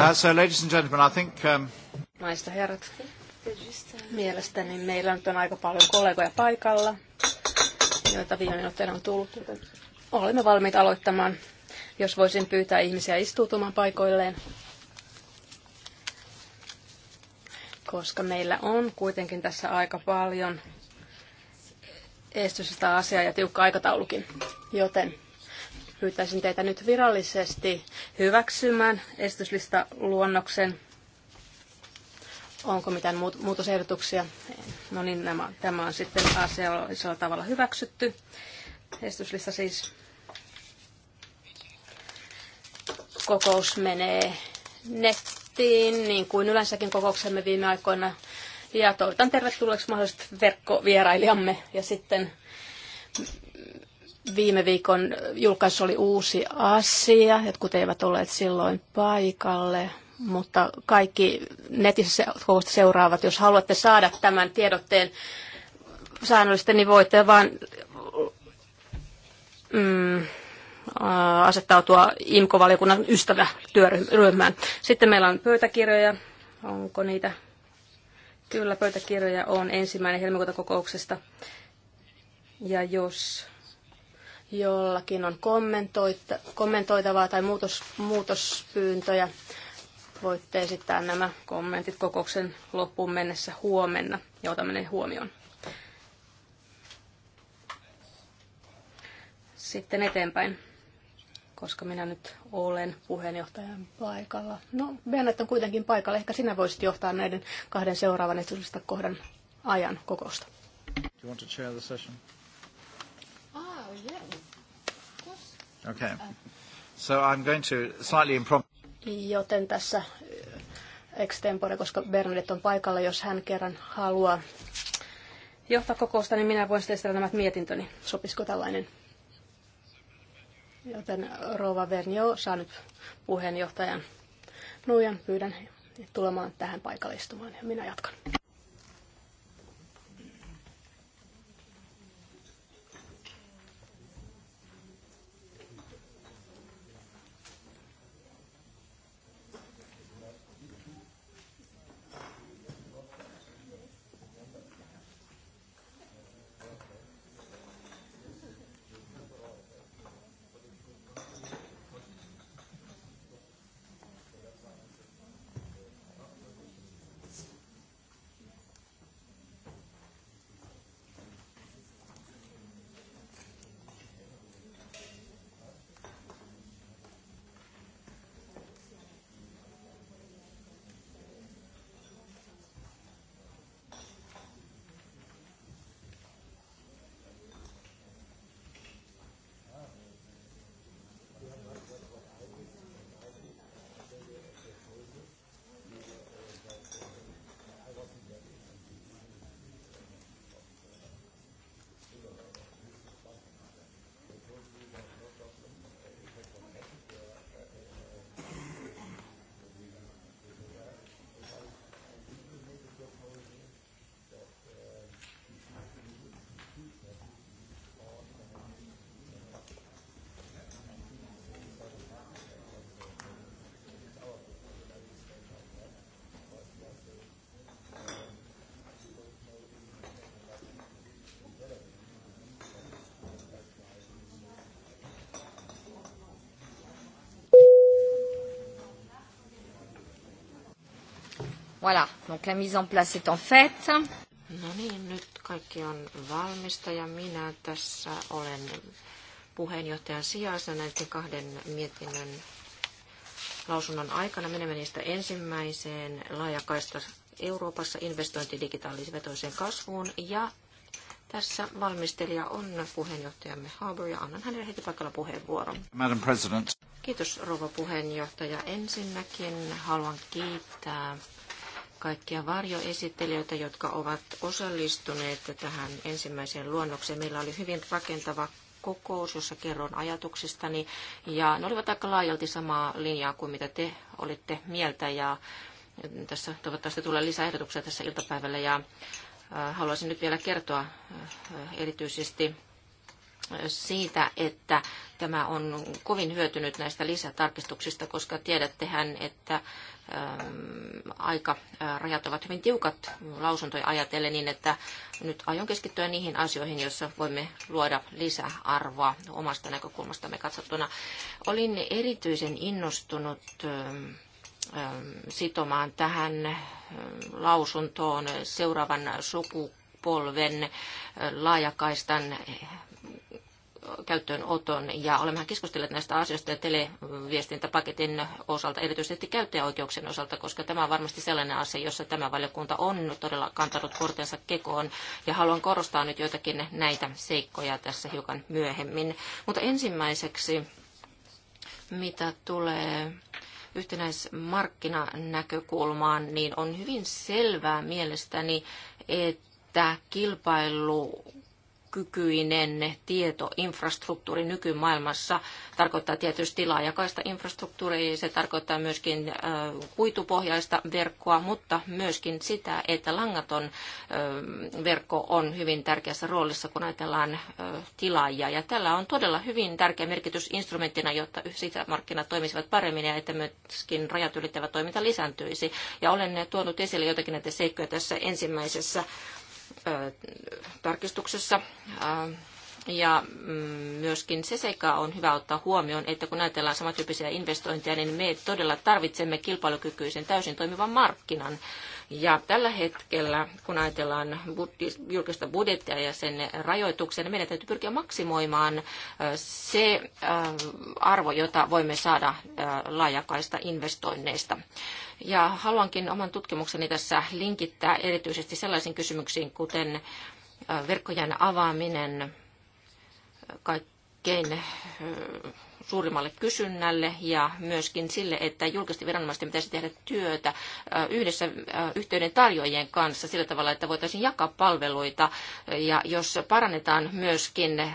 Uh, so ladies and gentlemen, I think... Um... Naista herrat, mielestäni meillä nyt on aika paljon kollegoja paikalla, joita viime minuutteina on tullut. Olemme valmiit aloittamaan, jos voisin pyytää ihmisiä istuutumaan paikoilleen. Koska meillä on kuitenkin tässä aika paljon estystä asiaa ja tiukka aikataulukin, joten pyytäisin teitä nyt virallisesti hyväksymään esityslista luonnoksen. Onko mitään muutosehdotuksia? No niin, nämä, tämä on sitten asiallisella tavalla hyväksytty. Estyslista siis kokous menee nettiin, niin kuin yleensäkin kokouksemme viime aikoina. Ja toivotan tervetulleeksi mahdolliset verkkovierailijamme ja sitten Viime viikon julkaisu oli uusi asia, jotkut eivät olleet silloin paikalle, mutta kaikki netissä seuraavat, jos haluatte saada tämän tiedotteen säännöllisesti, niin voitte vaan mm, asettautua IMKO-valiokunnan ystävätyöryhmään. Sitten meillä on pöytäkirjoja. Onko niitä? Kyllä, pöytäkirjoja on ensimmäinen helmikuuta kokouksesta. Ja jos jollakin on kommentoitavaa tai muutos, muutospyyntöjä, voitte esittää nämä kommentit kokouksen loppuun mennessä huomenna ja otamme ne huomioon. Sitten eteenpäin, koska minä nyt olen puheenjohtajan paikalla. No, Bennett on kuitenkin paikalla. Ehkä sinä voisit johtaa näiden kahden seuraavan esityksestä kohdan ajan kokousta. Do you want to chair the session? Okay. So I'm going to slightly impromptu. Joten tässä eh, extempore, koska Bernadette on paikalla, jos hän kerran haluaa johtaa kokousta, niin minä voin sitten nämä mietintöni. Sopisiko tällainen? Joten Rova Vernio saa nyt puheenjohtajan nuijan. Pyydän tulemaan tähän paikalle istumaan ja minä jatkan. Voilà, donc la mise en place est en fait. No niin, nyt kaikki on valmista ja minä tässä olen puheenjohtajan sijassa näiden kahden mietinnön lausunnon aikana. Menemme niistä ensimmäiseen laajakaista Euroopassa investointi digitaalisvetoiseen kasvuun ja tässä valmistelija on puheenjohtajamme Harbour ja annan hänelle heti paikalla puheenvuoron. Madam President. Kiitos rouva puheenjohtaja. Ensinnäkin haluan kiittää kaikkia varjoesittelijöitä, jotka ovat osallistuneet tähän ensimmäiseen luonnokseen. Meillä oli hyvin rakentava kokous, jossa kerron ajatuksistani. Ja ne olivat aika laajalti samaa linjaa kuin mitä te olitte mieltä. Ja tässä toivottavasti tulee lisäehdotuksia tässä iltapäivällä. Ja äh, haluaisin nyt vielä kertoa äh, erityisesti siitä, että tämä on kovin hyötynyt näistä lisätarkistuksista, koska tiedättehän, että ähm, aika äh, rajat ovat hyvin tiukat lausuntoja ajatellen niin, että nyt aion keskittyä niihin asioihin, joissa voimme luoda lisäarvoa omasta näkökulmastamme katsottuna. Olin erityisen innostunut ähm, ähm, sitomaan tähän äh, lausuntoon seuraavan sukupolven äh, laajakaistan käyttöönoton ja olemmehan keskustelleet näistä asioista ja televiestintäpaketin osalta, erityisesti käyttäjäoikeuksien osalta, koska tämä on varmasti sellainen asia, jossa tämä valiokunta on todella kantanut kortensa kekoon ja haluan korostaa nyt joitakin näitä seikkoja tässä hiukan myöhemmin. Mutta ensimmäiseksi, mitä tulee yhtenäismarkkinanäkökulmaan, niin on hyvin selvää mielestäni, että kilpailu kilpailukykyinen tietoinfrastruktuuri nykymaailmassa tarkoittaa tietysti laajakaista infrastruktuuria, se tarkoittaa myöskin kuitupohjaista verkkoa, mutta myöskin sitä, että langaton verkko on hyvin tärkeässä roolissa, kun ajatellaan tilaajia. Ja tällä on todella hyvin tärkeä merkitys instrumenttina, jotta markkinat toimisivat paremmin ja että myöskin rajat ylittävä toiminta lisääntyisi. Ja olen tuonut esille jotakin näitä seikkoja tässä ensimmäisessä tarkistuksessa. Ja mm, myöskin se seikka on hyvä ottaa huomioon, että kun ajatellaan samantyyppisiä investointeja, niin me todella tarvitsemme kilpailukykyisen täysin toimivan markkinan. Ja tällä hetkellä, kun ajatellaan julkista budjettia ja sen rajoituksia, niin meidän täytyy pyrkiä maksimoimaan se arvo, jota voimme saada laajakaista investoinneista. Ja haluankin oman tutkimukseni tässä linkittää erityisesti sellaisiin kysymyksiin, kuten verkkojen avaaminen, kaikkein suurimmalle kysynnälle ja myöskin sille, että julkisten viranomaisten pitäisi tehdä työtä yhdessä yhteyden tarjoajien kanssa sillä tavalla, että voitaisiin jakaa palveluita ja jos parannetaan myöskin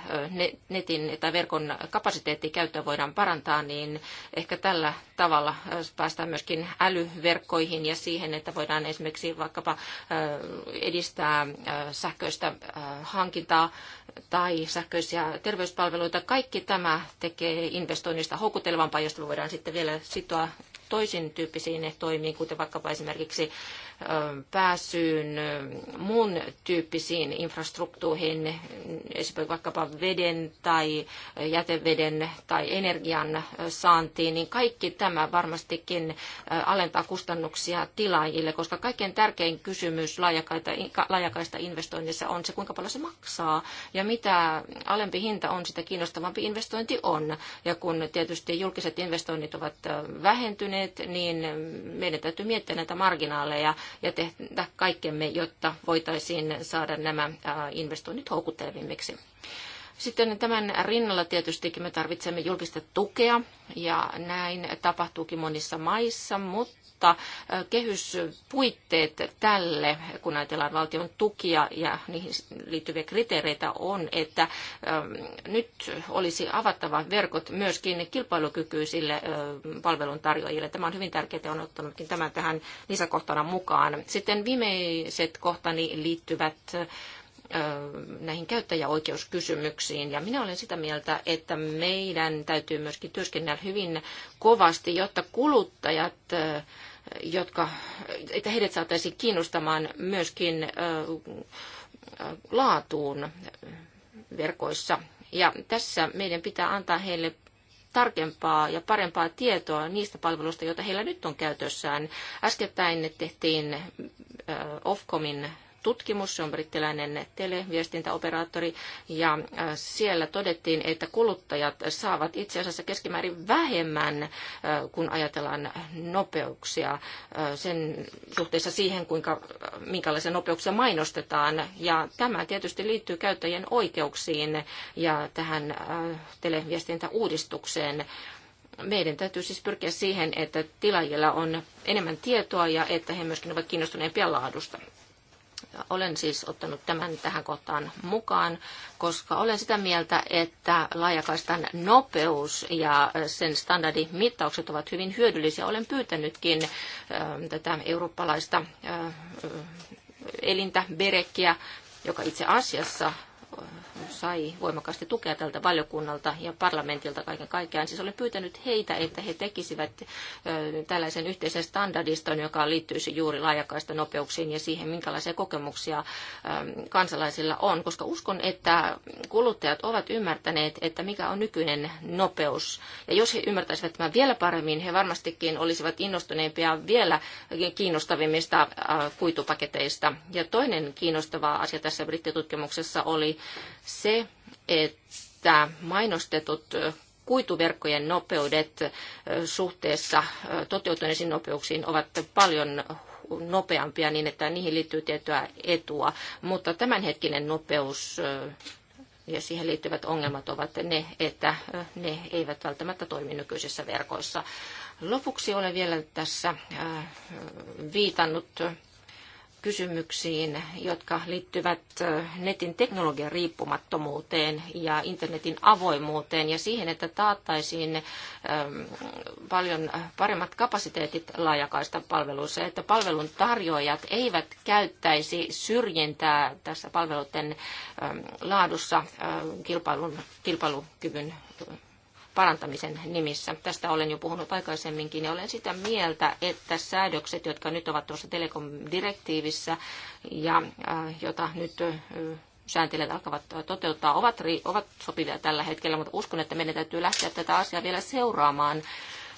netin tai verkon kapasiteettikäyttöä voidaan parantaa, niin ehkä tällä tavalla päästään myöskin älyverkkoihin ja siihen, että voidaan esimerkiksi vaikkapa edistää sähköistä hankintaa tai sähköisiä terveyspalveluita. Kaikki tämä tekee investoinnista houkuttelevampaa, josta voidaan sitten vielä sitoa toisin tyyppisiin toimiin, kuten vaikkapa esimerkiksi pääsyyn muun tyyppisiin infrastruktuureihin, esimerkiksi vaikkapa veden tai jäteveden tai energian saantiin, niin kaikki tämä varmastikin alentaa kustannuksia tilaajille, koska kaikkein tärkein kysymys laajakaista investoinnissa on se, kuinka paljon se maksaa ja mitä alempi hinta on, sitä kiinnostavampi investointi on. Ja kun tietysti julkiset investoinnit ovat vähentyneet, niin meidän täytyy miettiä näitä marginaaleja ja tehdä kaikkemme, jotta voitaisiin saada nämä investoinnit houkuttelevimmiksi. Sitten tämän rinnalla tietysti me tarvitsemme julkista tukea ja näin tapahtuukin monissa maissa, mutta mutta kehyspuitteet tälle, kun ajatellaan valtion tukia ja niihin liittyviä kriteereitä on, että nyt olisi avattava verkot myöskin kilpailukykyisille palveluntarjoajille. Tämä on hyvin tärkeää ja on ottanutkin tämän tähän lisäkohtana mukaan. Sitten viimeiset kohtani liittyvät näihin käyttäjäoikeuskysymyksiin. Ja minä olen sitä mieltä, että meidän täytyy myöskin työskennellä hyvin kovasti, jotta kuluttajat jotka, että heidät saataisiin kiinnostamaan myöskin laatuun verkoissa. Ja tässä meidän pitää antaa heille tarkempaa ja parempaa tietoa niistä palveluista, joita heillä nyt on käytössään. Äskettäin tehtiin Ofcomin tutkimus, se on brittiläinen televiestintäoperaattori, ja äh, siellä todettiin, että kuluttajat saavat itse asiassa keskimäärin vähemmän, äh, kun ajatellaan nopeuksia äh, sen suhteessa siihen, kuinka, minkälaisia nopeuksia mainostetaan. Ja tämä tietysti liittyy käyttäjien oikeuksiin ja tähän televiestintäuudistukseen meidän täytyy siis pyrkiä siihen, että tilaajilla on enemmän tietoa ja että he myöskin ovat kiinnostuneempia laadusta. Olen siis ottanut tämän tähän kohtaan mukaan, koska olen sitä mieltä, että laajakaistan nopeus ja sen standardimittaukset ovat hyvin hyödyllisiä. Olen pyytänytkin tätä eurooppalaista elintä berekkiä, joka itse asiassa sai voimakkaasti tukea tältä valiokunnalta ja parlamentilta kaiken kaikkiaan. Siis olen pyytänyt heitä, että he tekisivät tällaisen yhteisen standardiston, joka liittyisi juuri laajakaista nopeuksiin ja siihen, minkälaisia kokemuksia kansalaisilla on, koska uskon, että kuluttajat ovat ymmärtäneet, että mikä on nykyinen nopeus. Ja jos he ymmärtäisivät tämän vielä paremmin, he varmastikin olisivat innostuneempia vielä kiinnostavimmista kuitupaketeista. Ja toinen kiinnostava asia tässä brittitutkimuksessa oli se, että mainostetut kuituverkkojen nopeudet suhteessa toteutuneisiin nopeuksiin ovat paljon nopeampia niin, että niihin liittyy tiettyä etua, mutta tämänhetkinen nopeus ja siihen liittyvät ongelmat ovat ne, että ne eivät välttämättä toimi nykyisissä verkoissa. Lopuksi olen vielä tässä viitannut kysymyksiin, jotka liittyvät netin teknologian riippumattomuuteen ja internetin avoimuuteen ja siihen, että taattaisiin paljon paremmat kapasiteetit laajakaista palveluissa, että palvelun tarjoajat eivät käyttäisi syrjintää tässä palveluiden laadussa kilpailun, kilpailukyvyn parantamisen nimissä. Tästä olen jo puhunut aikaisemminkin ja olen sitä mieltä, että säädökset, jotka nyt ovat tuossa telekom-direktiivissä ja äh, jota nyt äh, sääntelijät alkavat toteuttaa, ovat, ri ovat sopivia tällä hetkellä, mutta uskon, että meidän täytyy lähteä tätä asiaa vielä seuraamaan.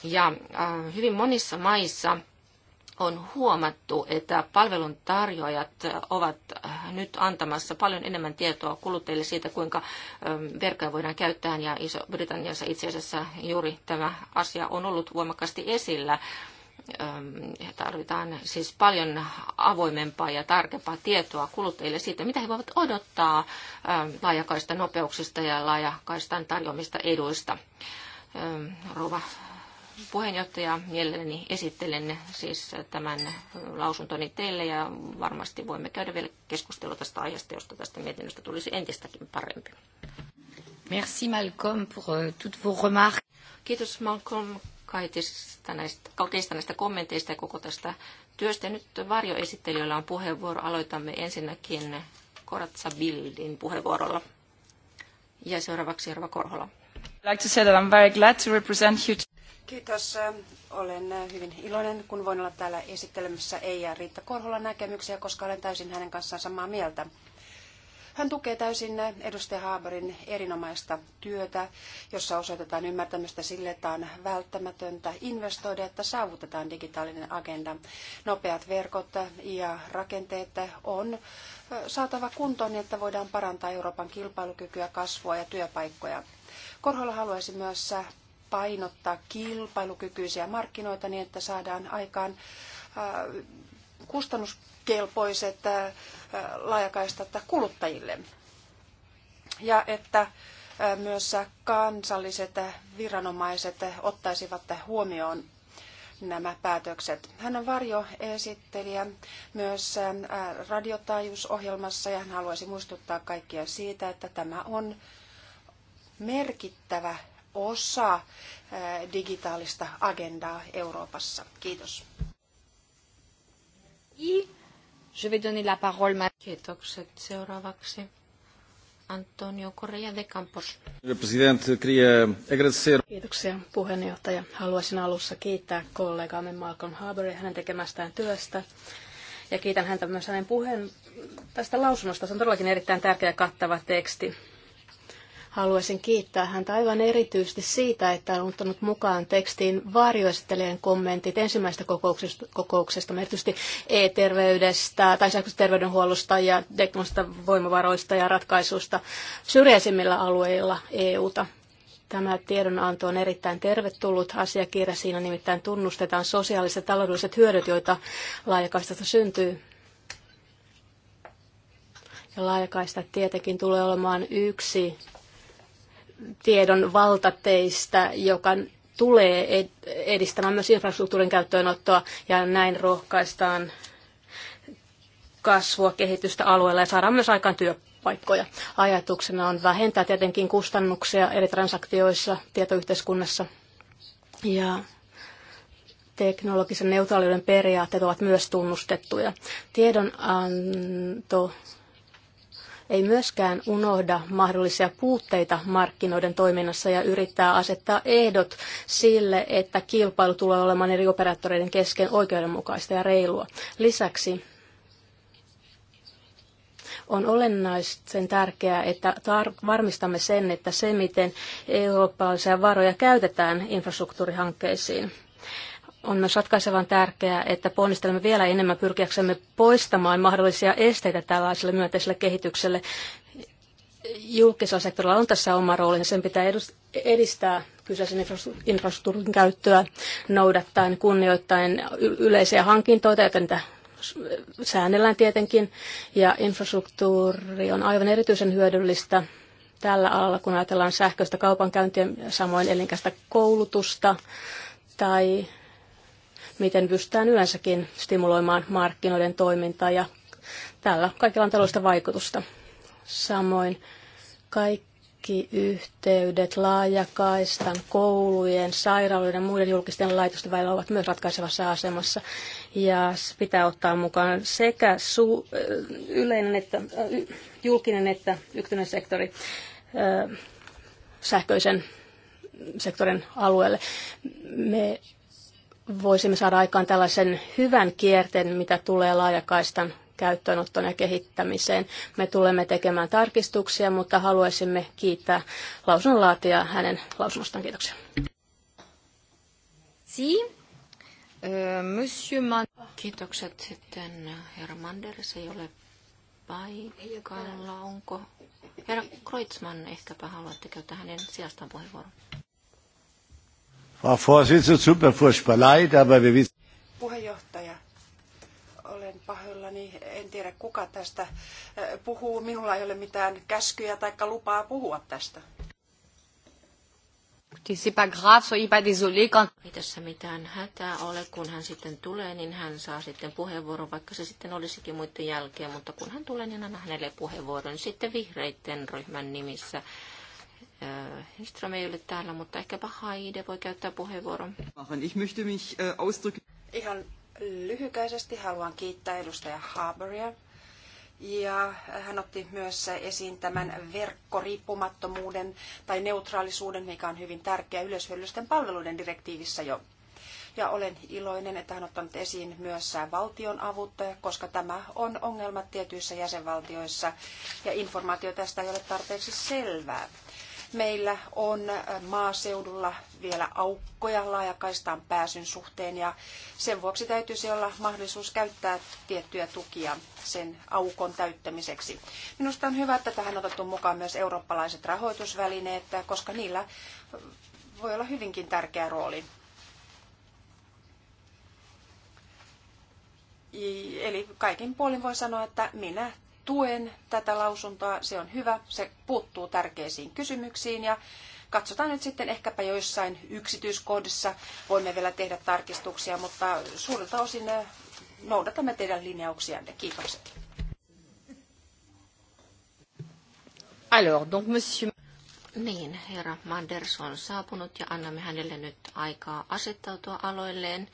Ja äh, hyvin monissa maissa on huomattu, että palveluntarjoajat ovat nyt antamassa paljon enemmän tietoa kuluttajille siitä, kuinka ähm, verkkoja voidaan käyttää. Ja Iso-Britanniassa itse asiassa juuri tämä asia on ollut voimakkaasti esillä ähm, tarvitaan siis paljon avoimempaa ja tarkempaa tietoa kuluttajille siitä, mitä he voivat odottaa ähm, laajakaista nopeuksista ja laajakaistan tarjoamista eduista. Rova puheenjohtaja, mielelläni esittelen siis tämän lausuntoni teille ja varmasti voimme käydä vielä keskustelua tästä aiheesta, josta tästä mietinnöstä tulisi entistäkin parempi. Merci Malcolm pour euh, toutes vos remarques. Kiitos Malcolm kaikista näistä, kaikista näistä kommenteista ja koko tästä työstä. Nyt varjoesittelijöillä on puheenvuoro. Aloitamme ensinnäkin Koratsa Bildin puheenvuorolla. Ja seuraavaksi Jorva Korhola. I'd like to say that I'm very glad to represent you. Kiitos. Olen hyvin iloinen, kun voin olla täällä esittelemässä Eija Riitta Korholan näkemyksiä, koska olen täysin hänen kanssaan samaa mieltä. Hän tukee täysin edustaja Haaberin erinomaista työtä, jossa osoitetaan ymmärtämystä sille, että on välttämätöntä investoida, että saavutetaan digitaalinen agenda. Nopeat verkot ja rakenteet on saatava kuntoon niin, että voidaan parantaa Euroopan kilpailukykyä, kasvua ja työpaikkoja. Korhola haluaisi myös painottaa kilpailukykyisiä markkinoita niin, että saadaan aikaan äh, kustannuskelpoiset äh, laajakaistat kuluttajille. Ja että äh, myös kansalliset viranomaiset ottaisivat huomioon nämä päätökset. Hän on varjoesittelijä myös radiotaajuusohjelmassa ja hän haluaisi muistuttaa kaikkia siitä, että tämä on merkittävä osa digitaalista agendaa Euroopassa. Kiitos. Je vais donner la parole. Kiitokset seuraavaksi. Antonio Correa de Campos. Kiitoksia puheenjohtaja. Haluaisin alussa kiittää kollegaamme Malcolm Harberia hänen tekemästään työstä. Ja kiitän häntä myös hänen puheen tästä lausunnosta. Se on todellakin erittäin tärkeä ja kattava teksti. Haluaisin kiittää häntä aivan erityisesti siitä, että on ottanut mukaan tekstiin varjoesittelijän kommentit ensimmäisestä kokouksesta, kokouksesta erityisesti e-terveydestä tai terveydenhuollosta ja teknologisista voimavaroista ja ratkaisuista syrjäisimmillä alueilla EUta. Tämä tiedonanto on erittäin tervetullut asiakirja. Siinä nimittäin tunnustetaan sosiaaliset ja taloudelliset hyödyt, joita laajakaistasta syntyy ja laajakaista tietenkin tulee olemaan yksi tiedon valtateistä, joka tulee edistämään myös infrastruktuurin käyttöönottoa ja näin rohkaistaan kasvua, kehitystä alueella ja saadaan myös aikaan työpaikkoja. Ajatuksena on vähentää tietenkin kustannuksia eri transaktioissa tietoyhteiskunnassa ja teknologisen neutraaliuden periaatteet ovat myös tunnustettuja. Tiedonanto ei myöskään unohda mahdollisia puutteita markkinoiden toiminnassa ja yrittää asettaa ehdot sille, että kilpailu tulee olemaan eri operaattoreiden kesken oikeudenmukaista ja reilua. Lisäksi on olennaisen tärkeää, että varmistamme sen, että se, miten eurooppalaisia varoja käytetään infrastruktuurihankkeisiin – on myös ratkaisevan tärkeää, että ponnistelemme vielä enemmän pyrkiäksemme poistamaan mahdollisia esteitä tällaiselle myönteiselle kehitykselle. Julkisella sektorilla on tässä oma roolinsa, sen pitää edistää kyseisen infrastruktuurin käyttöä noudattaen, kunnioittain yleisiä hankintoita, joten niitä säännellään tietenkin, ja infrastruktuuri on aivan erityisen hyödyllistä tällä alalla, kun ajatellaan sähköistä kaupankäyntiä, samoin elinkäistä koulutusta tai miten pystytään yleensäkin stimuloimaan markkinoiden toimintaa ja tällä kaikilla on taloudellista vaikutusta. Samoin kaikki yhteydet laajakaistan, koulujen, sairaaloiden ja muiden julkisten laitosten välillä ovat myös ratkaisevassa asemassa. Ja pitää ottaa mukaan sekä su- yleinen että julkinen että yksityinen sektori sähköisen sektorin alueelle. Me voisimme saada aikaan tällaisen hyvän kierteen, mitä tulee laajakaistan käyttöönottoon ja kehittämiseen. Me tulemme tekemään tarkistuksia, mutta haluaisimme kiittää lausunnonlaatijaa hänen lausunnostaan. Kiitoksia. Si. Monsieur Man... Kiitokset sitten herra Manders ei ole paikalla. Onko herra Kreutzmann ehkäpä haluatte käyttää hänen sijastaan puheenvuoron? Frau Vorsitzende, furchtbar leid, aber wir wissen... Puheenjohtaja, olen pahoillani, en tiedä kuka tästä äh, puhuu. Minulla ei ole mitään käskyjä tai lupaa puhua tästä. C'est pas grave, soyez pas désolé. Ei tässä mitään hätää ole, kun hän sitten tulee, niin hän saa sitten puheenvuoron, vaikka se sitten olisikin muiden jälkeen, mutta kun hän tulee, niin hän hänelle puheenvuoron sitten vihreiden ryhmän nimissä. Äh, Hillström ei ole täällä, mutta ehkäpä Haide voi käyttää puheenvuoron. Ich möchte mich äh, ausdrücken. Ihan lyhykäisesti haluan kiittää edustaja Haberia. Ja hän otti myös esiin tämän verkkoriippumattomuuden tai neutraalisuuden, mikä on hyvin tärkeä yleishyödyllisten palveluiden direktiivissä jo. Ja olen iloinen, että hän on ottanut esiin myös valtion avut, koska tämä on ongelma tietyissä jäsenvaltioissa ja informaatio tästä ei ole tarpeeksi selvää meillä on äh, maaseudulla vielä aukkoja laajakaistaan pääsyn suhteen ja sen vuoksi täytyisi olla mahdollisuus käyttää tiettyjä tukia sen aukon täyttämiseksi. Minusta on hyvä, että tähän on otettu mukaan myös eurooppalaiset rahoitusvälineet, äh, koska niillä voi olla hyvinkin tärkeä rooli. Eli kaikin puolin voi sanoa, että minä tuen tätä lausuntoa. Se on hyvä, se puuttuu tärkeisiin kysymyksiin ja katsotaan nyt sitten ehkäpä joissain yksityiskohdissa voimme vielä tehdä tarkistuksia, mutta suurelta osin eh, noudatamme teidän linjauksianne. Kiitokset. Alors, donc monsieur... Niin, herra Manders on saapunut ja annamme hänelle nyt aikaa asettautua aloilleen.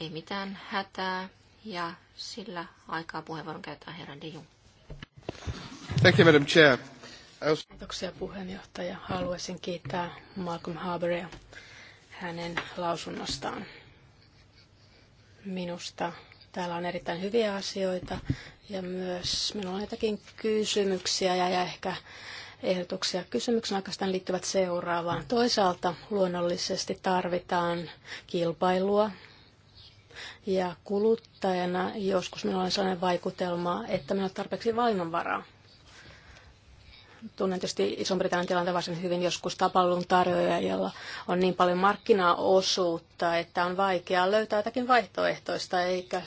Ei mitään hätää ja sillä aikaa puheenvuoron käyttää herra De Jong. Thank Madam Chair. Kiitoksia puheenjohtaja. Haluaisin kiittää Malcolm Harberia hänen lausunnostaan. Minusta täällä on erittäin hyviä asioita ja myös minulla on jotakin kysymyksiä ja, ja ehkä ehdotuksia. Kysymyksen oikeastaan liittyvät seuraavaan. Toisaalta luonnollisesti tarvitaan kilpailua ja kuluttajana joskus minulla on sellainen vaikutelma, että minulla on tarpeeksi valinnanvaraa. Tunnen tietysti Ison-Britannian tilanteen varsin hyvin joskus tapallun jolla on niin paljon markkinaosuutta, että on vaikea löytää jotakin vaihtoehtoista, eikä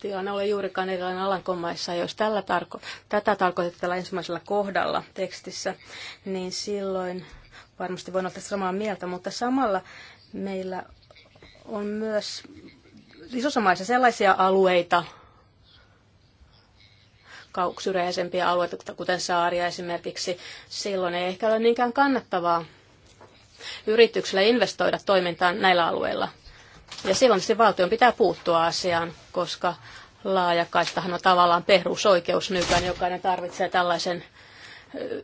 tilanne ole juurikaan erilainen alankomaissa. Jos tällä tarko- tätä tarkoitetaan tällä ensimmäisellä kohdalla tekstissä, niin silloin varmasti voin olla samaa mieltä, mutta samalla meillä on myös isossa maissa sellaisia alueita, syrjäisempiä alueita, kuten saaria esimerkiksi, silloin ei ehkä ole niinkään kannattavaa yrityksille investoida toimintaan näillä alueilla. Ja silloin se valtion pitää puuttua asiaan, koska laajakaistahan on tavallaan perusoikeus nykyään. Jokainen tarvitsee tällaisen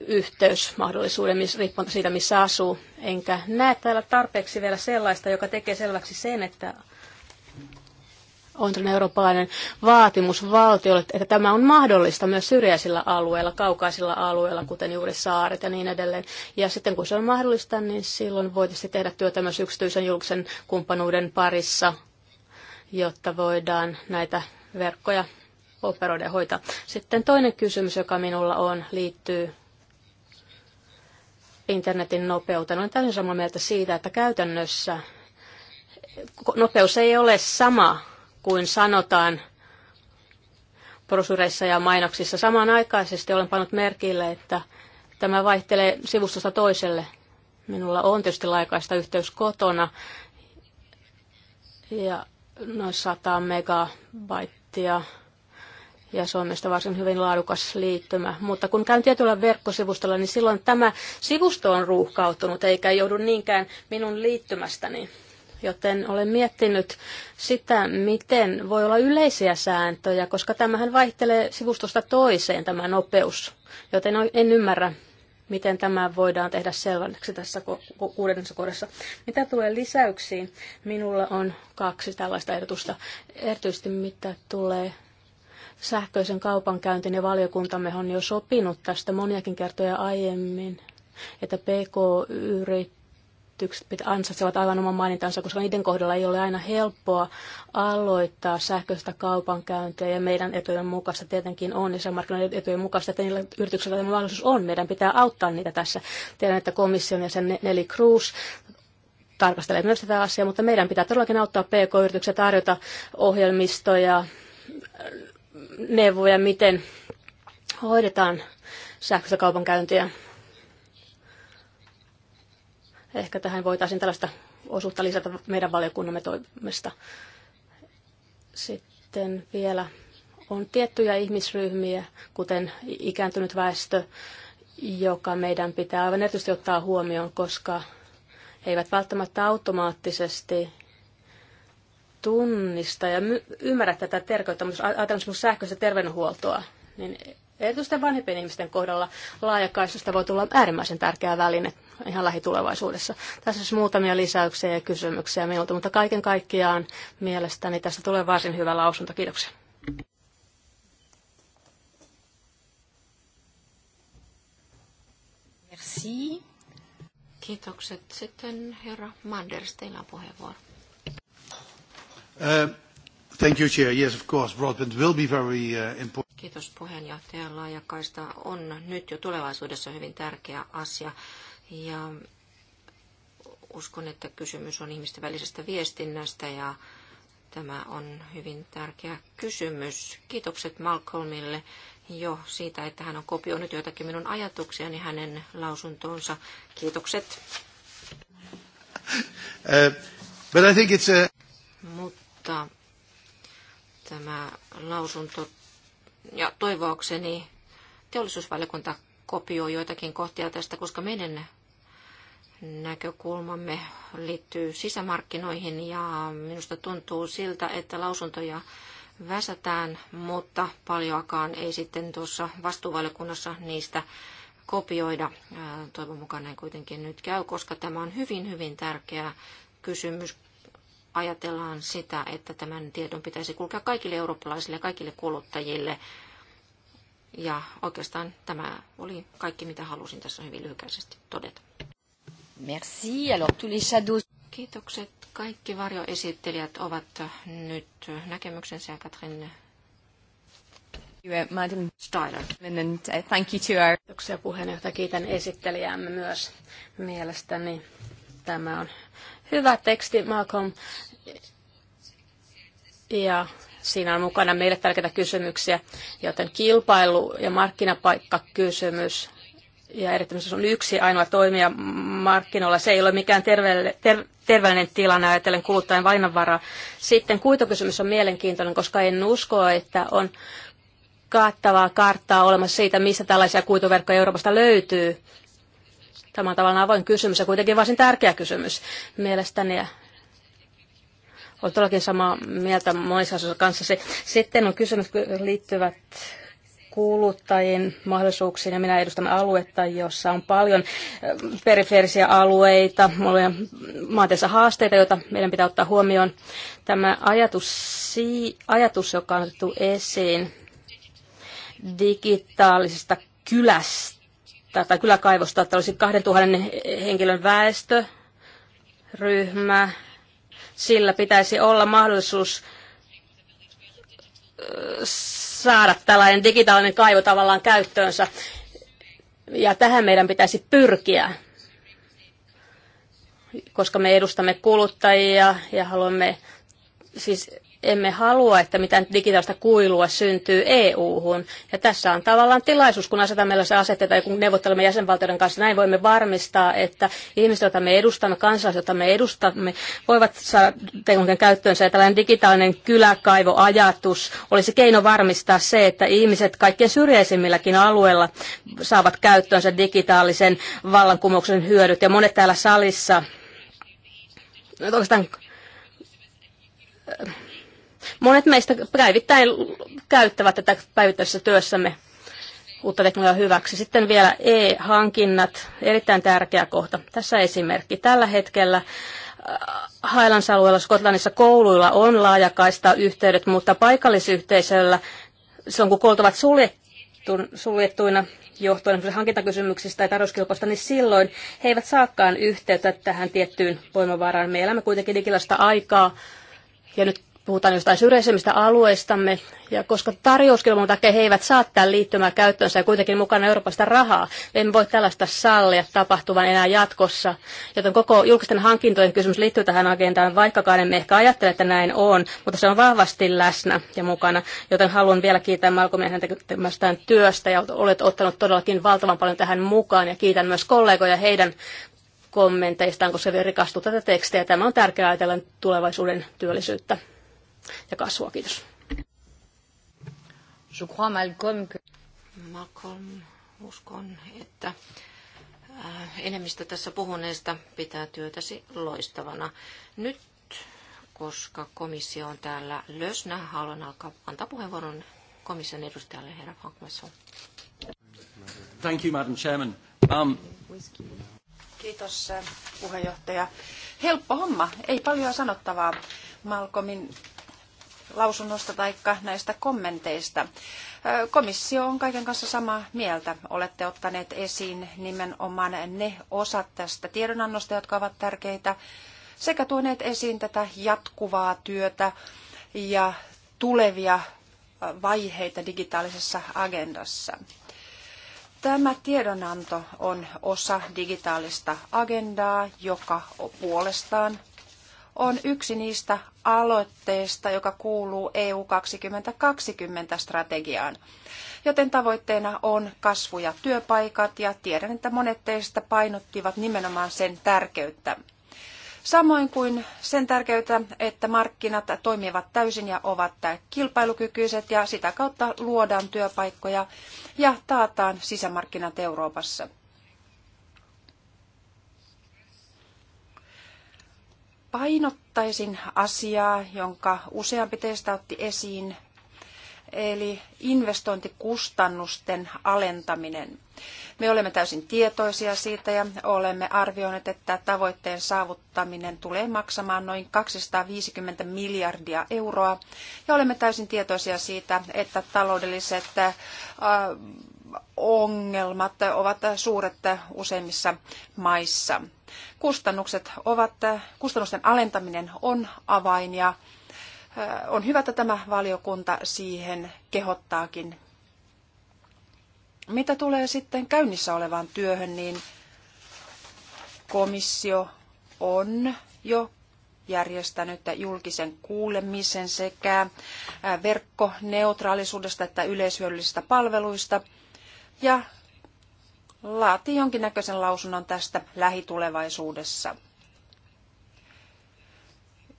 yhteysmahdollisuuden riippumatta siitä, missä asuu. Enkä näe täällä tarpeeksi vielä sellaista, joka tekee selväksi sen, että on tällainen eurooppalainen vaatimus valtiolle, että tämä on mahdollista myös syrjäisillä alueilla, kaukaisilla alueilla, kuten juuri saaret ja niin edelleen. Ja sitten kun se on mahdollista, niin silloin voitaisiin tehdä työtä myös yksityisen julkisen kumppanuuden parissa, jotta voidaan näitä verkkoja operoida ja hoitaa. Sitten toinen kysymys, joka minulla on, liittyy internetin nopeuteen. Olen täysin samaa mieltä siitä, että käytännössä nopeus ei ole sama kuin sanotaan prosureissa ja mainoksissa. Samanaikaisesti olen pannut merkille, että tämä vaihtelee sivustosta toiselle. Minulla on tietysti laikaista yhteys kotona ja noin 100 megabaittia ja se on meistä varsin hyvin laadukas liittymä. Mutta kun käyn tietyllä verkkosivustolla, niin silloin tämä sivusto on ruuhkautunut, eikä joudu niinkään minun liittymästäni joten olen miettinyt sitä, miten voi olla yleisiä sääntöjä, koska tämähän vaihtelee sivustosta toiseen tämä nopeus, joten en ymmärrä, miten tämä voidaan tehdä selväksi tässä kuudennessa kohdassa. Mitä tulee lisäyksiin, minulla on kaksi tällaista ehdotusta, erityisesti mitä tulee sähköisen kaupankäyntiin ja valiokuntamme on jo sopinut tästä moniakin kertoja aiemmin, että PK-yrit yritykset ansaitsevat aivan oman mainintansa, koska niiden kohdalla ei ole aina helppoa aloittaa sähköistä kaupankäyntiä ja meidän etujen mukaista tietenkin on, ja markkinoiden etujen mukaista, että niillä yrityksillä tämä mahdollisuus on. Meidän pitää auttaa niitä tässä. Tiedän, että komission ja sen Neli Cruz tarkastelee myös tätä asiaa, mutta meidän pitää todellakin auttaa PK-yrityksiä tarjota ohjelmistoja, neuvoja, miten hoidetaan sähköistä kaupankäyntiä Ehkä tähän voitaisiin tällaista osuutta lisätä meidän valiokunnamme toimesta. Sitten vielä on tiettyjä ihmisryhmiä, kuten ikääntynyt väestö, joka meidän pitää aivan erityisesti ottaa huomioon, koska he eivät välttämättä automaattisesti tunnista ja ymmärrä tätä terveyttä, mutta ajatellaan sähköistä terveydenhuoltoa, niin erityisesti vanhempien ihmisten kohdalla laajakaistusta voi tulla äärimmäisen tärkeä väline ihan lähitulevaisuudessa. Tässä siis muutamia lisäyksiä ja kysymyksiä minulta, mutta kaiken kaikkiaan mielestäni tästä tulee varsin hyvä lausunto. Kiitoksia. Merci. Kiitokset. Sitten herra Manders, teillä on puheenvuoro. Uh, thank you, Chair. Yes, of course, broadband will be very uh, important. Kiitos puheenjohtaja. Laajakaista on nyt jo tulevaisuudessa hyvin tärkeä asia. Ja uskon, että kysymys on ihmisten välisestä viestinnästä ja tämä on hyvin tärkeä kysymys. Kiitokset Malcolmille jo siitä, että hän on kopioinut joitakin minun ajatuksiani hänen lausuntoonsa. Kiitokset. Uh, but I think it's a... Mutta tämä lausunto ja toivoakseni teollisuusvaliokunta kopioi joitakin kohtia tästä, koska meidän näkökulmamme liittyy sisämarkkinoihin ja minusta tuntuu siltä, että lausuntoja väsätään, mutta paljoakaan ei sitten tuossa vastuuvaliokunnassa niistä kopioida. Toivon mukaan näin kuitenkin nyt käy, koska tämä on hyvin, hyvin tärkeä kysymys. Ajatellaan sitä, että tämän tiedon pitäisi kulkea kaikille eurooppalaisille ja kaikille kuluttajille. Ja oikeastaan tämä oli kaikki, mitä halusin tässä hyvin lyhykäisesti todeta. Merci. Alors tous les shadows... Kiitokset. Kaikki varjoesittelijät ovat nyt näkemyksensä ja Katrin Madam Styler. Uh, thank you to our... Kiitoksia puheenjohtaja. Kiitän esittelijäämme myös. Mielestäni tämä on hyvä teksti, Malcolm. Ja siinä on mukana meille tärkeitä kysymyksiä, joten kilpailu- ja markkinapaikkakysymys ja erityisesti on yksi ainoa toimija markkinoilla. Se ei ole mikään terveelle, ter, terveellinen tilanne ajatellen kuluttajan vainanvaraa. Sitten kuitokysymys on mielenkiintoinen, koska en usko, että on kattavaa karttaa olemassa siitä, missä tällaisia kuituverkkoja Euroopasta löytyy. Tämä on tavallaan avoin kysymys ja kuitenkin varsin tärkeä kysymys mielestäni. Olen todellakin samaa mieltä monissa asioissa kanssasi. Sitten on kysymys, liittyvät kuluttajien mahdollisuuksiin ja minä edustan aluetta, jossa on paljon ähm, perifeerisiä alueita, on maanteessa haasteita, joita meidän pitää ottaa huomioon. Tämä ajatus, ajatus joka on otettu esiin digitaalisesta kylästä tai kyläkaivosta, että olisi 2000 henkilön väestöryhmä, sillä pitäisi olla mahdollisuus äh, saada tällainen digitaalinen kaivo tavallaan käyttöönsä. Ja tähän meidän pitäisi pyrkiä, koska me edustamme kuluttajia ja haluamme siis emme halua, että mitään digitaalista kuilua syntyy EU-hun. Ja tässä on tavallaan tilaisuus, kun asetamme se asetteita ja kun neuvottelemme jäsenvaltioiden kanssa, näin voimme varmistaa, että ihmiset, joita me edustamme, kansalaiset, joita me edustamme, voivat saada teknologian käyttöönsä. Ja tällainen digitaalinen kyläkaivoajatus olisi keino varmistaa se, että ihmiset kaikkein syrjäisimmilläkin alueilla saavat käyttöönsä digitaalisen vallankumouksen hyödyt. Ja monet täällä salissa, no, oikeastaan Monet meistä päivittäin käyttävät tätä päivittäisessä työssämme uutta teknologiaa hyväksi. Sitten vielä e-hankinnat, erittäin tärkeä kohta. Tässä esimerkki. Tällä hetkellä äh, Highlands-alueella Skotlannissa kouluilla on laajakaista yhteydet, mutta paikallisyhteisöllä on kun koulut ovat suljettuina johtuen hankintakysymyksistä tai tarjouskilpoista, niin silloin he eivät saakaan yhteyttä tähän tiettyyn voimavaraan. Me elämme kuitenkin digilaista aikaa ja nyt puhutaan jostain syrjäisemmistä alueistamme, ja koska tarjouskilpailun takia he eivät saa tämän liittymää käyttöönsä ja kuitenkin mukana Euroopasta rahaa, me emme voi tällaista sallia tapahtuvan enää jatkossa. Joten koko julkisten hankintojen kysymys liittyy tähän agendaan, vaikkakaan emme ehkä ajattele, että näin on, mutta se on vahvasti läsnä ja mukana. Joten haluan vielä kiittää Malcolmia hänen tekemästään työstä, ja olet ottanut todellakin valtavan paljon tähän mukaan, ja kiitän myös kollegoja heidän kommenteistaan, koska se rikastuu tätä tekstiä. Tämä on tärkeää ajatella tulevaisuuden työllisyyttä ja kasvua. Kiitos. Je crois, Malcolm, que... Malcolm, uskon, että äh, enemmistö tässä puhuneesta pitää työtäsi loistavana. Nyt, koska komissio on täällä lösnä, haluan alkaa antaa puheenvuoron komission edustajalle, herra Hankmesson. Thank you, Madam Chairman. Um... Kiitos, äh, puheenjohtaja. Helppo homma, ei paljon sanottavaa. Malcolmin lausunnosta tai näistä kommenteista. Komissio on kaiken kanssa samaa mieltä. Olette ottaneet esiin nimenomaan ne osat tästä tiedonannosta, jotka ovat tärkeitä, sekä tuoneet esiin tätä jatkuvaa työtä ja tulevia vaiheita digitaalisessa agendassa. Tämä tiedonanto on osa digitaalista agendaa, joka puolestaan on yksi niistä aloitteista, joka kuuluu EU 2020-strategiaan. Joten tavoitteena on kasvu ja työpaikat ja tiedän, että monet teistä painottivat nimenomaan sen tärkeyttä. Samoin kuin sen tärkeyttä, että markkinat toimivat täysin ja ovat kilpailukykyiset ja sitä kautta luodaan työpaikkoja ja taataan sisämarkkinat Euroopassa. painottaisin asiaa, jonka useampi teistä otti esiin, eli investointikustannusten alentaminen. Me olemme täysin tietoisia siitä ja olemme arvioineet, että tavoitteen saavuttaminen tulee maksamaan noin 250 miljardia euroa. Ja olemme täysin tietoisia siitä, että taloudelliset äh, ongelmat ovat suuret useimmissa maissa kustannukset ovat, kustannusten alentaminen on avain ja on hyvä, että tämä valiokunta siihen kehottaakin. Mitä tulee sitten käynnissä olevaan työhön, niin komissio on jo järjestänyt julkisen kuulemisen sekä verkkoneutraalisuudesta että yleishyödyllisistä palveluista. Ja laatii jonkinnäköisen lausunnon tästä lähitulevaisuudessa.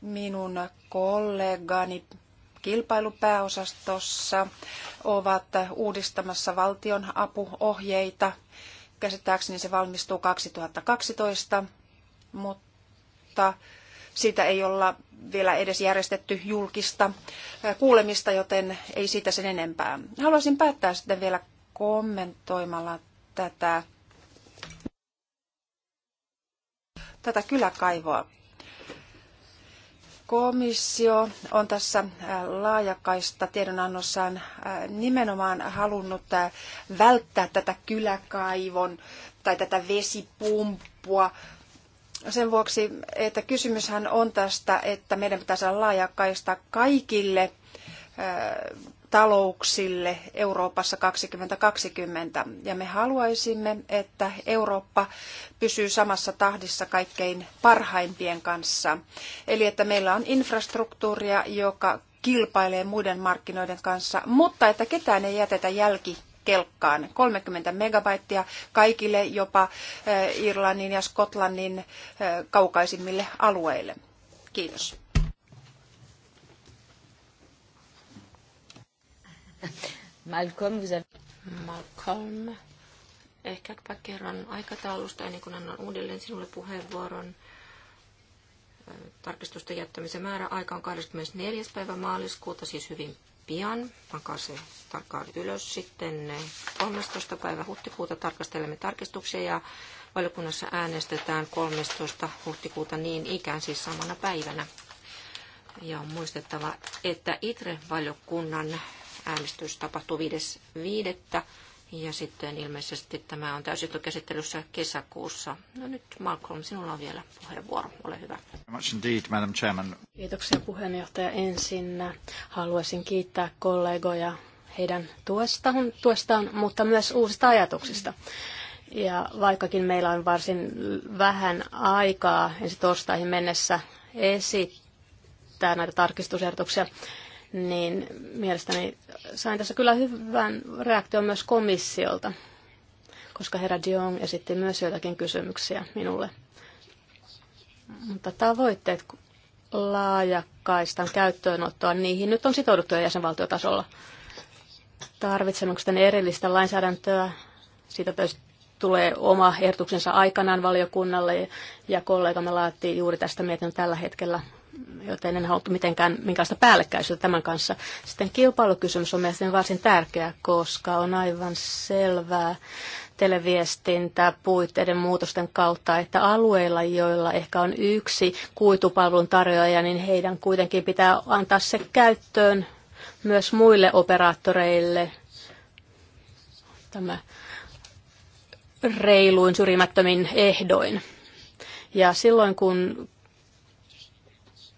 Minun kollegani kilpailupääosastossa ovat uudistamassa valtion apuohjeita. Käsittääkseni se valmistuu 2012, mutta siitä ei olla vielä edes järjestetty julkista kuulemista, joten ei siitä sen enempää. Haluaisin päättää sitten vielä kommentoimalla tätä, tätä kyläkaivoa. Komissio on tässä äh, laajakaista tiedonannossaan äh, nimenomaan halunnut äh, välttää tätä kyläkaivon tai tätä vesipumppua sen vuoksi, että kysymyshän on tästä, että meidän pitäisi laajakaista kaikille talouksille Euroopassa 2020. Ja me haluaisimme, että Eurooppa pysyy samassa tahdissa kaikkein parhaimpien kanssa. Eli että meillä on infrastruktuuria, joka kilpailee muiden markkinoiden kanssa, mutta että ketään ei jätetä jälki kelkkaan. 30 megabaittia kaikille jopa eh, Irlannin ja Skotlannin eh, kaukaisimmille alueille. Kiitos. Malcolm, vous avez... Malcolm, ehkäpä kerran aikataulusta ennen kuin annan uudelleen sinulle puheenvuoron. Tarkistusten jättämisen aika on 24. päivä maaliskuuta, siis hyvin pian. Pankaa se tarkkaan ylös. Sitten 13. päivä huhtikuuta tarkastelemme tarkistuksia ja valiokunnassa äänestetään 13. huhtikuuta niin ikään, siis samana päivänä. Ja on muistettava, että ITRE-valiokunnan Äänestys tapahtuu 5.5. Ja sitten ilmeisesti tämä on täysistuntokäsittelyssä kesäkuussa. No nyt Malcolm, sinulla on vielä puheenvuoro. Ole hyvä. Kiitoksia puheenjohtaja. Ensin äh, haluaisin kiittää kollegoja heidän tuestaan, tuestaan, mutta myös uusista ajatuksista. Ja vaikkakin meillä on varsin vähän aikaa ensi torstaihin mennessä esittää näitä tarkistusehdotuksia, niin mielestäni sain tässä kyllä hyvän reaktion myös komissiolta, koska herra Dion esitti myös joitakin kysymyksiä minulle. Mutta tavoitteet laajakkaistan käyttöönottoa, niihin nyt on sitouduttu jäsenvaltiotasolla. Tarvitsemmeko sitten erillistä lainsäädäntöä? Siitä tulee oma ehdotuksensa aikanaan valiokunnalle ja kollegamme laatti juuri tästä mietin tällä hetkellä joten en haluttu mitenkään minkälaista päällekkäisyyttä tämän kanssa. Sitten kilpailukysymys on mielestäni varsin tärkeä, koska on aivan selvää televiestintä puitteiden muutosten kautta, että alueilla, joilla ehkä on yksi kuitupalvelun tarjoaja, niin heidän kuitenkin pitää antaa se käyttöön myös muille operaattoreille. Tämä reiluin syrjimättömin ehdoin. Ja silloin kun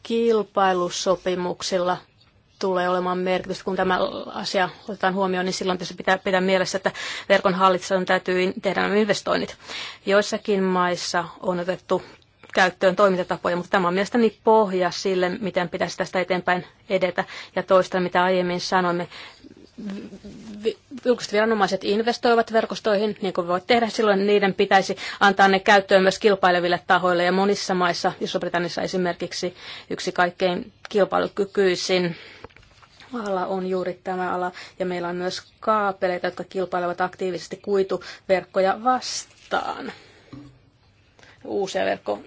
kilpailusopimuksilla tulee olemaan merkitystä, kun tämä asia otetaan huomioon, niin silloin tietysti pitää pitää mielessä, että verkon hallitsijan täytyy tehdä nämä investoinnit. Joissakin maissa on otettu käyttöön toimintatapoja, mutta tämä on mielestäni pohja sille, miten pitäisi tästä eteenpäin edetä. Ja toista, mitä aiemmin sanoimme, julkiset viranomaiset investoivat verkostoihin, niin kuin voit tehdä, silloin niiden pitäisi antaa ne käyttöön myös kilpaileville tahoille. Ja monissa maissa, Iso-Britanniassa esimerkiksi, yksi kaikkein kilpailukykyisin ala on juuri tämä ala. Ja meillä on myös kaapeleita, jotka kilpailevat aktiivisesti kuituverkkoja vastaan uusia verkko,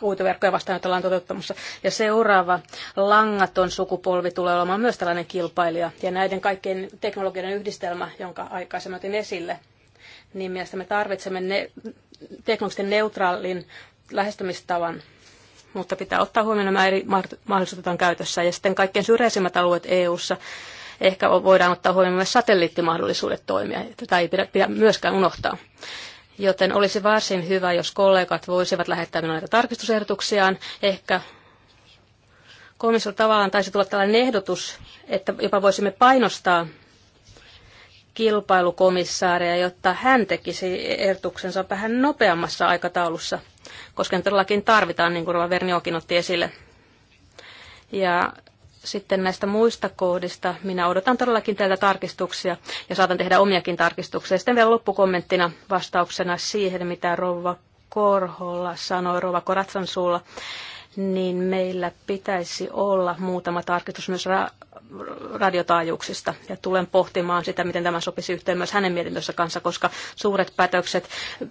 kuituverkkoja vastaan, joita ollaan toteuttamassa. Ja seuraava langaton sukupolvi tulee olemaan myös tällainen kilpailija. Ja näiden kaikkien teknologioiden yhdistelmä, jonka aikaisemmin otin esille, niin mielestäni me tarvitsemme ne, teknologisesti neutraalin lähestymistavan mutta pitää ottaa huomioon nämä eri mahdollisuudet on käytössä. Ja sitten kaikkein syrjäisimmät alueet EU-ssa ehkä voidaan ottaa huomioon myös satelliittimahdollisuudet toimia. Tätä ei pidä, pidä myöskään unohtaa. Joten olisi varsin hyvä, jos kollegat voisivat lähettää minulle näitä tarkistusehdotuksiaan. Ehkä komissiolla tavallaan taisi tulla tällainen ehdotus, että jopa voisimme painostaa kilpailukomissaaria, jotta hän tekisi ehdotuksensa vähän nopeammassa aikataulussa, koska ne todellakin tarvitaan, niin kuin Rova Verniokin otti esille. Ja sitten näistä muista kohdista minä odotan todellakin teiltä tarkistuksia ja saatan tehdä omiakin tarkistuksia. Sitten vielä loppukommenttina vastauksena siihen, mitä rova Korholla sanoi rova Koratsan suulla, niin meillä pitäisi olla muutama tarkistus myös ra- radiotaajuuksista. Ja tulen pohtimaan sitä, miten tämä sopisi yhteen myös hänen mietintönsä kanssa, koska suuret päätökset äh,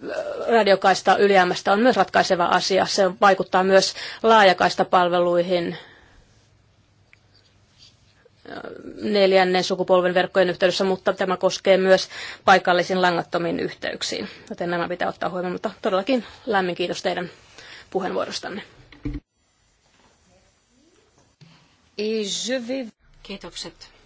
radiokaista ylijäämästä on myös ratkaiseva asia. Se vaikuttaa myös laajakaista palveluihin neljännen sukupolven verkkojen yhteydessä, mutta tämä koskee myös paikallisiin langattomiin yhteyksiin. Joten nämä pitää ottaa huomioon, mutta todellakin lämmin kiitos teidän puheenvuorostanne. Kiitokset.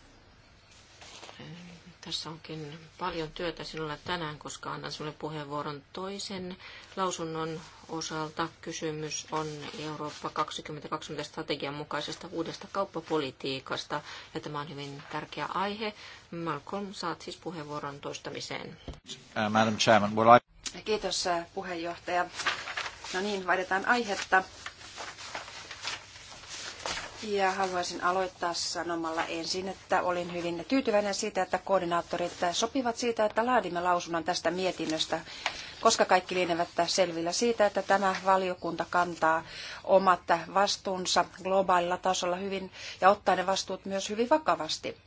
Tässä onkin paljon työtä sinulla tänään, koska annan sinulle puheenvuoron toisen lausunnon osalta. Kysymys on Eurooppa 2020 strategian mukaisesta uudesta kauppapolitiikasta, ja tämä on hyvin tärkeä aihe. Malcolm, saat siis puheenvuoron toistamiseen. Uh, Madam Chairman, Kiitos äh, puheenjohtaja. No niin, vaihdetaan aihetta. Ja haluaisin aloittaa sanomalla ensin, että olin hyvin tyytyväinen siitä, että koordinaattorit sopivat siitä, että laadimme lausunnon tästä mietinnöstä, koska kaikki lienevät selvillä siitä, että tämä valiokunta kantaa omat vastuunsa globaalilla tasolla hyvin ja ottaa ne vastuut myös hyvin vakavasti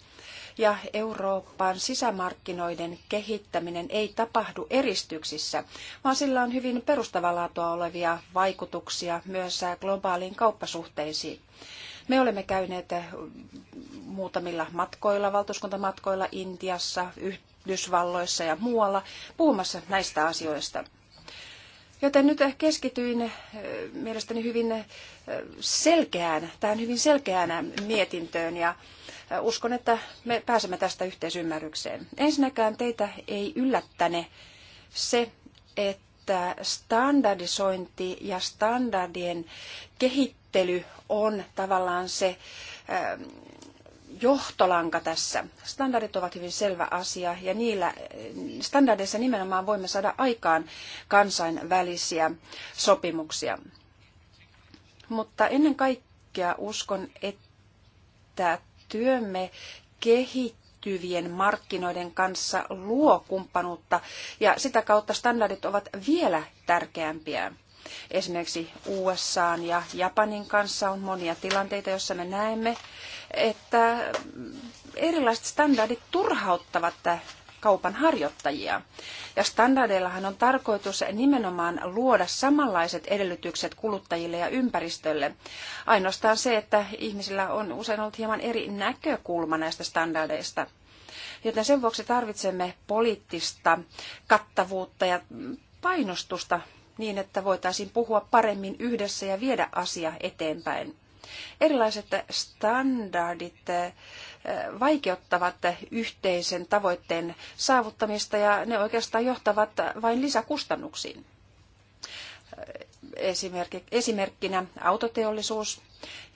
ja Euroopan sisämarkkinoiden kehittäminen ei tapahdu eristyksissä, vaan sillä on hyvin perustavalaatua olevia vaikutuksia myös globaaliin kauppasuhteisiin. Me olemme käyneet eh, muutamilla matkoilla, valtuuskuntamatkoilla Intiassa, Yhdysvalloissa ja muualla puhumassa näistä asioista. Joten nyt eh, keskityin eh, mielestäni hyvin selkeään, tähän hyvin selkeään mietintöön ja uskon, että me pääsemme tästä yhteisymmärrykseen. Ensinnäkään teitä ei yllättäne se, että standardisointi ja standardien kehittäminen sääntely on tavallaan se ähm, johtolanka tässä. Standardit ovat hyvin selvä asia ja niillä standardeissa nimenomaan voimme saada aikaan kansainvälisiä sopimuksia. Mutta ennen kaikkea uskon, että työmme kehittyvien markkinoiden kanssa luo kumppanuutta ja sitä kautta standardit ovat vielä tärkeämpiä. Esimerkiksi USA ja Japanin kanssa on monia tilanteita, joissa me näemme, että erilaiset standardit turhauttavat kaupan harjoittajia. Ja standardeillahan on tarkoitus nimenomaan luoda samanlaiset edellytykset kuluttajille ja ympäristölle. Ainoastaan se, että ihmisillä on usein ollut hieman eri näkökulma näistä standardeista. Joten sen vuoksi tarvitsemme poliittista kattavuutta ja painostusta niin, että voitaisiin puhua paremmin yhdessä ja viedä asia eteenpäin. Erilaiset standardit eh, vaikeuttavat yhteisen tavoitteen saavuttamista ja ne oikeastaan johtavat vain lisäkustannuksiin. Eh, esimerkkinä autoteollisuus.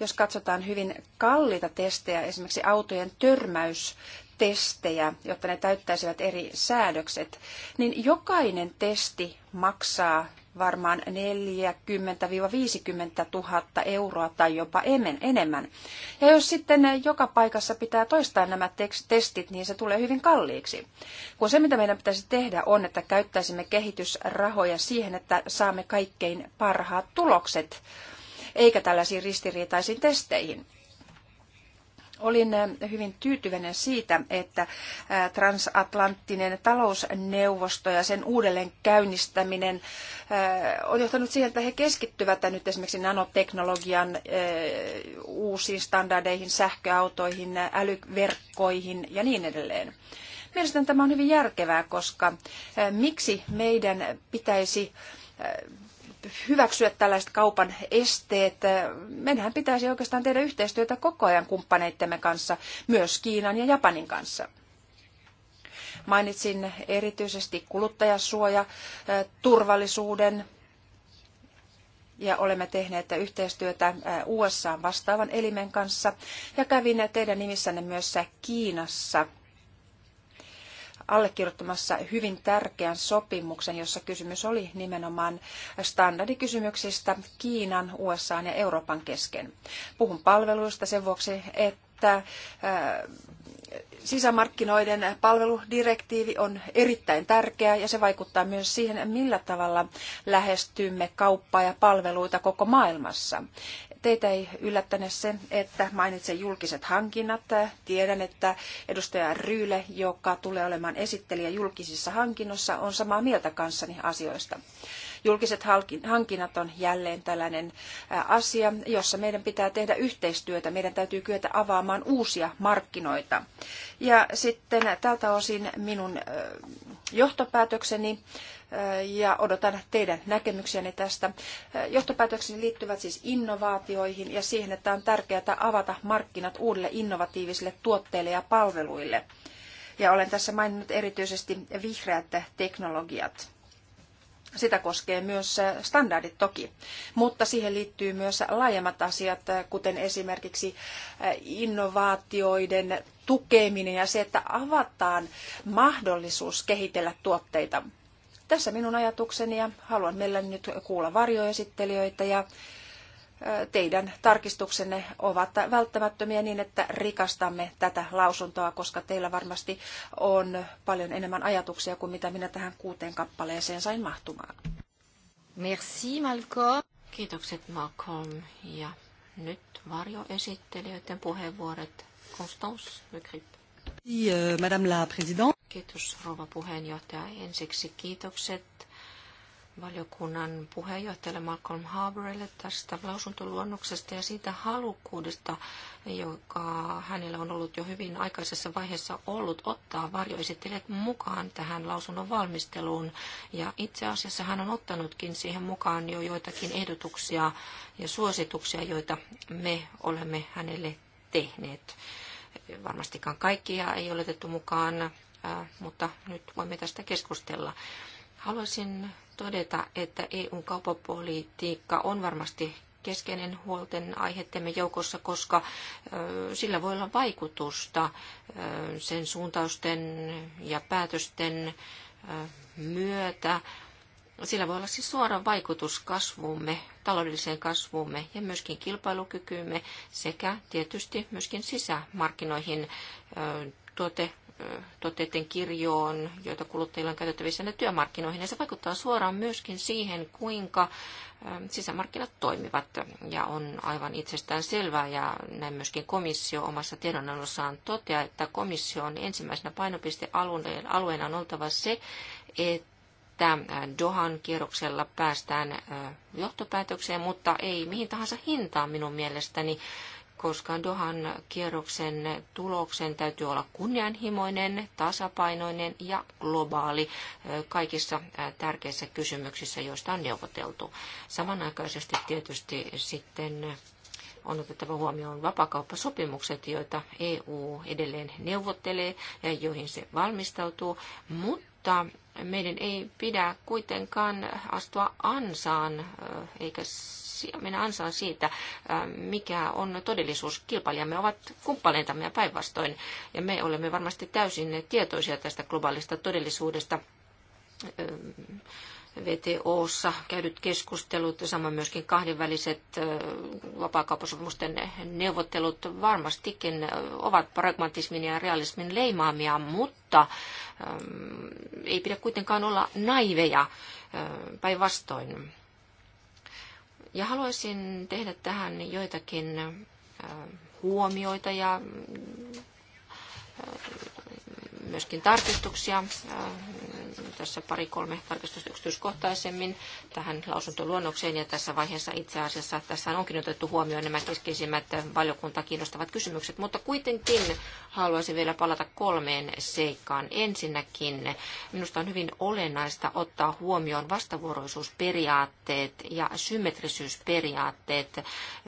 Jos katsotaan hyvin kalliita testejä, esimerkiksi autojen törmäystestejä, jotta ne täyttäisivät eri säädökset, niin jokainen testi maksaa varmaan 40-50 000 euroa tai jopa enemmän. Ja jos sitten joka paikassa pitää toistaa nämä testit, niin se tulee hyvin kalliiksi. Kun se, mitä meidän pitäisi tehdä, on, että käyttäisimme kehitysrahoja siihen, että saamme kaikkein parhaat tulokset, eikä tällaisiin ristiriitaisiin testeihin. Olin eh, hyvin tyytyväinen siitä, että eh, transatlanttinen talousneuvosto ja sen uudelleen käynnistäminen eh, on johtanut siihen, että he keskittyvät nyt esimerkiksi nanoteknologian uusiin standardeihin, sähköautoihin, älyverkkoihin ja niin edelleen. Mielestäni tämä on hyvin järkevää, koska miksi meidän pitäisi hyväksyä tällaiset kaupan esteet. Meidän pitäisi oikeastaan tehdä yhteistyötä koko ajan kumppaneittemme kanssa, myös Kiinan ja Japanin kanssa. Mainitsin erityisesti kuluttajasuoja, turvallisuuden ja olemme tehneet yhteistyötä USA vastaavan elimen kanssa ja kävin teidän nimissänne myös Kiinassa – allekirjoittamassa hyvin tärkeän sopimuksen, jossa kysymys oli nimenomaan standardikysymyksistä Kiinan, USA ja Euroopan kesken. Puhun palveluista sen vuoksi, että äh, sisämarkkinoiden palveludirektiivi on erittäin tärkeä ja se vaikuttaa myös siihen, millä tavalla lähestymme kauppaa ja palveluita koko maailmassa. Teitä ei yllättänyt sen, että mainitsen julkiset hankinnat. Tiedän, että edustaja Ryyle, joka tulee olemaan esittelijä julkisissa hankinnoissa, on samaa mieltä kanssani asioista. Julkiset hankinnat on jälleen tällainen asia, jossa meidän pitää tehdä yhteistyötä. Meidän täytyy kyetä avaamaan uusia markkinoita. Ja sitten tältä osin minun johtopäätökseni ja odotan teidän näkemyksiänne tästä. Johtopäätökseni liittyvät siis innovaatioihin ja siihen, että on tärkeää avata markkinat uudelle innovatiivisille tuotteille ja palveluille. Ja olen tässä maininnut erityisesti vihreät teknologiat. Sitä koskee myös standardit toki, mutta siihen liittyy myös laajemmat asiat, kuten esimerkiksi eh, innovaatioiden tukeminen ja se, että avataan mahdollisuus kehitellä tuotteita. Tässä minun ajatukseni ja haluan meillä nyt kuulla varjoesittelijöitä ja teidän tarkistuksenne ovat välttämättömiä niin, että rikastamme tätä lausuntoa, koska teillä varmasti on paljon enemmän ajatuksia kuin mitä minä tähän kuuteen kappaleeseen sain mahtumaan. Merci Malcolm. Kiitokset Malcolm. Ja nyt varjoesittelijöiden puheenvuorot. Constance Le Grip. Euh, madame la Présidente. Kiitos rouva puheenjohtaja. Ensiksi kiitokset valiokunnan puheenjohtajalle Malcolm Harbourille tästä lausuntoluonnoksesta ja siitä halukkuudesta, joka hänellä on ollut jo hyvin aikaisessa vaiheessa ollut ottaa varjoesittelijät mukaan tähän lausunnon valmisteluun. Ja itse asiassa hän on ottanutkin siihen mukaan jo joitakin ehdotuksia ja suosituksia, joita me olemme hänelle tehneet. Varmastikaan kaikkia ei ole otettu mukaan, äh, mutta nyt voimme tästä keskustella. Haluaisin todeta, että EUn kauppapolitiikka on varmasti keskeinen huolten aihettemme joukossa, koska sillä voi olla vaikutusta sen suuntausten ja päätösten myötä. Sillä voi olla siis suora vaikutus kasvuumme, taloudelliseen kasvuumme ja myöskin kilpailukykyymme sekä tietysti myöskin sisämarkkinoihin tuote tuotteiden kirjoon, joita kuluttajilla on käytettävissä ne työmarkkinoihin. Ja se vaikuttaa suoraan myöskin siihen, kuinka ähm, sisämarkkinat toimivat. Ja on aivan itsestään selvää, ja näin myöskin komissio omassa tiedonannossaan toteaa, että komission ensimmäisenä painopistealueena on oltava se, että että äh, Dohan kierroksella päästään äh, johtopäätökseen, mutta ei mihin tahansa hintaan minun mielestäni koska Dohan kierroksen tuloksen täytyy olla kunnianhimoinen, tasapainoinen ja globaali kaikissa tärkeissä kysymyksissä, joista on neuvoteltu. Samanaikaisesti tietysti sitten on otettava huomioon vapakauppasopimukset, joita EU edelleen neuvottelee ja joihin se valmistautuu, mutta meidän ei pidä kuitenkaan astua ansaan, eikä mennä ansaan siitä, mikä on todellisuus. Kilpailijamme ovat kumppaneitamme ja päinvastoin, ja me olemme varmasti täysin tietoisia tästä globaalista todellisuudesta VTOssa käydyt keskustelut ja samoin myöskin kahdenväliset vapaakauppasopimusten neuvottelut varmastikin ovat pragmatismin ja realismin leimaamia, mutta ei pidä kuitenkaan olla naiveja päinvastoin. Ja haluaisin tehdä tähän joitakin huomioita ja myöskin tarkistuksia. Äh, tässä pari-kolme tarkistusta yksityiskohtaisemmin tähän lausuntoluonnokseen ja tässä vaiheessa itse asiassa tässä onkin otettu huomioon nämä keskeisimmät valiokunta kiinnostavat kysymykset, mutta kuitenkin haluaisin vielä palata kolmeen seikkaan. Ensinnäkin minusta on hyvin olennaista ottaa huomioon vastavuoroisuusperiaatteet ja symmetrisyysperiaatteet.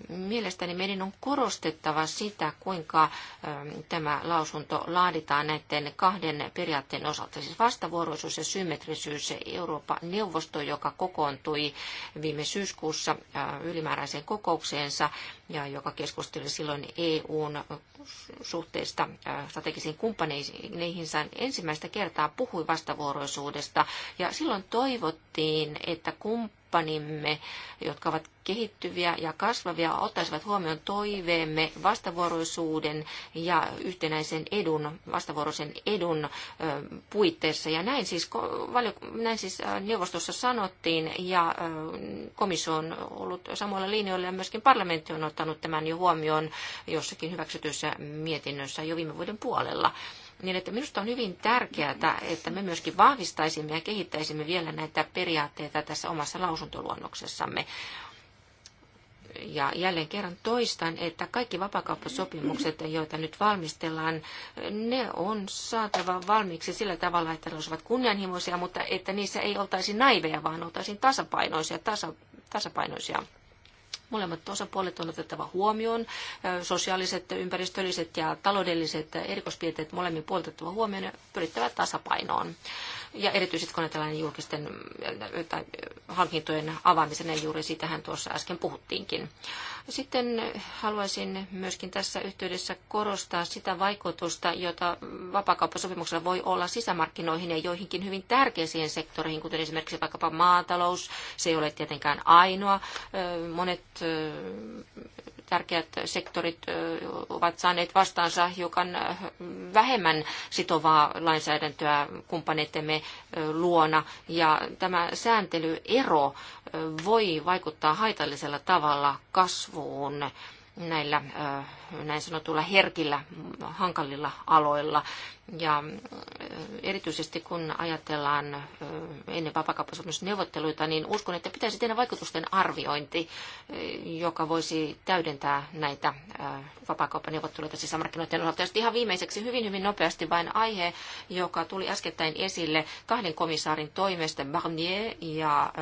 Mielestäni meidän on korostettava sitä, kuinka ähm, tämä lausunto laaditaan näiden kahden kahden periaatteen osalta, siis vastavuoroisuus ja symmetrisyys. Euroopan neuvosto, joka kokoontui viime syyskuussa ylimääräiseen kokoukseensa ja joka keskusteli silloin EUn suhteista strategisiin kumppaneihinsa, ensimmäistä kertaa puhui vastavuoroisuudesta ja silloin toivottiin, että kumppanit kumppanimme, jotka ovat kehittyviä ja kasvavia, ottaisivat huomioon toiveemme vastavuoroisuuden ja yhtenäisen edun, vastavuoroisen edun puitteissa. Ja näin siis, näin siis neuvostossa sanottiin ja komissio on ollut samoilla linjoilla ja myöskin parlamentti on ottanut tämän jo huomioon jossakin hyväksytyssä mietinnössä jo viime vuoden puolella niin että minusta on hyvin tärkeää, että me myöskin vahvistaisimme ja kehittäisimme vielä näitä periaatteita tässä omassa lausuntoluonnoksessamme. Ja jälleen kerran toistan, että kaikki vapakauppasopimukset, joita nyt valmistellaan, ne on saatava valmiiksi sillä tavalla, että ne olisivat kunnianhimoisia, mutta että niissä ei oltaisi naiveja, vaan oltaisiin tasapainoisia, tasa, tasapainoisia Molemmat osapuolet on otettava huomioon. Sosiaaliset, ympäristölliset ja taloudelliset erikoispiirteet molemmin otettava huomioon ja pyrittävä tasapainoon ja erityisesti kun tällainen julkisten äh, tai äh, hankintojen avaamisen, niin juuri siitähän tuossa äsken puhuttiinkin. Sitten haluaisin myöskin tässä yhteydessä korostaa sitä vaikutusta, jota vapakauppasopimuksella voi olla sisämarkkinoihin ja joihinkin hyvin tärkeisiin sektoreihin, kuten esimerkiksi vaikkapa maatalous. Se ei ole tietenkään ainoa. Äh, monet tärkeät sektorit ovat saaneet vastaansa hiukan vähemmän sitovaa lainsäädäntöä kumppaneittemme luona. Ja tämä sääntelyero voi vaikuttaa haitallisella tavalla kasvuun näillä näin sanotuilla herkillä, hankalilla aloilla. Ja erityisesti kun ajatellaan ennen vapakauppasopimusneuvotteluita, niin uskon, että pitäisi tehdä vaikutusten arviointi, joka voisi täydentää näitä vapakauppaneuvotteluita sisämarkkinoiden osalta. Ja ihan viimeiseksi hyvin, hyvin nopeasti vain aihe, joka tuli äskettäin esille kahden komissaarin toimesta, Barnier ja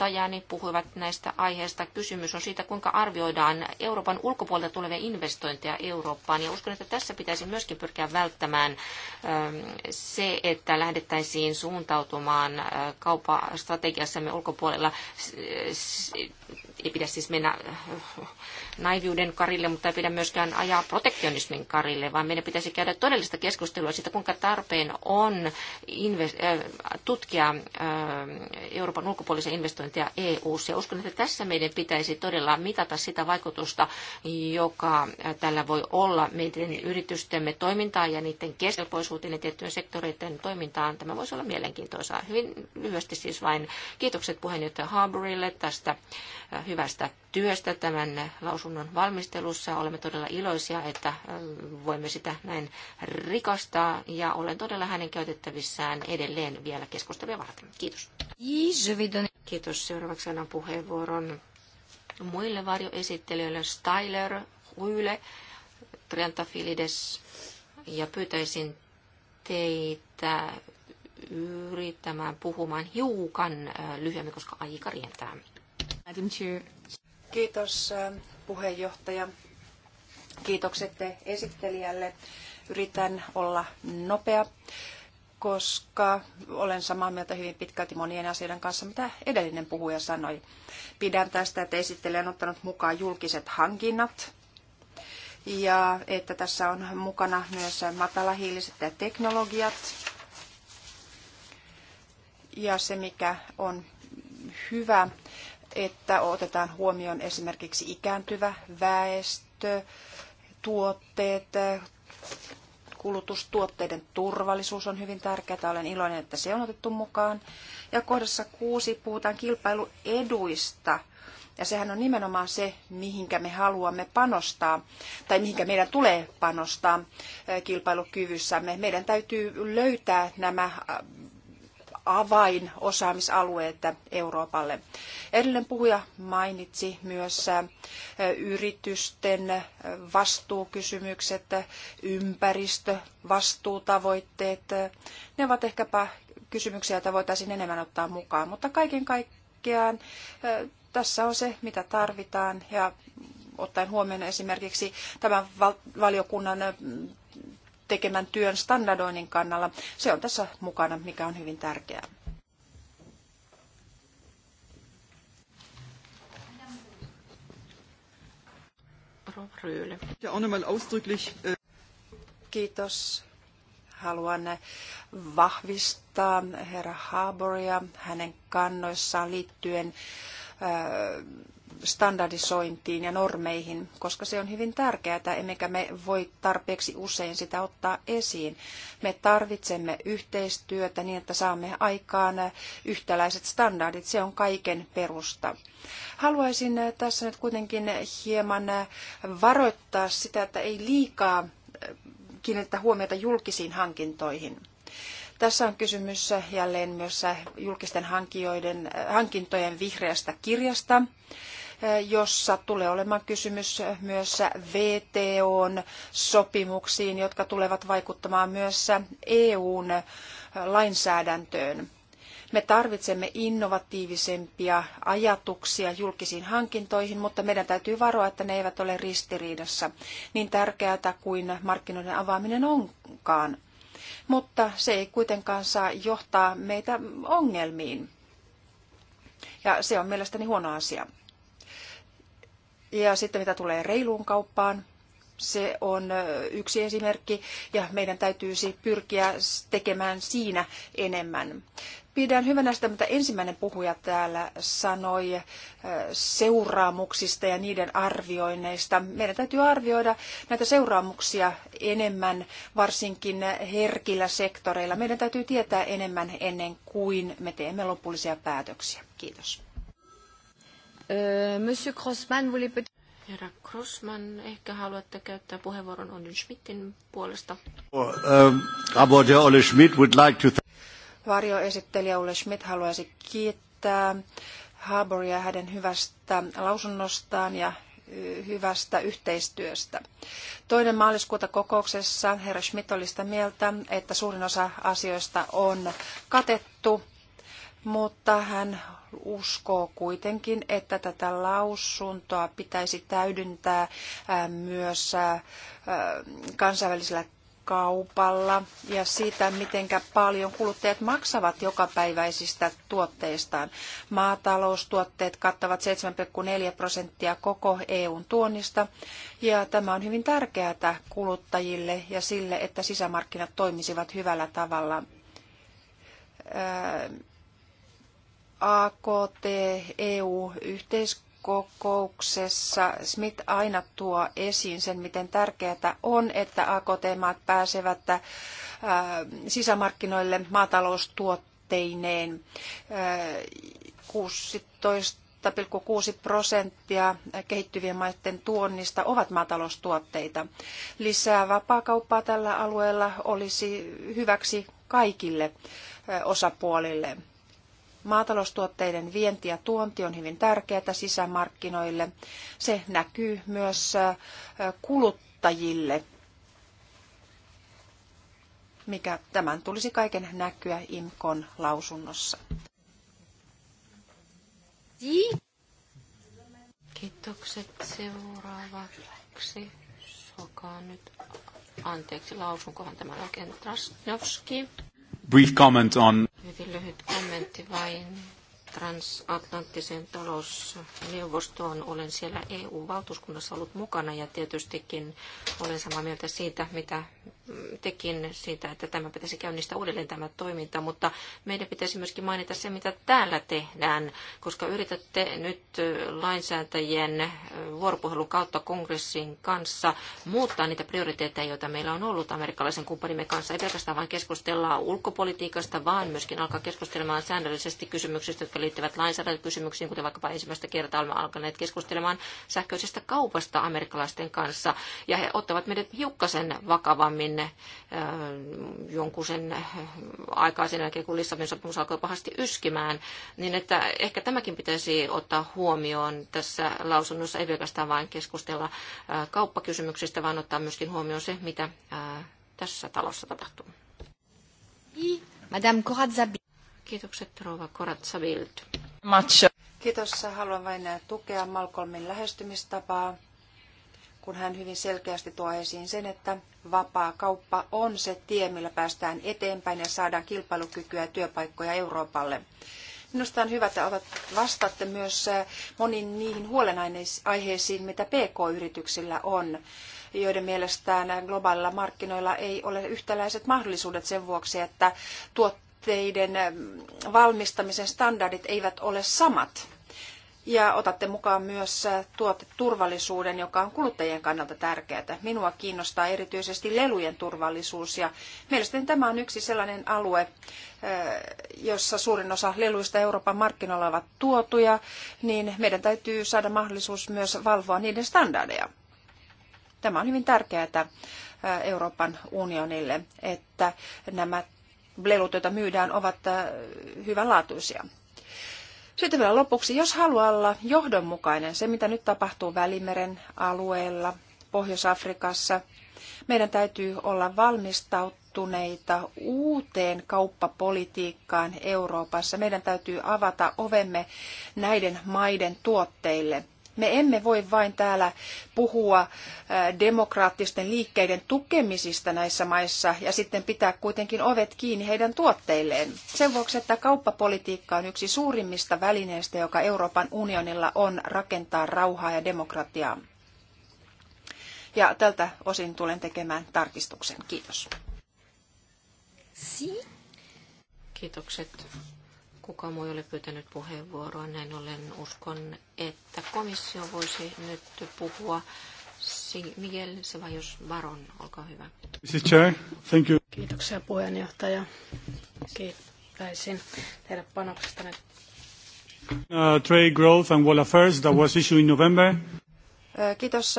Tajani puhuivat näistä aiheista. Kysymys on siitä, kuinka arvioidaan Euroopan ulkopuolelta tulevia investointeja Eurooppaan. Ja uskon, että tässä pitäisi myöskin pyrkiä välttämään ähm, se, että lähdettäisiin suuntautumaan äh, kaupastrategiassamme ulkopuolella. Äh, ei pidä siis mennä äh, naiviuden karille, mutta ei pidä myöskään ajaa protektionismin karille, vaan meidän pitäisi käydä todellista keskustelua siitä, kuinka tarpeen on äh, tutkia äh, Euroopan ulkopuolisia investointeja eu Ja Uskon, että tässä meidän pitäisi todella mitata sitä vaikutusta, joka äh, tällä voi olla meidän yritystemme toimintaan ja niiden kestelpoisuuteen ja tiettyjen sektoreiden toimintaan. Tämä voisi olla mielenkiintoisaa. Hyvin lyhyesti siis vain kiitokset puheenjohtaja Harbourille tästä hyvästä työstä tämän lausunnon valmistelussa. Olemme todella iloisia, että voimme sitä näin rikastaa ja olen todella hänen käytettävissään edelleen vielä keskustelua varten. Kiitos. Kiitos. Seuraavaksi annan puheenvuoron muille varjoesittelijöille Styler, Huyle, Triantafilides ja pyytäisin teitä yrittämään puhumaan hiukan lyhyemmin, koska aika rientää. Madam Chair. Kiitos ähm, puheenjohtaja. Kiitokset esittelijälle. Yritän olla nopea, koska olen samaa mieltä hyvin pitkälti monien asioiden kanssa, mitä edellinen puhuja sanoi. Pidän tästä, että esittelijä on ottanut mukaan julkiset hankinnat ja että tässä on mukana myös matalahiiliset teknologiat. Ja se, mikä on hyvä, että otetaan huomioon esimerkiksi ikääntyvä väestö, tuotteet, kulutustuotteiden turvallisuus on hyvin tärkeää. Olen iloinen, että se on otettu mukaan. Ja kohdassa kuusi puhutaan kilpailueduista. Ja sehän on nimenomaan se, mihinkä me haluamme panostaa, tai mihinkä meidän tulee panostaa eh, kilpailukyvyssämme. Meidän täytyy löytää nämä avainosaamisalueet Euroopalle. Edellinen puhuja mainitsi myös yritysten vastuukysymykset, ympäristövastuutavoitteet. Ne ovat ehkäpä kysymyksiä, joita voitaisiin enemmän ottaa mukaan, mutta kaiken kaikkiaan tässä on se, mitä tarvitaan ja ottaen huomioon esimerkiksi tämän valiokunnan tekemän työn standardoinnin kannalla. Se on tässä mukana, mikä on hyvin tärkeää. Äh, Kiitos. Haluan vahvistaa herra Harboria hänen kannoissaan liittyen äh, standardisointiin ja normeihin, koska se on hyvin tärkeää, emmekä me voi tarpeeksi usein sitä ottaa esiin. Me tarvitsemme yhteistyötä niin, että saamme aikaan yhtäläiset standardit. Se on kaiken perusta. Haluaisin tässä nyt kuitenkin hieman varoittaa sitä, että ei liikaa kiinnittää huomiota julkisiin hankintoihin. Tässä on kysymys jälleen myös julkisten hankintojen vihreästä kirjasta jossa tulee olemaan kysymys myös VTOn sopimuksiin, jotka tulevat vaikuttamaan myös EUn lainsäädäntöön. Me tarvitsemme innovatiivisempia ajatuksia julkisiin hankintoihin, mutta meidän täytyy varoa, että ne eivät ole ristiriidassa niin tärkeää kuin markkinoiden avaaminen onkaan. Mutta se ei kuitenkaan saa johtaa meitä ongelmiin. Ja se on mielestäni huono asia. Ja sitten mitä tulee reiluun kauppaan, se on yksi esimerkki ja meidän täytyisi pyrkiä tekemään siinä enemmän. Pidän hyvänä sitä, mitä ensimmäinen puhuja täällä sanoi seuraamuksista ja niiden arvioinneista. Meidän täytyy arvioida näitä seuraamuksia enemmän, varsinkin herkillä sektoreilla. Meidän täytyy tietää enemmän ennen kuin me teemme lopullisia päätöksiä. Kiitos. Äh, Monsieur Crossman, peut Herra Crossman, ehkä haluatte käyttää puheenvuoron Olli Schmidtin puolesta. Oh, um, Olli Schmidt would like to... Varjoesittelijä Olli Schmidt haluaisi kiittää Harboria hänen hyvästä lausunnostaan ja hyvästä yhteistyöstä. Toinen maaliskuuta kokouksessa herra Schmidt oli sitä mieltä, että suurin osa asioista on katettu, mutta hän uskoo kuitenkin, että tätä lausuntoa pitäisi täydentää myös kansainvälisellä kaupalla ja siitä, miten paljon kuluttajat maksavat jokapäiväisistä tuotteistaan. Maataloustuotteet kattavat 7,4 prosenttia koko EUn tuonnista ja tämä on hyvin tärkeää kuluttajille ja sille, että sisämarkkinat toimisivat hyvällä tavalla AKT EU-yhteiskokouksessa Smith aina tuo esiin sen, miten tärkeää on, että AKT-maat pääsevät äh, sisämarkkinoille maataloustuotteineen. 16 äh, kuusi prosenttia kehittyvien maiden tuonnista ovat maataloustuotteita. Lisää vapaakauppaa tällä alueella olisi hyväksi kaikille äh, osapuolille. Maataloustuotteiden vienti ja tuonti on hyvin tärkeää sisämarkkinoille. Se näkyy myös kuluttajille, mikä tämän tulisi kaiken näkyä IMKON lausunnossa. Kiitokset seuraavaksi. Sokaa nyt. Anteeksi, lausunkohan tämä oikein Trasnovski brief comment on... Hyvin lyhyt kommentti vain transatlanttisen talousneuvostoon. Olen siellä EU-valtuuskunnassa ollut mukana ja tietystikin olen samaa mieltä siitä, mitä tekin siitä, että tämä pitäisi käynnistää uudelleen tämä toiminta, mutta meidän pitäisi myöskin mainita se, mitä täällä tehdään, koska yritätte nyt lainsäätäjien vuoropuhelun kautta kongressin kanssa muuttaa niitä prioriteetteja, joita meillä on ollut amerikkalaisen kumppanimme kanssa. Ei pelkästään vain keskustella ulkopolitiikasta, vaan myöskin alkaa keskustelemaan säännöllisesti kysymyksistä, jotka liittyvät lainsäädäntökysymyksiin, kuten vaikkapa ensimmäistä kertaa olemme alkaneet keskustelemaan sähköisestä kaupasta amerikkalaisten kanssa. Ja he ottavat meidät hiukkasen vakavammin äh, jonkun sen aikaa sen jälkeen, kun Lissabonin sopimus alkoi pahasti yskimään. Niin että ehkä tämäkin pitäisi ottaa huomioon tässä lausunnossa, ei pelkästään vain keskustella äh, kauppakysymyksistä, vaan ottaa myöskin huomioon se, mitä äh, tässä talossa tapahtuu. Madame Corazza Kiitokset rouva Koratsa Matcha. Kiitos. Haluan vain tukea Malcolmin lähestymistapaa, kun hän hyvin selkeästi tuo esiin sen, että vapaa kauppa on se tie, millä päästään eteenpäin ja saadaan kilpailukykyä ja työpaikkoja Euroopalle. Minusta on hyvä, että vastaatte myös äh, moniin niihin huolenaiheisiin, mitä PK-yrityksillä on, joiden mielestään globaalilla markkinoilla ei ole yhtäläiset mahdollisuudet sen vuoksi, että tuotteet tuotteiden ähm, valmistamisen standardit eivät ole samat. Ja otatte mukaan myös äh, tuoteturvallisuuden, joka on kuluttajien kannalta tärkeää. Minua kiinnostaa erityisesti lelujen turvallisuus ja mielestäni tämä on yksi sellainen alue, äh, jossa suurin osa leluista Euroopan markkinoilla ovat tuotuja, niin meidän täytyy saada mahdollisuus myös valvoa niiden standardeja. Tämä on hyvin tärkeää äh, Euroopan unionille, että nämä lelut, joita myydään, ovat äh, hyvänlaatuisia. Sitten vielä lopuksi, jos haluaa olla johdonmukainen, se mitä nyt tapahtuu Välimeren alueella, Pohjois-Afrikassa, meidän täytyy olla valmistautuneita uuteen kauppapolitiikkaan Euroopassa. Meidän täytyy avata ovemme näiden maiden tuotteille. Me emme voi vain täällä puhua äh, demokraattisten liikkeiden tukemisista näissä maissa ja sitten pitää kuitenkin ovet kiinni heidän tuotteilleen. Sen vuoksi, että kauppapolitiikka on yksi suurimmista välineistä, joka Euroopan unionilla on rakentaa rauhaa ja demokratiaa. Ja tältä osin tulen tekemään tarkistuksen. Kiitos. Kiitokset. Kuka muu ei ole pyytänyt puheenvuoroa, näin ollen uskon, että komissio voisi nyt puhua. Miguel Sevajos Baron, olkaa hyvä. Thank you. Kiitoksia puheenjohtaja. Kiittäisin teidän panoksestanne. Uh, trade growth and world affairs that was issued in November. Kiitos.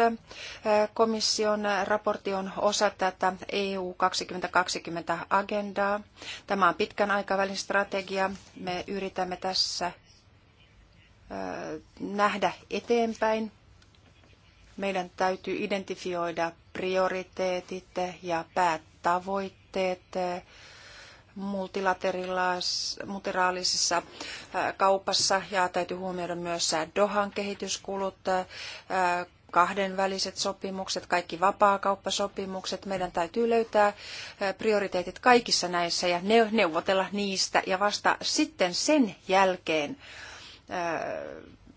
Komission raportti on osa tätä EU 2020-agendaa. Tämä on pitkän aikavälin strategia. Me yritämme tässä nähdä eteenpäin. Meidän täytyy identifioida prioriteetit ja päätavoitteet multilateraalisessa kaupassa ja täytyy huomioida myös Dohan kehityskulut, kahdenväliset sopimukset, kaikki vapaakauppasopimukset. Meidän täytyy löytää prioriteetit kaikissa näissä ja neuvotella niistä ja vasta sitten sen jälkeen,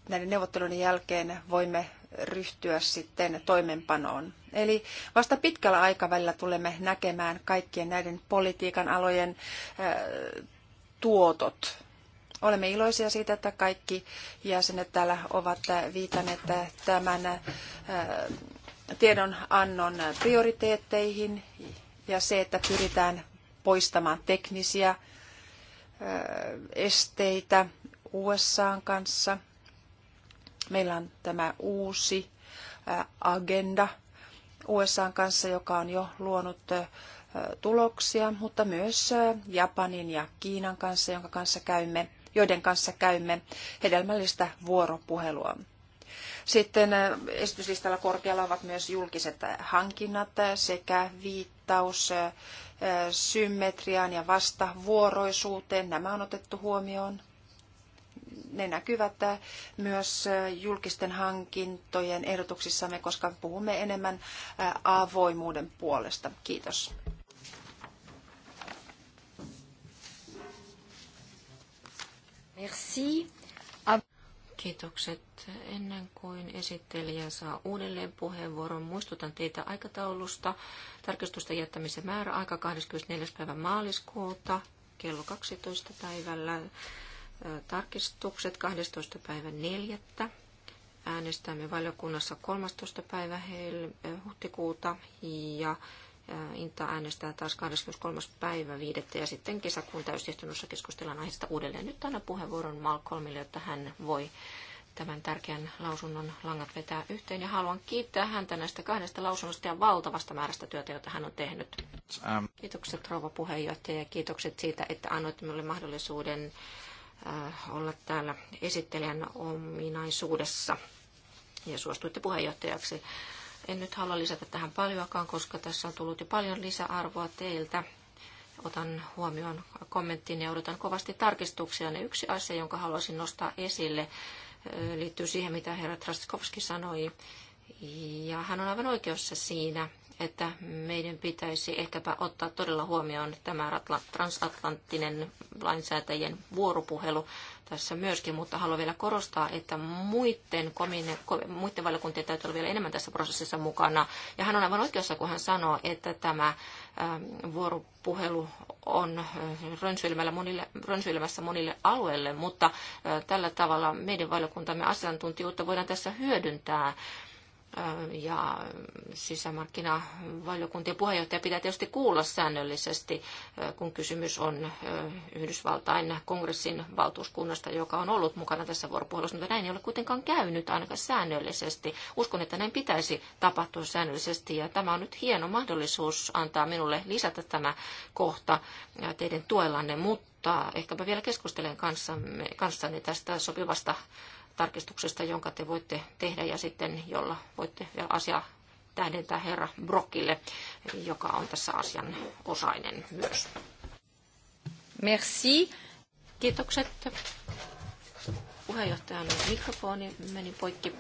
näiden neuvottelujen jälkeen voimme ryhtyä sitten toimenpanoon. Eli vasta pitkällä aikavälillä tulemme näkemään kaikkien näiden politiikan alojen tuotot. Olemme iloisia siitä, että kaikki jäsenet täällä ovat viitanneet tämän tiedonannon prioriteetteihin ja se, että pyritään poistamaan teknisiä esteitä USAn kanssa. Meillä on tämä uusi agenda – USAn kanssa, joka on jo luonut tuloksia, mutta myös Japanin ja Kiinan kanssa, jonka kanssa käymme, joiden kanssa käymme hedelmällistä vuoropuhelua. Sitten esityslistalla korkealla ovat myös julkiset hankinnat sekä viittaus symmetriaan ja vastavuoroisuuteen. Nämä on otettu huomioon ne näkyvät myös julkisten hankintojen ehdotuksissamme, koska puhumme enemmän avoimuuden puolesta. Kiitos. Merci. Kiitokset. Ennen kuin esittelijä saa uudelleen puheenvuoron, muistutan teitä aikataulusta. Tarkistusten jättämisen määräaika 24. päivä maaliskuuta kello 12 päivällä tarkistukset 12. päivä 4. Äänestämme valiokunnassa 13. päivä huhtikuuta ja Inta äänestää taas 23. päivä 5. ja sitten kesäkuun täysistunnossa keskustellaan aiheesta uudelleen. Nyt annan puheenvuoron Malcolmille, jotta hän voi tämän tärkeän lausunnon langat vetää yhteen. Ja haluan kiittää häntä näistä kahdesta lausunnosta ja valtavasta määrästä työtä, jota hän on tehnyt. Um. Kiitokset rouva puheenjohtaja ja kiitokset siitä, että annoitte minulle mahdollisuuden Äh, olla täällä esittelijän ominaisuudessa ja suostuitte puheenjohtajaksi. En nyt halua lisätä tähän paljonkaan, koska tässä on tullut jo paljon lisäarvoa teiltä. Otan huomioon kommenttiin ja odotan kovasti tarkistuksia. Ne yksi asia, jonka haluaisin nostaa esille, äh, liittyy siihen, mitä herra Trastkovski sanoi. Ja hän on aivan oikeassa siinä, että meidän pitäisi ehkäpä ottaa todella huomioon tämä transatlanttinen lainsäätäjien vuoropuhelu tässä myöskin, mutta haluan vielä korostaa, että muiden, komine, muiden valiokuntien täytyy olla vielä enemmän tässä prosessissa mukana. Ja hän on aivan oikeassa, kun hän sanoo, että tämä ähm, vuoropuhelu on äh, rönsyilemällä monille, rönsyilemässä monille alueille, mutta äh, tällä tavalla meidän valiokuntamme asiantuntijuutta voidaan tässä hyödyntää ja sisämarkkinavaliokuntien puheenjohtaja pitää tietysti kuulla säännöllisesti, kun kysymys on Yhdysvaltain kongressin valtuuskunnasta, joka on ollut mukana tässä vuoropuhelussa, mutta näin ei ole kuitenkaan käynyt ainakaan säännöllisesti. Uskon, että näin pitäisi tapahtua säännöllisesti ja tämä on nyt hieno mahdollisuus antaa minulle lisätä tämä kohta teidän tuellanne, mutta ehkäpä vielä keskustelen kanssanne tästä sopivasta tarkistuksesta, jonka te voitte tehdä ja sitten jolla voitte vielä asiaa tähdentää herra Brokille, joka on tässä asian osainen myös. Merci. Kiitokset. Puheenjohtajan mikrofoni meni poikki.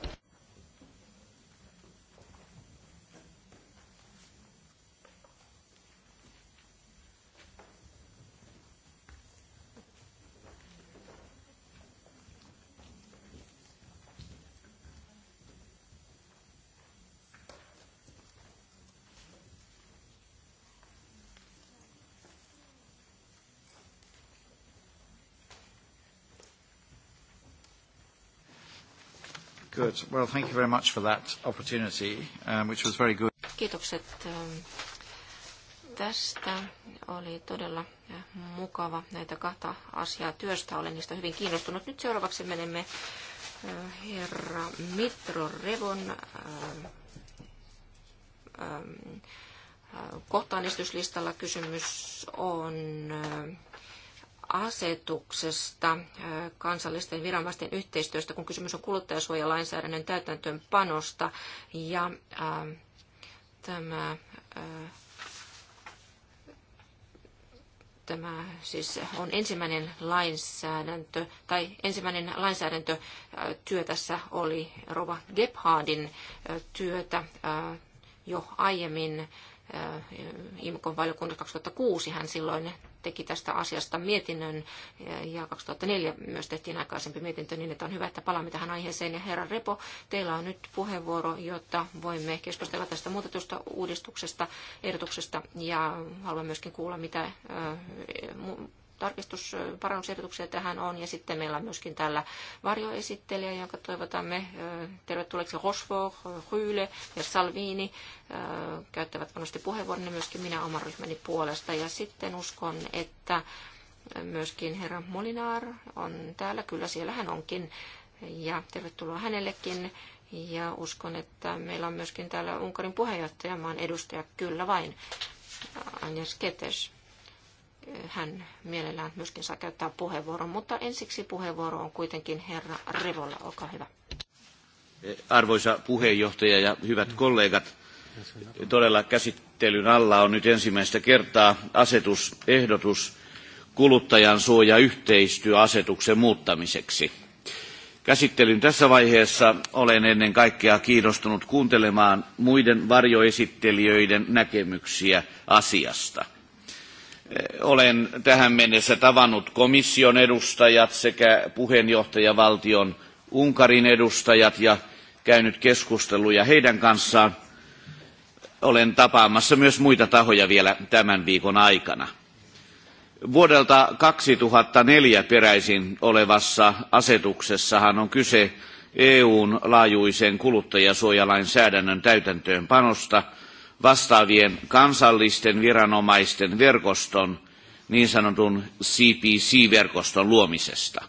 Good. Well, thank you very much for that opportunity, um, which was very good. Kiitokset um, tästä. Oli todella äh, mukava näitä kahta asiaa työstä. Olen niistä hyvin kiinnostunut. Nyt seuraavaksi menemme äh, herra Mitro Revon ähm, ähm, äh, kohtaanistuslistalla. Kysymys on asetuksesta kansallisten viranomaisten yhteistyöstä, kun kysymys on kuluttajasuojalainsäädännön täytäntöönpanosta. Ja tämä, tämä siis on ensimmäinen lainsäädäntö, tai ensimmäinen lainsäädäntötyö tässä oli Rova Gebhardin työtä jo aiemmin. IMKon valiokunta 2006 hän silloin teki tästä asiasta mietinnön ja 2004 myös tehtiin aikaisempi mietintö, niin että on hyvä, että palaamme tähän aiheeseen. Ja herra Repo, teillä on nyt puheenvuoro, jotta voimme keskustella tästä muutetusta uudistuksesta, ehdotuksesta ja haluan myöskin kuulla, mitä tarkistusparannusehdotuksia tähän on. Ja sitten meillä on myöskin täällä varjoesittelijä, jonka toivotamme tervetulleeksi Rosvo, Ryyle ja Salvini käyttävät varmasti puheenvuoron myöskin minä oman ryhmäni puolesta. Ja sitten uskon, että myöskin herra Molinar on täällä. Kyllä siellä hän onkin. Ja tervetuloa hänellekin. Ja uskon, että meillä on myöskin täällä Unkarin puheenjohtajamaan edustaja, kyllä vain, Anja Sketes hän mielellään myöskin saa käyttää puheenvuoron, mutta ensiksi puheenvuoro on kuitenkin herra Revolla, olkaa hyvä. Arvoisa puheenjohtaja ja hyvät mm. kollegat, todella käsittelyn alla on nyt ensimmäistä kertaa asetusehdotus kuluttajan suojayhteistyöasetuksen muuttamiseksi. Käsittelyn tässä vaiheessa olen ennen kaikkea kiinnostunut kuuntelemaan muiden varjoesittelijöiden näkemyksiä asiasta. Olen tähän mennessä tavannut komission edustajat sekä puheenjohtajavaltion Unkarin edustajat ja käynyt keskusteluja heidän kanssaan. Olen tapaamassa myös muita tahoja vielä tämän viikon aikana. Vuodelta 2004 peräisin olevassa asetuksessahan on kyse EUn laajuisen kuluttajasuojalainsäädännön täytäntöönpanosta – vastaavien kansallisten viranomaisten verkoston, niin sanotun CPC-verkoston luomisesta.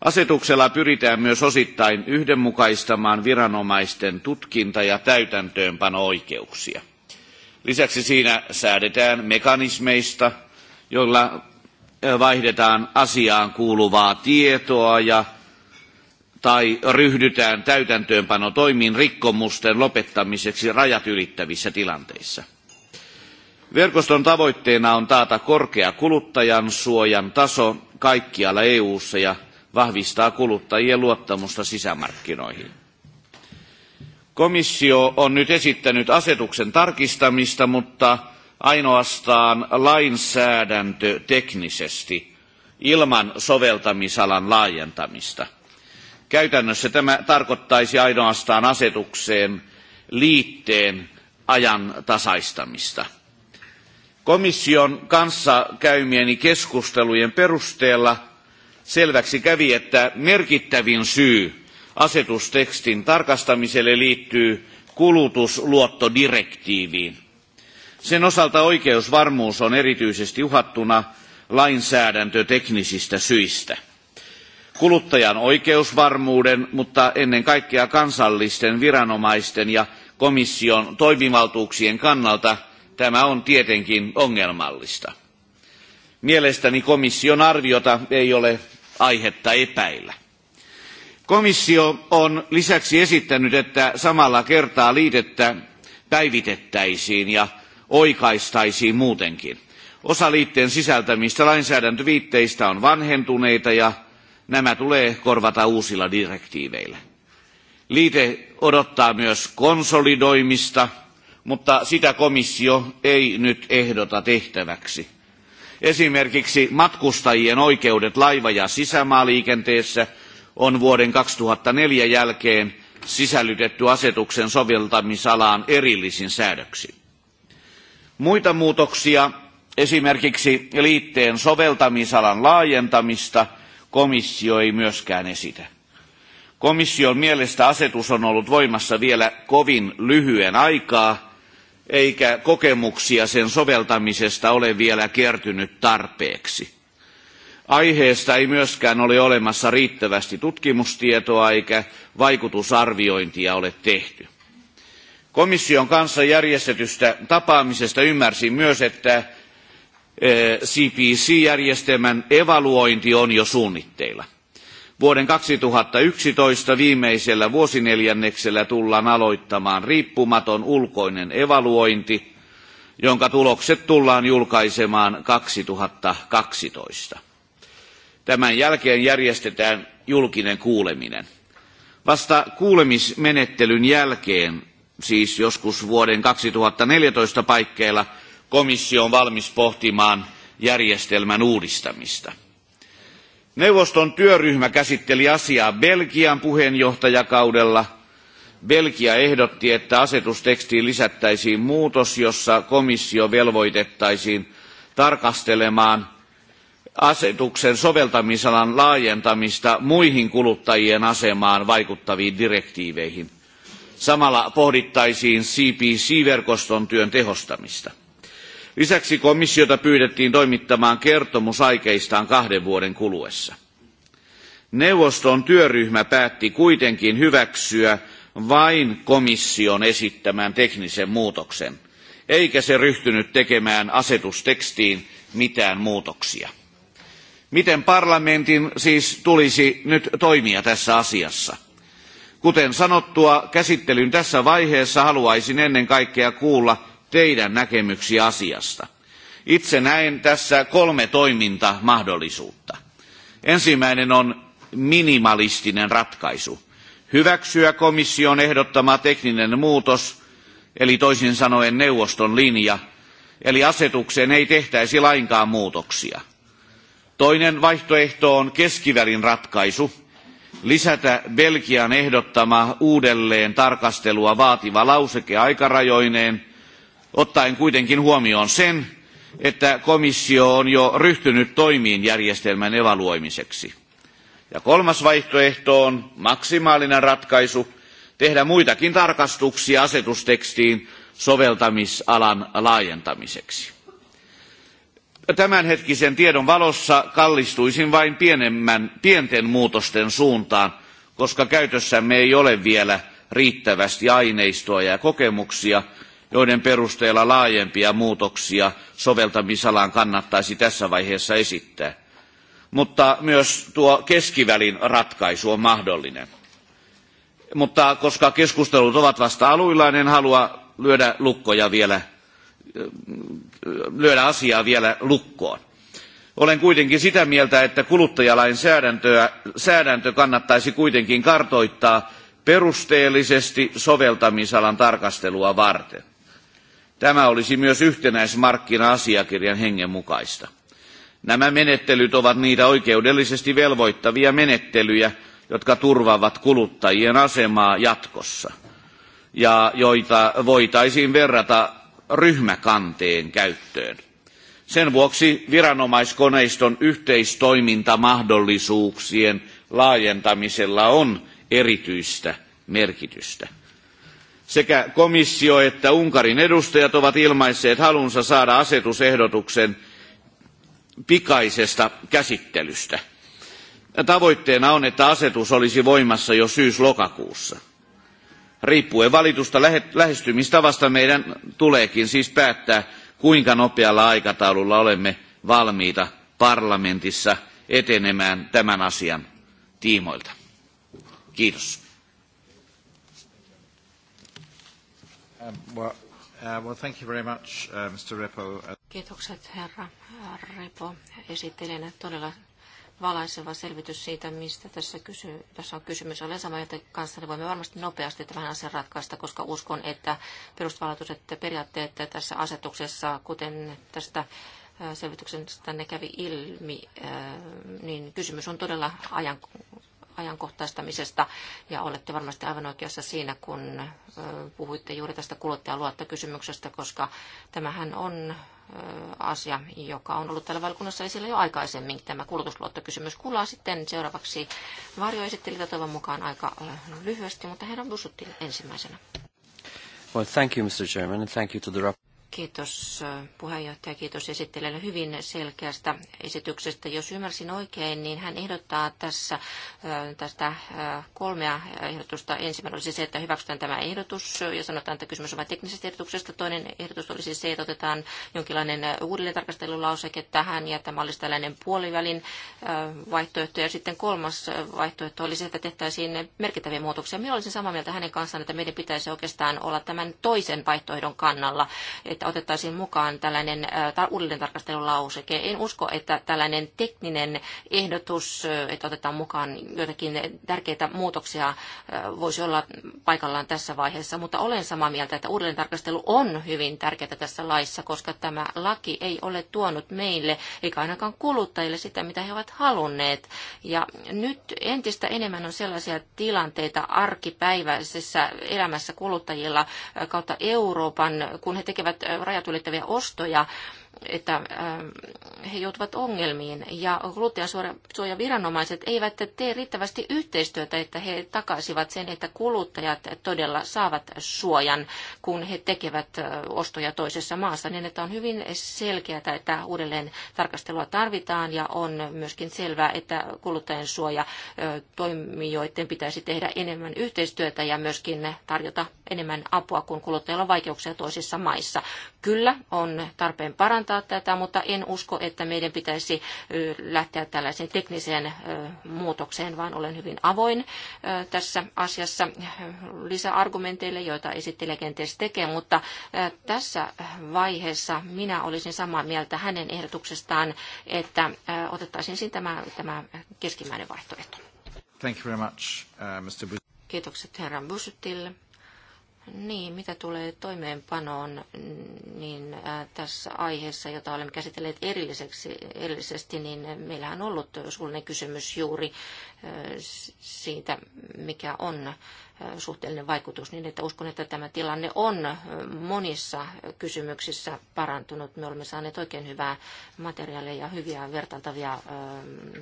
Asetuksella pyritään myös osittain yhdenmukaistamaan viranomaisten tutkinta- ja täytäntöönpano-oikeuksia. Lisäksi siinä säädetään mekanismeista, joilla vaihdetaan asiaan kuuluvaa tietoa ja tai ryhdytään täytäntöönpanotoimiin rikkomusten lopettamiseksi rajat ylittävissä tilanteissa. Verkoston tavoitteena on taata korkea kuluttajan suojan taso kaikkialla EU:ssa ja vahvistaa kuluttajien luottamusta sisämarkkinoihin. Komissio on nyt esittänyt asetuksen tarkistamista, mutta ainoastaan lainsäädäntö teknisesti ilman soveltamisalan laajentamista – Käytännössä tämä tarkoittaisi ainoastaan asetukseen liitteen ajan tasaistamista. Komission kanssa käymieni keskustelujen perusteella selväksi kävi, että merkittävin syy asetustekstin tarkastamiselle liittyy kulutusluottodirektiiviin. Sen osalta oikeusvarmuus on erityisesti uhattuna lainsäädäntöteknisistä syistä kuluttajan oikeusvarmuuden, mutta ennen kaikkea kansallisten viranomaisten ja komission toimivaltuuksien kannalta tämä on tietenkin ongelmallista. Mielestäni komission arviota ei ole aihetta epäillä. Komissio on lisäksi esittänyt, että samalla kertaa liitettä päivitettäisiin ja oikaistaisiin muutenkin. Osa liitteen sisältämistä lainsäädäntöviitteistä on vanhentuneita ja Nämä tulee korvata uusilla direktiiveillä. Liite odottaa myös konsolidoimista, mutta sitä komissio ei nyt ehdota tehtäväksi. Esimerkiksi matkustajien oikeudet laiva- ja sisämaaliikenteessä on vuoden 2004 jälkeen sisällytetty asetuksen soveltamisalaan erillisin säädöksin. Muita muutoksia, esimerkiksi liitteen soveltamisalan laajentamista – komissio ei myöskään esitä. Komission mielestä asetus on ollut voimassa vielä kovin lyhyen aikaa, eikä kokemuksia sen soveltamisesta ole vielä kertynyt tarpeeksi. Aiheesta ei myöskään ole olemassa riittävästi tutkimustietoa eikä vaikutusarviointia ole tehty. Komission kanssa järjestetystä tapaamisesta ymmärsin myös, että Eh, CPC-järjestelmän evaluointi on jo suunnitteilla. Vuoden 2011 viimeisellä vuosineljänneksellä tullaan aloittamaan riippumaton ulkoinen evaluointi, jonka tulokset tullaan julkaisemaan 2012. Tämän jälkeen järjestetään julkinen kuuleminen. Vasta kuulemismenettelyn jälkeen, siis joskus vuoden 2014 paikkeilla, komissio on valmis pohtimaan järjestelmän uudistamista. Neuvoston työryhmä käsitteli asiaa Belgian puheenjohtajakaudella. Belgia ehdotti, että asetustekstiin lisättäisiin muutos, jossa komissio velvoitettaisiin tarkastelemaan asetuksen soveltamisalan laajentamista muihin kuluttajien asemaan vaikuttaviin direktiiveihin. Samalla pohdittaisiin CPC-verkoston työn tehostamista. Lisäksi komissiota pyydettiin toimittamaan kertomus aikeistaan kahden vuoden kuluessa. Neuvoston työryhmä päätti kuitenkin hyväksyä vain komission esittämän teknisen muutoksen, eikä se ryhtynyt tekemään asetustekstiin mitään muutoksia. Miten parlamentin siis tulisi nyt toimia tässä asiassa? Kuten sanottua, käsittelyn tässä vaiheessa haluaisin ennen kaikkea kuulla teidän näkemyksiä asiasta. Itse näen tässä kolme toimintamahdollisuutta. Ensimmäinen on minimalistinen ratkaisu. Hyväksyä komission ehdottama tekninen muutos, eli toisin sanoen neuvoston linja, eli asetukseen ei tehtäisi lainkaan muutoksia. Toinen vaihtoehto on keskivälin ratkaisu, lisätä Belgian ehdottama uudelleen tarkastelua vaativa lauseke aikarajoineen ottaen kuitenkin huomioon sen, että komissio on jo ryhtynyt toimiin järjestelmän evaluoimiseksi. Ja kolmas vaihtoehto on maksimaalinen ratkaisu tehdä muitakin tarkastuksia asetustekstiin soveltamisalan laajentamiseksi. Tämänhetkisen tiedon valossa kallistuisin vain pienemmän, pienten muutosten suuntaan, koska käytössämme ei ole vielä riittävästi aineistoa ja kokemuksia – joiden perusteella laajempia muutoksia soveltamisalaan kannattaisi tässä vaiheessa esittää. Mutta myös tuo keskivälin ratkaisu on mahdollinen. Mutta koska keskustelut ovat vasta aluillaan, en halua lyödä lukkoja vielä, lyödä asiaa vielä lukkoon. Olen kuitenkin sitä mieltä, että kuluttajalainsäädäntö kannattaisi kuitenkin kartoittaa perusteellisesti soveltamisalan tarkastelua varten. Tämä olisi myös yhtenäismarkkina-asiakirjan hengen mukaista. Nämä menettelyt ovat niitä oikeudellisesti velvoittavia menettelyjä, jotka turvaavat kuluttajien asemaa jatkossa ja joita voitaisiin verrata ryhmäkanteen käyttöön. Sen vuoksi viranomaiskoneiston yhteistoimintamahdollisuuksien laajentamisella on erityistä merkitystä. Sekä komissio että Unkarin edustajat ovat ilmaisseet halunsa saada asetusehdotuksen pikaisesta käsittelystä. Tavoitteena on, että asetus olisi voimassa jo syys-lokakuussa. Riippuen valitusta lähestymistavasta meidän tuleekin siis päättää, kuinka nopealla aikataululla olemme valmiita parlamentissa etenemään tämän asian tiimoilta. Kiitos. Um, well, uh, well, thank you very much, uh, Mr. Repo. Kiitokset herra Repo esittelijänä. Todella valaiseva selvitys siitä, mistä tässä, kysy, tässä on kysymys. Olen samaa mieltä kanssa, voimme varmasti nopeasti tämän asian ratkaista, koska uskon, että perustavallisuuset periaatteet tässä asetuksessa, kuten tästä äh, selvityksen tänne kävi ilmi, äh, niin kysymys on todella ajankohtainen ajankohtaistamisesta. Ja olette varmasti aivan oikeassa siinä, kun puhuitte juuri tästä kuluttajaluottokysymyksestä, koska tämähän on asia, joka on ollut täällä valkunnassa esillä jo aikaisemmin. Tämä kulutusluottokysymys Kulaa sitten seuraavaksi varjoesittelijä toivon mukaan aika lyhyesti, mutta herran Busuttil ensimmäisenä. Well, thank you, Mr. Chairman, and thank you to the Kiitos äh, puheenjohtaja, kiitos esittelijälle hyvin selkeästä esityksestä. Jos ymmärsin oikein, niin hän ehdottaa tässä äh, tästä äh, kolmea ehdotusta. Ensimmäinen olisi se, että hyväksytään tämä ehdotus ja sanotaan, että kysymys on vain teknisestä ehdotuksesta. Toinen ehdotus olisi se, että otetaan jonkinlainen uudelleentarkastelulauseke tähän ja tämä olisi tällainen puolivälin vaihtoehto. Ja sitten kolmas vaihtoehto olisi, että tehtäisiin merkittäviä muutoksia. Minä olisin samaa mieltä hänen kanssaan, että meidän pitäisi oikeastaan olla tämän toisen vaihtoehdon kannalla, että otettaisiin mukaan tällainen uudelleentarkastelulauseke. En usko, että tällainen tekninen ehdotus, että otetaan mukaan joitakin tärkeitä muutoksia, voisi olla paikallaan tässä vaiheessa, mutta olen samaa mieltä, että uudelleentarkastelu on hyvin tärkeää tässä laissa, koska tämä laki ei ole tuonut meille, eikä ainakaan kuluttajille sitä, mitä he ovat halunneet. Ja nyt entistä enemmän on sellaisia tilanteita arkipäiväisessä elämässä kuluttajilla kautta Euroopan, kun he tekevät rajat ylittäviä ostoja että ähm, he joutuvat ongelmiin ja kuluttajansuojaviranomaiset eivät tee riittävästi yhteistyötä, että he takaisivat sen, että kuluttajat todella saavat suojan, kun he tekevät äh, ostoja toisessa maassa, niin että on hyvin selkeää, että uudelleen tarkastelua tarvitaan ja on myöskin selvää, että kuluttajansuoja äh, toimijoiden pitäisi tehdä enemmän yhteistyötä ja myöskin tarjota enemmän apua, kun kuluttajilla on vaikeuksia toisissa maissa. Kyllä on tarpeen parantaa parantaa tätä, mutta en usko, että meidän pitäisi lähteä tällaiseen tekniseen muutokseen, vaan olen hyvin avoin tässä asiassa lisäargumenteille, joita esittelijä kenties tekee, mutta tässä vaiheessa minä olisin samaa mieltä hänen ehdotuksestaan, että otettaisiin tämä, tämä keskimmäinen vaihtoehto. Thank you very much, uh, Mr. Kiitokset herran niin, mitä tulee toimeenpanoon, niin tässä aiheessa, jota olemme käsitelleet erilliseksi, erillisesti, niin meillähän on ollut suullinen kysymys juuri siitä, mikä on suhteellinen vaikutus, niin että uskon, että tämä tilanne on monissa kysymyksissä parantunut. Me olemme saaneet oikein hyvää materiaalia ja hyviä vertailtavia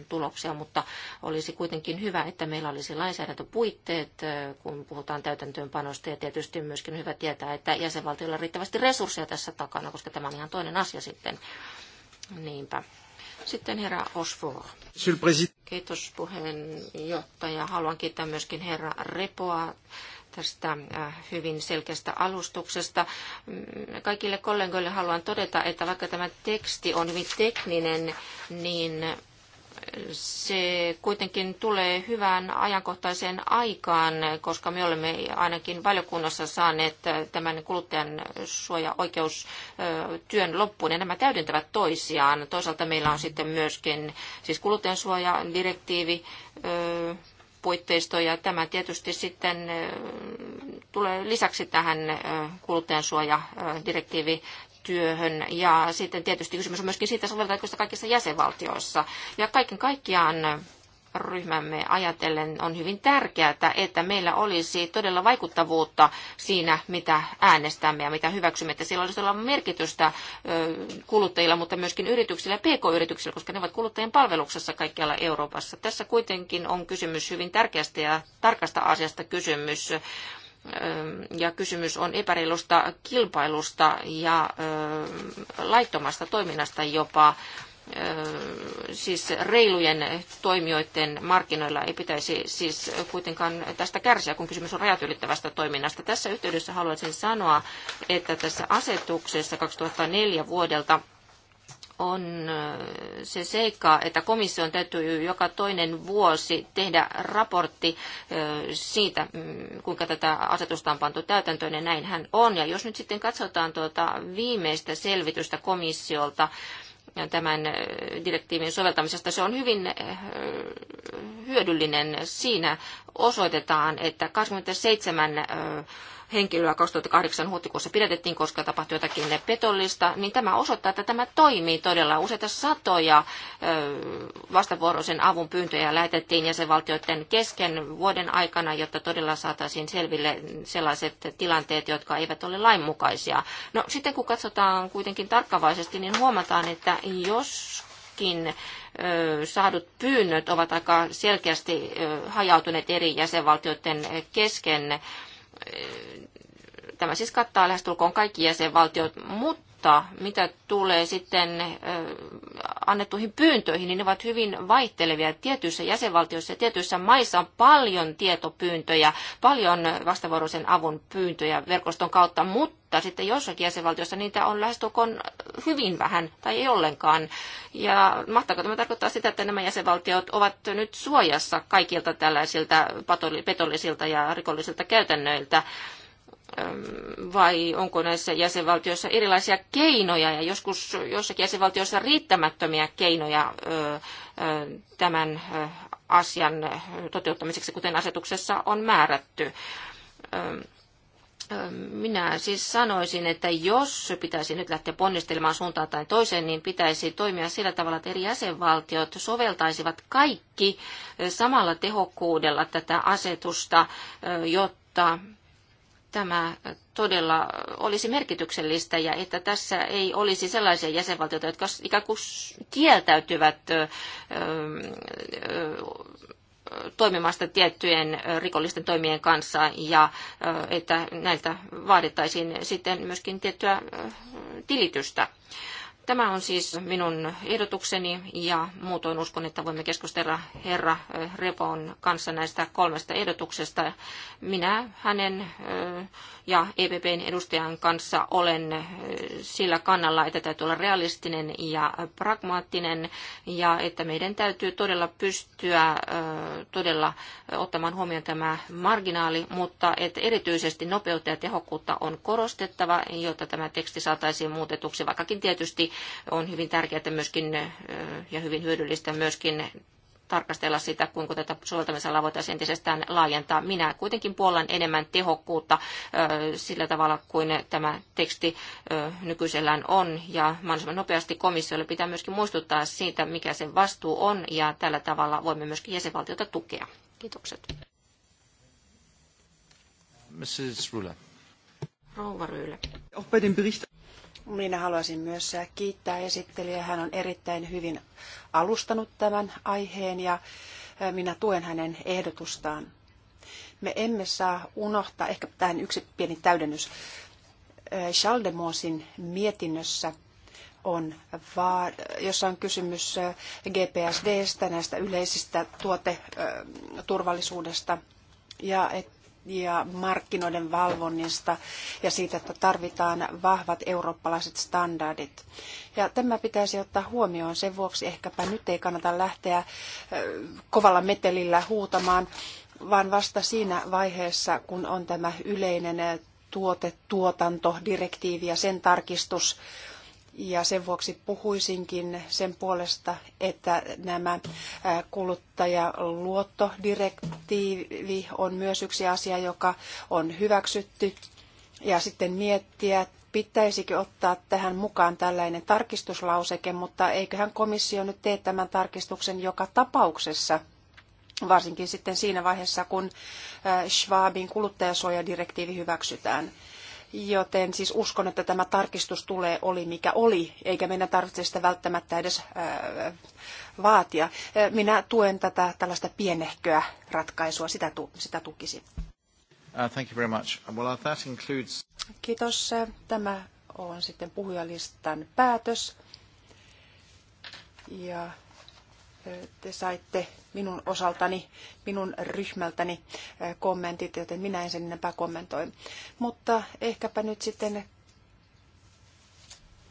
tuloksia, mutta olisi kuitenkin hyvä, että meillä olisi lainsäädäntöpuitteet, kun puhutaan täytäntöönpanosta, ja tietysti myöskin hyvä tietää, että jäsenvaltioilla on riittävästi resursseja tässä takana, koska tämä on ihan toinen asia sitten. Niinpä. Sitten herra Osvor. Kiitos puheenjohtaja. Haluan kiittää myöskin herra Repoa tästä äh, hyvin selkeästä alustuksesta. Mm, kaikille kollegoille haluan todeta, että vaikka tämä teksti on hyvin tekninen, niin se kuitenkin tulee hyvään ajankohtaiseen aikaan, koska me olemme ainakin valiokunnassa saaneet tämän kuluttajan työn loppuun, ja nämä täydentävät toisiaan. Toisaalta meillä on sitten myöskin siis kuluttajan suojadirektiivi, puitteisto ja tämä tietysti sitten tulee lisäksi tähän kuluttajansuojadirektiivi työhön. Ja sitten tietysti kysymys on myöskin siitä, sovelletaanko sitä kaikissa jäsenvaltioissa. Ja kaiken kaikkiaan ryhmämme ajatellen on hyvin tärkeää, että meillä olisi todella vaikuttavuutta siinä, mitä äänestämme ja mitä hyväksymme. Että siellä olisi ollut merkitystä kuluttajilla, mutta myöskin yrityksillä ja pk-yrityksillä, koska ne ovat kuluttajien palveluksessa kaikkialla Euroopassa. Tässä kuitenkin on kysymys hyvin tärkeästä ja tarkasta asiasta kysymys ja kysymys on epäreilusta kilpailusta ja laittomasta toiminnasta jopa. Siis reilujen toimijoiden markkinoilla ei pitäisi siis kuitenkaan tästä kärsiä, kun kysymys on rajat ylittävästä toiminnasta. Tässä yhteydessä haluaisin sanoa, että tässä asetuksessa 2004 vuodelta on se seikka, että komission täytyy joka toinen vuosi tehdä raportti siitä, mm, kuinka tätä asetusta on pantu täytäntöön, ja näinhän on. Ja jos nyt sitten katsotaan tuota viimeistä selvitystä komissiolta, tämän direktiivin soveltamisesta. Se on hyvin hyödyllinen. Siinä osoitetaan, että 27 henkilöä 2008 huhtikuussa pidätettiin, koska tapahtui jotakin petollista, niin tämä osoittaa, että tämä toimii todella. Useita satoja vastavuoroisen avun pyyntöjä lähetettiin jäsenvaltioiden kesken vuoden aikana, jotta todella saataisiin selville sellaiset tilanteet, jotka eivät ole lainmukaisia. No sitten kun katsotaan kuitenkin tarkkavaisesti, niin huomataan, että joskin saadut pyynnöt ovat aika selkeästi hajautuneet eri jäsenvaltioiden kesken Tämä siis kattaa lähestulkoon kaikki jäsenvaltiot, mutta mutta mitä tulee sitten annettuihin pyyntöihin, niin ne ovat hyvin vaihtelevia. Tietyissä jäsenvaltioissa ja tietyissä maissa on paljon tietopyyntöjä, paljon vastavuoroisen avun pyyntöjä verkoston kautta, mutta sitten jossakin jäsenvaltiossa niitä on lähestulkoon hyvin vähän tai ei ollenkaan. Ja mahtaako tämä tarkoittaa sitä, että nämä jäsenvaltiot ovat nyt suojassa kaikilta tällaisilta petollisilta ja rikollisilta käytännöiltä? vai onko näissä jäsenvaltioissa erilaisia keinoja ja joskus joissakin jäsenvaltioissa riittämättömiä keinoja tämän asian toteuttamiseksi, kuten asetuksessa on määrätty. Minä siis sanoisin, että jos pitäisi nyt lähteä ponnistelemaan suuntaan tai toiseen, niin pitäisi toimia sillä tavalla, että eri jäsenvaltiot soveltaisivat kaikki samalla tehokkuudella tätä asetusta, jotta tämä todella olisi merkityksellistä ja että tässä ei olisi sellaisia jäsenvaltioita, jotka ikään kuin kieltäytyvät toimimasta tiettyjen rikollisten toimien kanssa ja että näiltä vaadittaisiin sitten myöskin tiettyä tilitystä. Tämä on siis minun ehdotukseni ja muutoin uskon, että voimme keskustella herra Repon kanssa näistä kolmesta ehdotuksesta. Minä hänen ja EPPn edustajan kanssa olen sillä kannalla, että täytyy olla realistinen ja pragmaattinen ja että meidän täytyy todella pystyä todella ottamaan huomioon tämä marginaali, mutta että erityisesti nopeutta ja tehokkuutta on korostettava, jotta tämä teksti saataisiin muutetuksi, vaikkakin tietysti on hyvin tärkeää myöskin ja hyvin hyödyllistä myöskin tarkastella sitä, kuinka tätä soveltamisalaa voitaisiin entisestään laajentaa. Minä kuitenkin puolan enemmän tehokkuutta sillä tavalla kuin tämä teksti nykyisellään on. Ja mahdollisimman nopeasti komissiolle pitää myöskin muistuttaa siitä, mikä sen vastuu on, ja tällä tavalla voimme myöskin jäsenvaltiota tukea. Kiitokset. Mrs. Rühle. Rouva Rühle. Minä haluaisin myös kiittää esittelijää. Hän on erittäin hyvin alustanut tämän aiheen ja minä tuen hänen ehdotustaan. Me emme saa unohtaa, ehkä tähän yksi pieni täydennys, Chaldemosin mietinnössä on, vaan, jossa on kysymys GPSDstä, näistä yleisistä tuoteturvallisuudesta, ja et, ja markkinoiden valvonnista ja siitä, että tarvitaan vahvat eurooppalaiset standardit. Ja tämä pitäisi ottaa huomioon. Sen vuoksi ehkäpä nyt ei kannata lähteä kovalla metelillä huutamaan, vaan vasta siinä vaiheessa, kun on tämä yleinen tuotetuotantodirektiivi ja sen tarkistus, ja sen vuoksi puhuisinkin sen puolesta, että nämä kuluttajaluottodirektiivi on myös yksi asia, joka on hyväksytty. Ja sitten miettiä, pitäisikö ottaa tähän mukaan tällainen tarkistuslauseke, mutta eiköhän komissio nyt tee tämän tarkistuksen joka tapauksessa, varsinkin sitten siinä vaiheessa, kun Schwabin kuluttajasuojadirektiivi hyväksytään. Joten siis uskon, että tämä tarkistus tulee oli mikä oli, eikä meidän tarvitse sitä välttämättä edes vaatia. Minä tuen tätä tällaista pienehköä ratkaisua, sitä, tu, sitä tukisin. Uh, thank you very much. Well, uh, that includes... Kiitos. Tämä on sitten puhujalistan päätös. Ja te saitte minun osaltani, minun ryhmältäni eh, kommentit, joten minä en sen enempää kommentoi. Mutta ehkäpä nyt sitten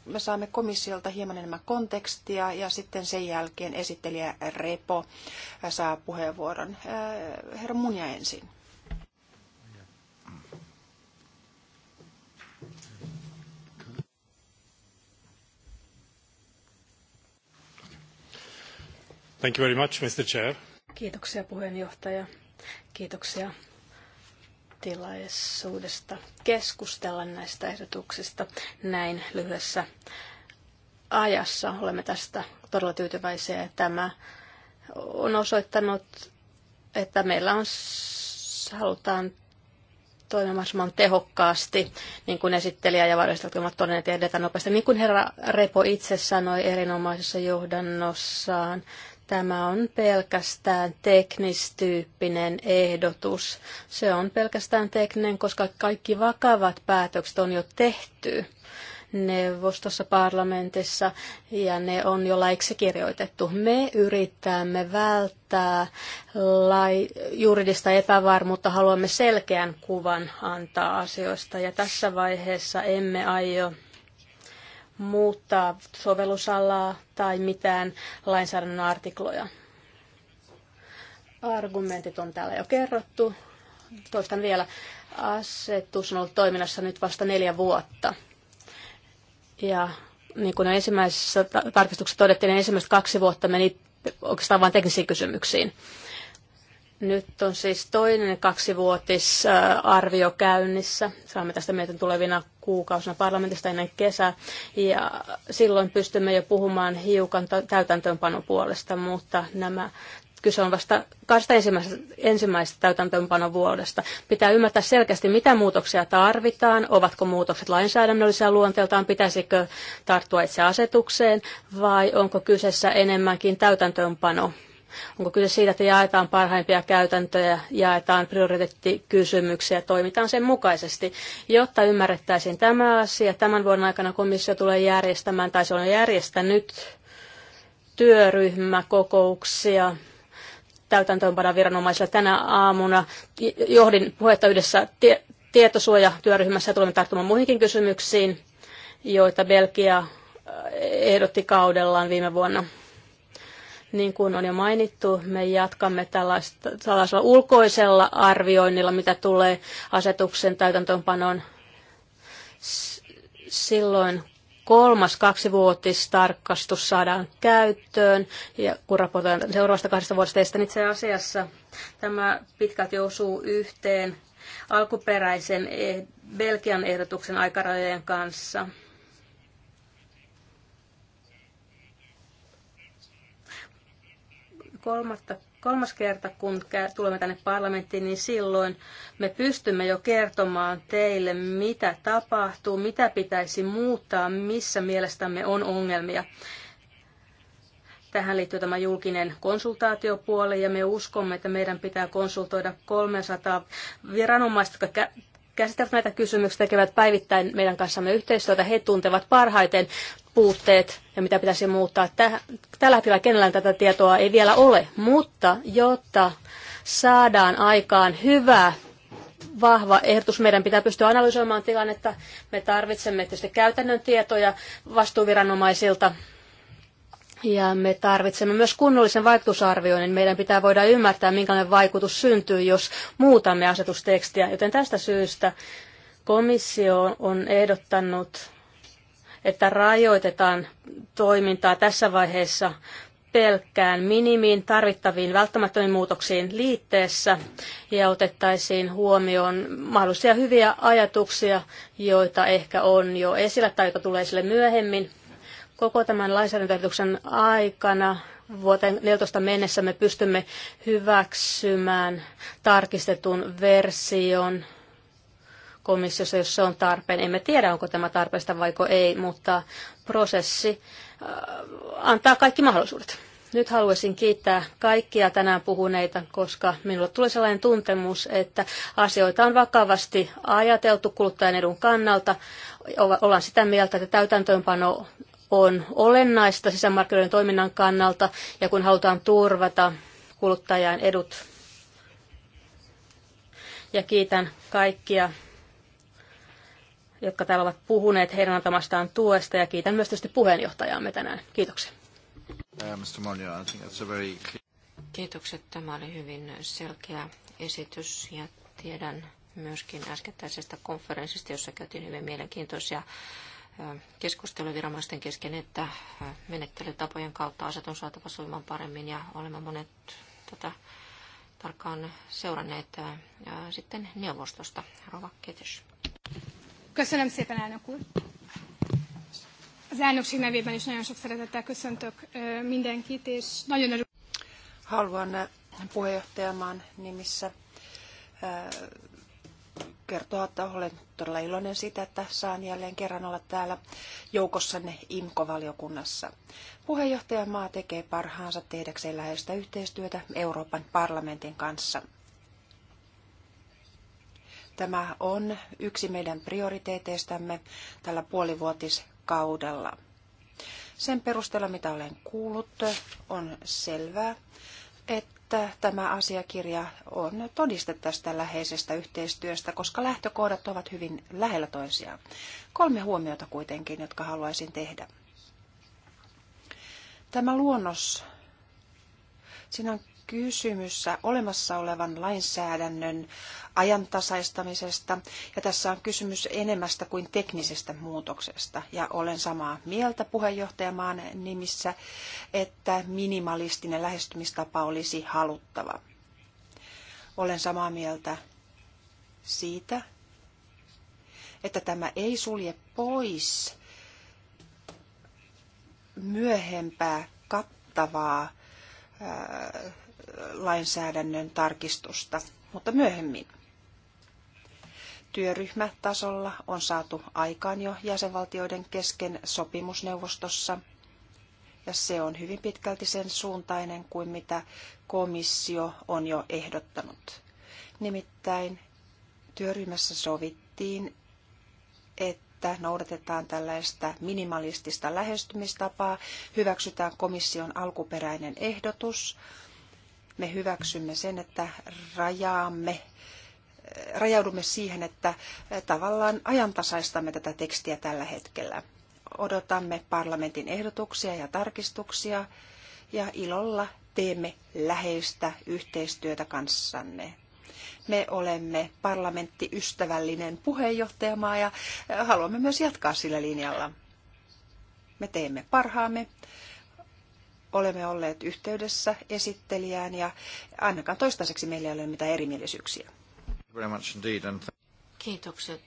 me saamme komissiolta hieman enemmän kontekstia ja sitten sen jälkeen esittelijä Repo eh, saa puheenvuoron. Eh, herra Munja ensin. Thank you very much, Mr. Chair. Kiitoksia puheenjohtaja. Kiitoksia tilaisuudesta keskustella näistä ehdotuksista näin lyhyessä ajassa. Olemme tästä todella tyytyväisiä. Tämä on osoittanut, että meillä on, halutaan toimia mahdollisimman tehokkaasti, niin kuin esittelijä ja varjostajat ovat todenneet, ja edetä nopeasti. Niin kuin herra Repo itse sanoi erinomaisessa johdannossaan, Tämä on pelkästään teknistyyppinen ehdotus. Se on pelkästään tekninen, koska kaikki vakavat päätökset on jo tehty neuvostossa, parlamentissa ja ne on jo laiksi kirjoitettu. Me yritämme välttää lai, juridista epävarmuutta, haluamme selkeän kuvan antaa asioista ja tässä vaiheessa emme aio muuttaa sovellusalaa tai mitään lainsäädännön artikloja. Argumentit on täällä jo kerrottu. Toistan vielä. Asetus on ollut toiminnassa nyt vasta neljä vuotta. Ja niin kuin ensimmäisessä tarkistuksessa todettiin, niin ensimmäiset kaksi vuotta meni oikeastaan vain teknisiin kysymyksiin. Nyt on siis toinen kaksivuotis käynnissä. Saamme tästä mietin tulevina kuukausina parlamentista ennen kesää, ja silloin pystymme jo puhumaan hiukan täytäntöönpanon puolesta, mutta nämä kyse on vasta kahdesta ensimmäisestä, ensimmäisestä täytäntöönpanon vuodesta. Pitää ymmärtää selkeästi, mitä muutoksia tarvitaan, ovatko muutokset lainsäädännöllisiä luonteeltaan, pitäisikö tarttua itse asetukseen vai onko kyseessä enemmänkin täytäntöönpano Onko kyse siitä, että jaetaan parhaimpia käytäntöjä, jaetaan prioriteettikysymyksiä, toimitaan sen mukaisesti. Jotta ymmärrettäisiin tämä asia, tämän vuoden aikana komissio tulee järjestämään, tai se on järjestänyt työryhmäkokouksia täytäntöönpana viranomaisilla tänä aamuna. Johdin puhetta yhdessä tietosuojatyöryhmässä ja tulemme tarttumaan muihinkin kysymyksiin, joita Belgia ehdotti kaudellaan viime vuonna. Niin kuin on jo mainittu, me jatkamme tällaista, tällaisella ulkoisella arvioinnilla, mitä tulee asetuksen täytäntöönpanoon silloin kolmas kaksivuotistarkastus saadaan käyttöön ja kun raportoidaan seuraavasta kahdesta vuodesta niin itse asiassa tämä pitkälti osuu yhteen alkuperäisen e-, Belgian ehdotuksen aikarajojen kanssa. kolmatta, kolmas kerta, kun tulemme tänne parlamenttiin, niin silloin me pystymme jo kertomaan teille, mitä tapahtuu, mitä pitäisi muuttaa, missä mielestämme on ongelmia. Tähän liittyy tämä julkinen konsultaatiopuoli ja me uskomme, että meidän pitää konsultoida 300 viranomaista, jotka käsittävät näitä kysymyksiä, tekevät päivittäin meidän kanssamme yhteistyötä. He tuntevat parhaiten puutteet ja mitä pitäisi muuttaa. Tällä hetkellä kenellään tätä tietoa ei vielä ole, mutta jotta saadaan aikaan hyvä vahva ehdotus. Meidän pitää pystyä analysoimaan tilannetta. Me tarvitsemme tietysti käytännön tietoja vastuuviranomaisilta ja me tarvitsemme myös kunnollisen vaikutusarvioinnin. Meidän pitää voida ymmärtää, minkälainen vaikutus syntyy, jos muutamme asetustekstiä. Joten tästä syystä komissio on ehdottanut, että rajoitetaan toimintaa tässä vaiheessa pelkkään minimiin tarvittaviin välttämättömiin muutoksiin liitteessä ja otettaisiin huomioon mahdollisia hyviä ajatuksia, joita ehkä on jo esillä tai joita tulee esille myöhemmin Koko tämän lainsäädäntöehdotuksen aikana vuoteen 2014 mennessä me pystymme hyväksymään tarkistetun version komissiossa, jos se on tarpeen. Emme tiedä, onko tämä tarpeesta vai ei, mutta prosessi äh, antaa kaikki mahdollisuudet. Nyt haluaisin kiittää kaikkia tänään puhuneita, koska minulle tuli sellainen tuntemus, että asioita on vakavasti ajateltu kuluttajan edun kannalta. Ollaan sitä mieltä, että täytäntöönpano on olennaista sisämarkkinoiden toiminnan kannalta ja kun halutaan turvata kuluttajan edut. Ja kiitän kaikkia, jotka täällä ovat puhuneet heidän antamastaan tuesta ja kiitän myös tietysti puheenjohtajaamme tänään. Kiitoksia. Uh, Kiitokset. Tämä oli hyvin selkeä esitys ja tiedän myöskin äskettäisestä konferenssista, jossa käytiin hyvin mielenkiintoisia keskusteluviranomaisten kesken, että menettelytapojen kautta asiat on saatava suimaan paremmin ja olemme monet tätä tarkkaan seuranneet sitten neuvostosta. Rova Ketys. Köszönöm szépen, elnök úr! Az elnökség nevében is nagyon sok szeretettel köszöntök mindenkit, és nagyon örülök. Haluan puheenjohtajamaan nimissä kertoa, että olen todella iloinen siitä, että saan jälleen kerran olla täällä joukossanne IMKO-valiokunnassa. Puheenjohtajamaa tekee parhaansa tehdäkseen läheistä yhteistyötä Euroopan parlamentin kanssa. Tämä on yksi meidän prioriteeteistamme tällä puolivuotiskaudella. Sen perusteella, mitä olen kuullut, on selvää, että että tämä asiakirja on todiste tästä läheisestä yhteistyöstä, koska lähtökohdat ovat hyvin lähellä toisiaan. Kolme huomiota kuitenkin, jotka haluaisin tehdä. Tämä luonnos, siinä on kysymys olemassa olevan lainsäädännön ajantasaistamisesta ja tässä on kysymys enemmästä kuin teknisestä muutoksesta. Ja olen samaa mieltä puheenjohtajamaan nimissä, että minimalistinen lähestymistapa olisi haluttava. Olen samaa mieltä siitä, että tämä ei sulje pois myöhempää kattavaa lainsäädännön tarkistusta, mutta myöhemmin. Työryhmätasolla on saatu aikaan jo jäsenvaltioiden kesken sopimusneuvostossa, ja se on hyvin pitkälti sen suuntainen kuin mitä komissio on jo ehdottanut. Nimittäin työryhmässä sovittiin, että noudatetaan tällaista minimalistista lähestymistapaa, hyväksytään komission alkuperäinen ehdotus, me hyväksymme sen, että rajaamme rajaudumme siihen, että tavallaan ajantasaistamme tätä tekstiä tällä hetkellä. Odotamme parlamentin ehdotuksia ja tarkistuksia ja ilolla teemme läheistä yhteistyötä kanssanne. Me olemme parlamenttiystävällinen puheenjohtajamaa ja haluamme myös jatkaa sillä linjalla. Me teemme parhaamme olemme olleet yhteydessä esittelijään ja ainakaan toistaiseksi meillä ei ole mitään erimielisyyksiä. Kiitokset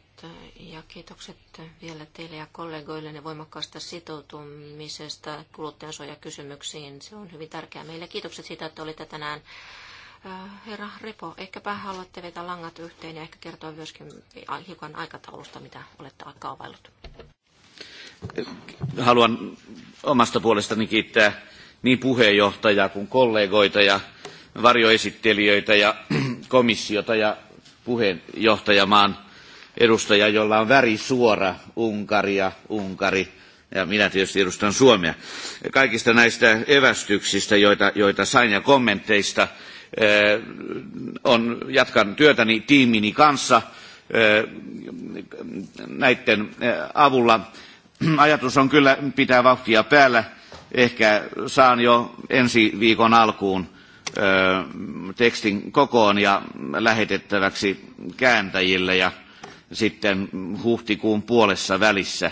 ja kiitokset vielä teille ja kollegoille ne voimakkaasta sitoutumisesta kuluttajansuojakysymyksiin. Se on hyvin tärkeää meille. Kiitokset siitä, että olitte tänään. Äh, herra Repo, ehkäpä haluatte vetää langat yhteen ja ehkä kertoa myöskin hiukan aikataulusta, mitä olette kaavaillut. Haluan omasta puolestani kiittää niin puheenjohtajaa kuin kollegoita ja varjoesittelijöitä ja komissiota ja puheenjohtajamaan edustajaa, jolla on värisuora Unkaria, Unkari ja minä tietysti edustan Suomea. Kaikista näistä evästyksistä, joita, joita sain ja kommenteista, eh, on, jatkan työtäni tiimini kanssa eh, näiden eh, avulla. Ajatus on kyllä pitää vauhtia päällä ehkä saan jo ensi viikon alkuun ö, tekstin kokoon ja lähetettäväksi kääntäjille ja sitten huhtikuun puolessa välissä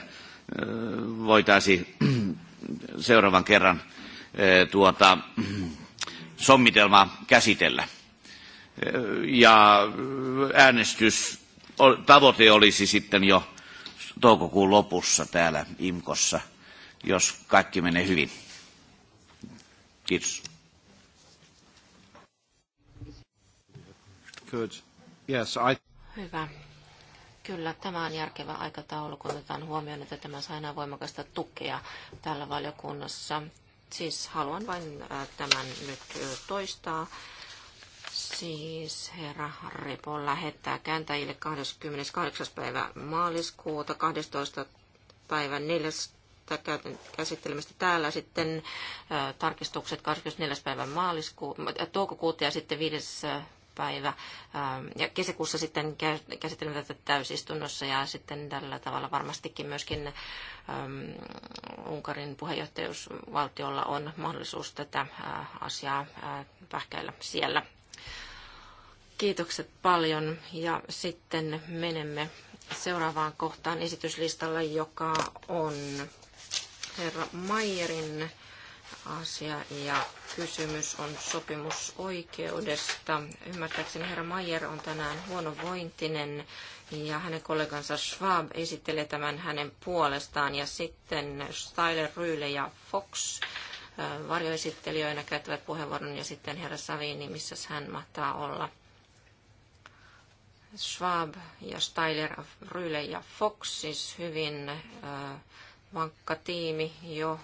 voitaisiin seuraavan kerran ö, tuota, sommitelmaa käsitellä. Ja äänestys, tavoite olisi sitten jo toukokuun lopussa täällä IMKossa – jos kaikki menee hyvin. Kiitos. Good. Yes, I... Hyvä. Kyllä, tämä on järkevä aikataulu, kun otetaan huomioon, että tämä saa enää voimakasta tukea tällä valiokunnassa. Siis haluan vain tämän nyt toistaa. Siis herra Repo lähettää kääntäjille 28. päivä maaliskuuta, 12. päivä 4 tätä käsittelemistä täällä. Sitten tarkistukset 24. päivän maaliskuuta, toukokuuta ja sitten 5 päivä. Ja kesäkuussa sitten käsittelemme tätä täysistunnossa ja sitten tällä tavalla varmastikin myöskin Unkarin puheenjohtajuusvaltiolla on mahdollisuus tätä asiaa pähkäillä siellä. Kiitokset paljon ja sitten menemme seuraavaan kohtaan esityslistalla, joka on herra Mayerin asia ja kysymys on sopimusoikeudesta. Ymmärtääkseni herra Mayer on tänään huonovointinen ja hänen kollegansa Schwab esittelee tämän hänen puolestaan ja sitten Styler, Ryyle ja Fox varjoesittelijöinä käyttävät puheenvuoron ja sitten herra Savini, missä hän mahtaa olla. Schwab ja Styler, Ryle ja Fox siis hyvin äh, vankka tiimi jo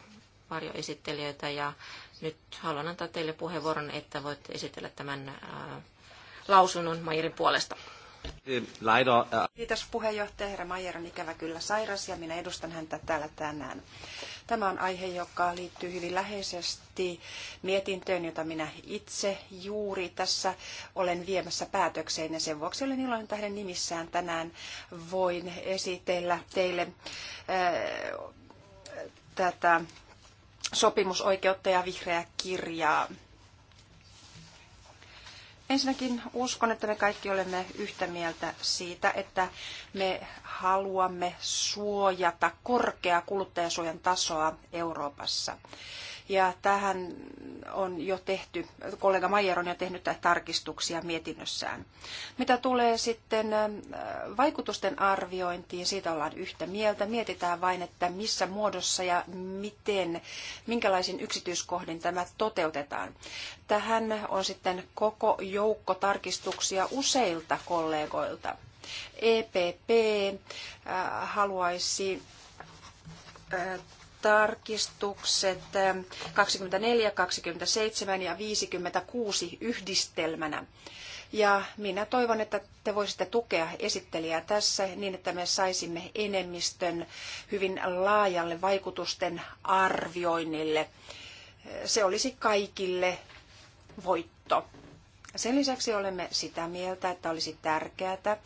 esittelijöitä ja nyt haluan antaa teille puheenvuoron, että voitte esitellä tämän äh, lausunnon Maijerin puolesta. Äh. Kiitos puheenjohtaja. Herra Maijer on ikävä kyllä sairas ja minä edustan häntä täällä tänään. Tämä on aihe, joka liittyy hyvin läheisesti mietintöön, jota minä itse juuri tässä olen viemässä päätökseen. Ja sen vuoksi olen iloinen, tähden nimissään tänään voin esitellä teille ää, äh, tätä sopimusoikeutta ja vihreää kirjaa. Ensinnäkin uskon, että me kaikki olemme yhtä mieltä siitä, että me haluamme suojata korkeaa kuluttajasuojan tasoa Euroopassa ja tähän on jo tehty, kollega Maijer on jo tehnyt tarkistuksia mietinnössään. Mitä tulee sitten vaikutusten arviointiin, siitä ollaan yhtä mieltä. Mietitään vain, että missä muodossa ja miten, minkälaisin yksityiskohdin tämä toteutetaan. Tähän on sitten koko joukko tarkistuksia useilta kollegoilta. EPP haluaisi tarkistukset 24, eh, 27 ja 56 yhdistelmänä. Ja minä toivon, että te voisitte tukea esittelijää tässä niin, että me saisimme enemmistön hyvin laajalle vaikutusten arvioinnille. Se olisi kaikille voitto. Sen lisäksi olemme sitä mieltä, että olisi tärkeää, että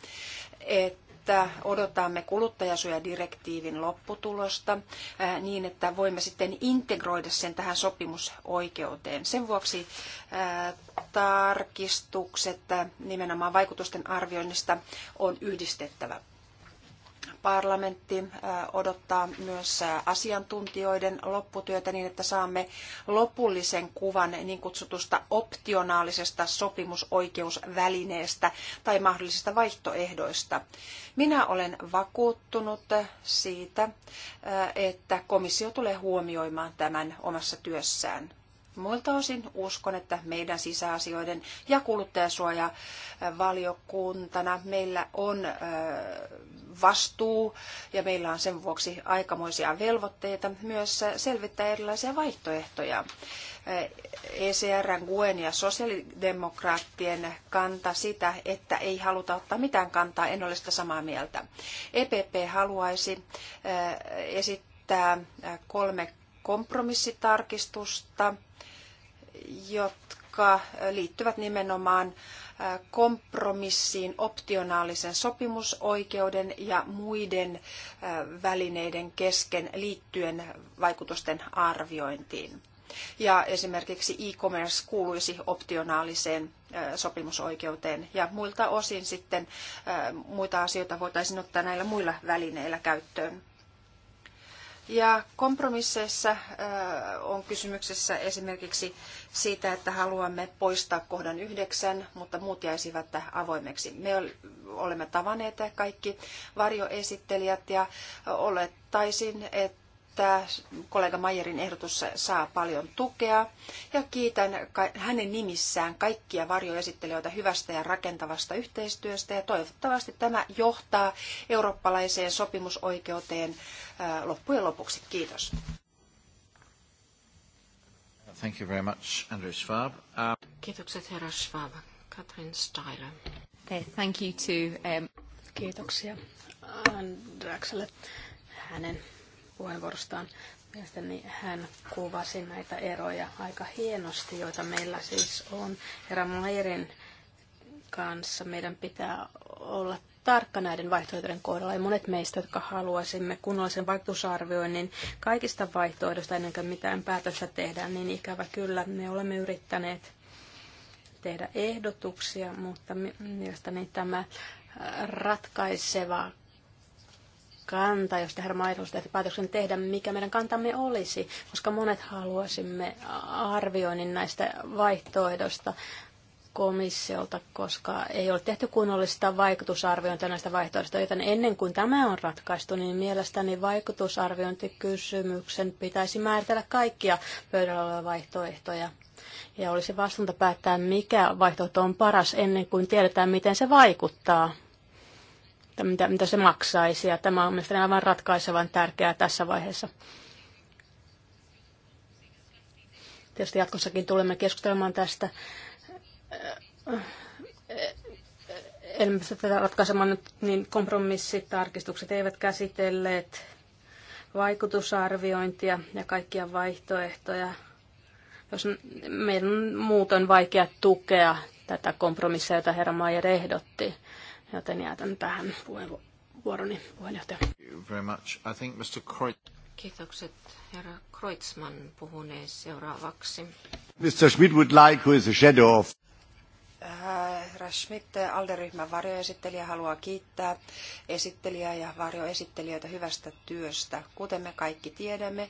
että odotamme kuluttajasuojadirektiivin lopputulosta niin, että voimme sitten integroida sen tähän sopimusoikeuteen. Sen vuoksi tarkistukset nimenomaan vaikutusten arvioinnista on yhdistettävä parlamentti odottaa myös asiantuntijoiden lopputyötä niin, että saamme lopullisen kuvan niin kutsutusta optionaalisesta sopimusoikeusvälineestä tai mahdollisista vaihtoehdoista. Minä olen vakuuttunut siitä, että komissio tulee huomioimaan tämän omassa työssään. Muilta osin uskon, että meidän sisäasioiden ja kuluttajasuojavaliokuntana meillä on vastuu ja meillä on sen vuoksi aikamoisia velvoitteita myös selvittää erilaisia vaihtoehtoja. ECR, Guen ja sosiaalidemokraattien kanta sitä, että ei haluta ottaa mitään kantaa, en ole sitä samaa mieltä. EPP haluaisi eh, esittää eh, kolme kompromissitarkistusta, jotka liittyvät nimenomaan kompromissiin optionaalisen sopimusoikeuden ja muiden äh, välineiden kesken liittyen vaikutusten arviointiin. Ja esimerkiksi e-commerce kuuluisi optionaaliseen äh, sopimusoikeuteen ja muilta osin sitten äh, muita asioita voitaisiin ottaa näillä muilla välineillä käyttöön. Ja kompromisseissa äh, on kysymyksessä esimerkiksi siitä, että haluamme poistaa kohdan yhdeksän, mutta muut jäisivät avoimeksi. Me olemme tavanneet kaikki varjoesittelijät ja olettaisin, että että kollega Mayerin ehdotus saa paljon tukea ja kiitän hänen nimissään kaikkia varjoesittelijöitä hyvästä ja rakentavasta yhteistyöstä ja toivottavasti tämä johtaa eurooppalaiseen sopimusoikeuteen äh, loppujen lopuksi. Kiitos. Thank you very much, Andrew Schwab. Uh... Kiitokset herra Schwab. Katrin Steiler. Okay, thank you to, um... Kiitoksia Andrakselle hänen puheenvuorostaan. Mielestäni hän kuvasi näitä eroja aika hienosti, joita meillä siis on. Herra Mairin kanssa meidän pitää olla tarkka näiden vaihtoehtojen kohdalla. Ja monet meistä, jotka haluaisimme kunnollisen vaikutusarvioinnin kaikista vaihtoehdoista ennen kuin mitään päätöstä tehdään, niin ikävä kyllä me olemme yrittäneet tehdä ehdotuksia, mutta mielestäni tämä ratkaiseva kanta, jos tehdään mahdollisesti päätöksen tehdä, mikä meidän kantamme olisi, koska monet haluaisimme arvioinnin näistä vaihtoehdoista komissiolta, koska ei ole tehty kunnollista vaikutusarviointia näistä vaihtoehdoista, joten ennen kuin tämä on ratkaistu, niin mielestäni vaikutusarviointikysymyksen pitäisi määritellä kaikkia pöydällä olevia vaihtoehtoja. Ja olisi vastuunta päättää, mikä vaihtoehto on paras ennen kuin tiedetään, miten se vaikuttaa mitä, mitä se maksaisi. Ja tämä on mielestäni aivan ratkaisevan tärkeää tässä vaiheessa. Tietysti jatkossakin tulemme keskustelemaan tästä. En eh, eh, eh, tätä ratkaisemaan nyt, niin kompromissitarkistukset eivät käsitelleet vaikutusarviointia ja kaikkia vaihtoehtoja. Jos meidän on vaikea tukea tätä kompromissia, jota herra Maier ehdotti joten jätän tähän puheenvuoroni puheenjohtaja. Very much. I think Mr. Kreutz... Kiitokset. Herra Kreutzmann puhunee seuraavaksi. Mr. Schmidt would like, who is the shadow of... Äh, herra Schmidt, Alderyhmän varjoesittelijä haluaa kiittää esittelijää ja varjoesittelijöitä hyvästä työstä. Kuten me kaikki tiedämme,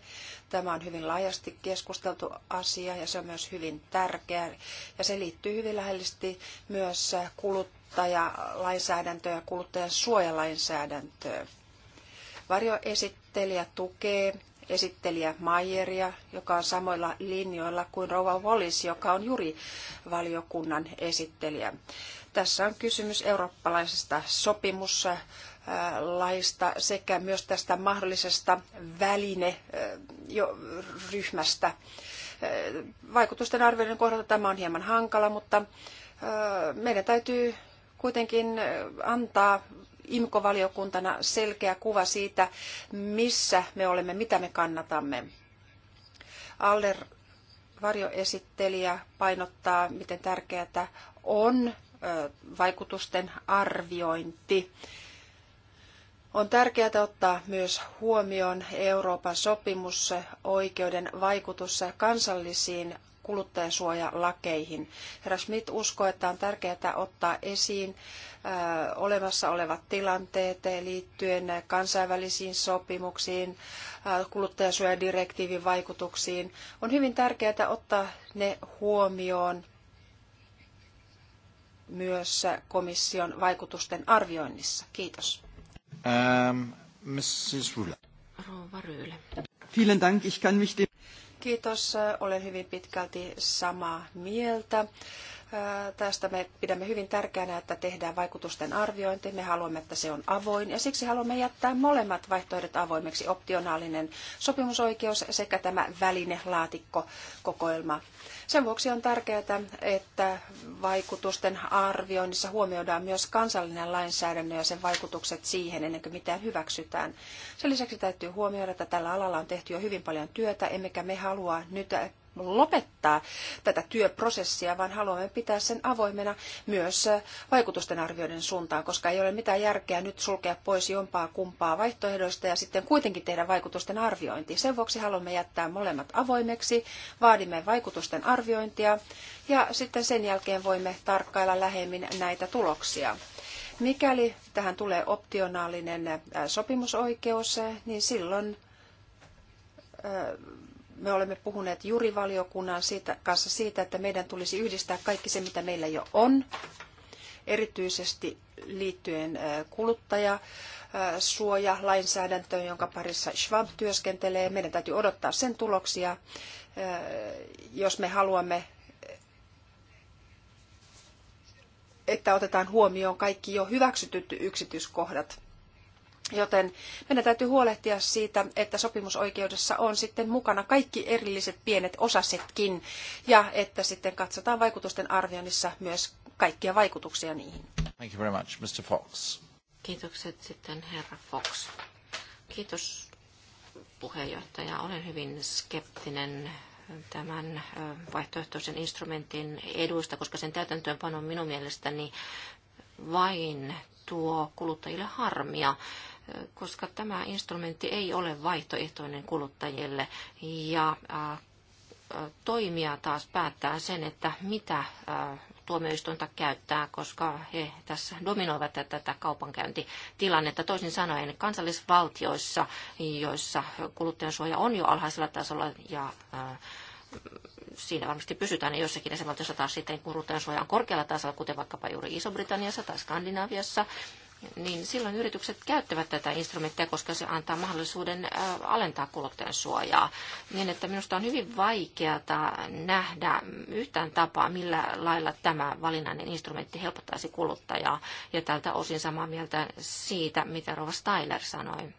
tämä on hyvin laajasti keskusteltu asia ja se on myös hyvin tärkeä. Ja se liittyy hyvin lähellisesti myös kuluttajalainsäädäntöön ja kuluttajan suojalainsäädäntöön. Varjoesittelijä tukee esittelijä Mayeria, joka on samoilla linjoilla kuin Rova Wallis, joka on juuri valiokunnan esittelijä. Tässä on kysymys eurooppalaisesta sopimussa laista sekä myös tästä mahdollisesta välineryhmästä. Vaikutusten arvioiden kohdalta tämä on hieman hankala, mutta meidän täytyy kuitenkin antaa Imkovaliokuntana valiokuntana selkeä kuva siitä, missä me olemme, mitä me kannatamme. Aller varjoesittelijä painottaa, miten tärkeää on vaikutusten arviointi. On tärkeää ottaa myös huomioon Euroopan sopimus oikeuden vaikutus kansallisiin kuluttajasuojalakeihin. Herra Schmidt uskoo, että on tärkeää ottaa esiin äh, olemassa olevat tilanteet liittyen kansainvälisiin sopimuksiin, äh, kuluttajasuojadirektiivin vaikutuksiin. On hyvin tärkeää ottaa ne huomioon myös komission vaikutusten arvioinnissa. Kiitos. Ähm, Rouva Vielen Dank. Ich kann mich dem Kiitos, olen hyvin pitkälti samaa mieltä Tästä me pidämme hyvin tärkeänä, että tehdään vaikutusten arviointi. Me haluamme, että se on avoin ja siksi haluamme jättää molemmat vaihtoehdot avoimeksi, optionaalinen sopimusoikeus sekä tämä välinelaatikko kokoelma. Sen vuoksi on tärkeää, että vaikutusten arvioinnissa huomioidaan myös kansallinen lainsäädäntö ja sen vaikutukset siihen ennen kuin mitään hyväksytään. Sen lisäksi täytyy huomioida, että tällä alalla on tehty jo hyvin paljon työtä, emmekä me halua nyt lopettaa tätä työprosessia, vaan haluamme pitää sen avoimena myös äh, vaikutusten arvioiden suuntaan, koska ei ole mitään järkeä nyt sulkea pois jompaa kumpaa vaihtoehdoista ja sitten kuitenkin tehdä vaikutusten arviointi. Sen vuoksi haluamme jättää molemmat avoimeksi, vaadimme vaikutusten arviointia ja sitten sen jälkeen voimme tarkkailla lähemmin näitä tuloksia. Mikäli tähän tulee optionaalinen äh, sopimusoikeus, niin silloin äh, me olemme puhuneet jurivaliokunnan siitä, kanssa siitä, että meidän tulisi yhdistää kaikki se, mitä meillä jo on, erityisesti liittyen äh, kuluttaja äh, suoja lainsäädäntöön, jonka parissa Schwab työskentelee. Meidän täytyy odottaa sen tuloksia, äh, jos me haluamme, että otetaan huomioon kaikki jo hyväksytyt yksityiskohdat Joten meidän täytyy huolehtia siitä, että sopimusoikeudessa on sitten mukana kaikki erilliset pienet osasetkin ja että sitten katsotaan vaikutusten arvioinnissa myös kaikkia vaikutuksia niihin. Thank you very much, Mr. Fox. Kiitokset sitten herra Fox. Kiitos puheenjohtaja. Olen hyvin skeptinen tämän vaihtoehtoisen instrumentin eduista, koska sen täytäntöönpano minun mielestäni vain tuo kuluttajille harmia koska tämä instrumentti ei ole vaihtoehtoinen kuluttajille ja toimija taas päättää sen, että mitä tuomioistuinta käyttää, koska he tässä dominoivat tätä kaupankäyntitilannetta. Toisin sanoen kansallisvaltioissa, joissa kuluttajansuoja on jo alhaisella tasolla ja siinä varmasti pysytään ja niin jossakin jäsenvaltiossa taas sitten kuluttajansuoja on korkealla tasolla, kuten vaikkapa juuri Iso-Britanniassa tai Skandinaviassa, niin silloin yritykset käyttävät tätä instrumenttia, koska se antaa mahdollisuuden alentaa kuluttajan suojaa. Niin, että minusta on hyvin vaikeaa nähdä yhtään tapaa, millä lailla tämä valinnainen instrumentti helpottaisi kuluttajaa. Ja tältä osin samaa mieltä siitä, mitä Rova Steiler sanoi.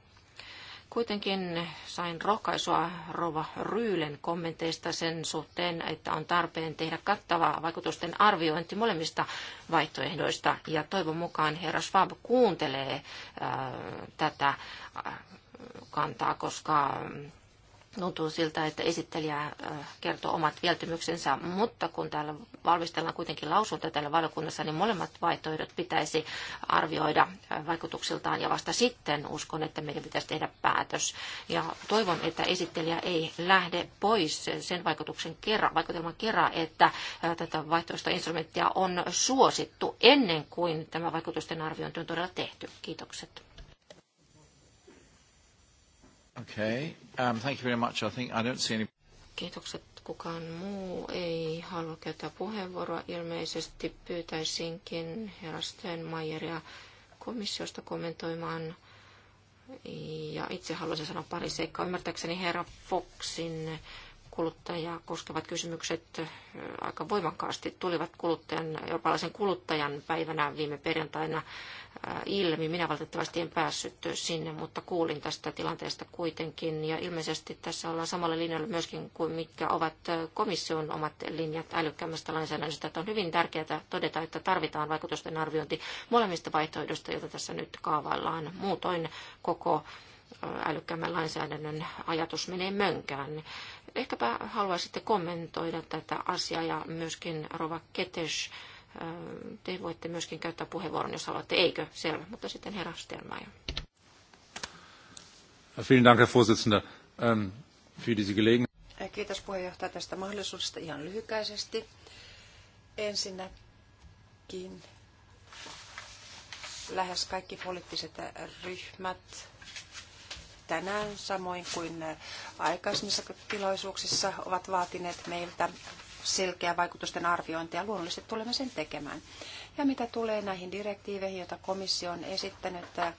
Kuitenkin sain rohkaisua Rova Ryylen kommenteista sen suhteen, että on tarpeen tehdä kattava vaikutusten arviointi molemmista vaihtoehdoista. Ja toivon mukaan herra Schwab kuuntelee äh, tätä äh, kantaa, koska tuntuu siltä, että esittelijä äh, kertoo omat mieltymyksensä, mutta kun täällä valmistellaan kuitenkin lausuntoa täällä valiokunnassa, niin molemmat vaihtoehdot pitäisi arvioida äh, vaikutuksiltaan ja vasta sitten uskon, että meidän pitäisi tehdä päätös. Ja toivon, että esittelijä ei lähde pois sen vaikutuksen kerran, vaikutelman kerran, että äh, tätä vaihtoista instrumenttia on suosittu ennen kuin tämä vaikutusten arviointi on todella tehty. Kiitokset. Okay. Um, thank you very much. I think I don't see any... Kiitokset. Kukaan muu ei halua käyttää puheenvuoroa. Ilmeisesti pyytäisinkin herra Steinmeieria komissiosta kommentoimaan. Ja itse haluaisin sanoa pari seikkaa. Ymmärtääkseni herra Foxin kuluttajaa koskevat kysymykset aika voimakkaasti tulivat kuluttajan, eurooppalaisen kuluttajan päivänä viime perjantaina ilmi. Minä valitettavasti en päässyt sinne, mutta kuulin tästä tilanteesta kuitenkin. Ja ilmeisesti tässä ollaan samalla linjalla myöskin kuin mitkä ovat komission omat linjat älykkäämmästä lainsäädännöstä. Että on hyvin tärkeää todeta, että tarvitaan vaikutusten arviointi molemmista vaihtoehdoista, joita tässä nyt kaavaillaan. Muutoin koko älykkäämmän lainsäädännön ajatus menee mönkään ehkäpä haluaisitte kommentoida tätä asiaa ja myöskin Rova Ketes, te voitte myöskin käyttää puheenvuoron, jos haluatte, eikö? Selvä, mutta sitten herra Stelmaier. Vielen Dank, Herr Vorsitzender, ähm, für diese Gelegenheit. Kiitos puheenjohtaja tästä mahdollisuudesta ihan lyhykäisesti. Ensinnäkin lähes kaikki poliittiset ryhmät tänään, samoin kuin äh, aikaisemmissa tilaisuuksissa, ovat vaatineet meiltä selkeää vaikutusten arviointia. Luonnollisesti tulemme sen tekemään. Ja mitä tulee näihin direktiiveihin, joita komissio on esittänyt äh,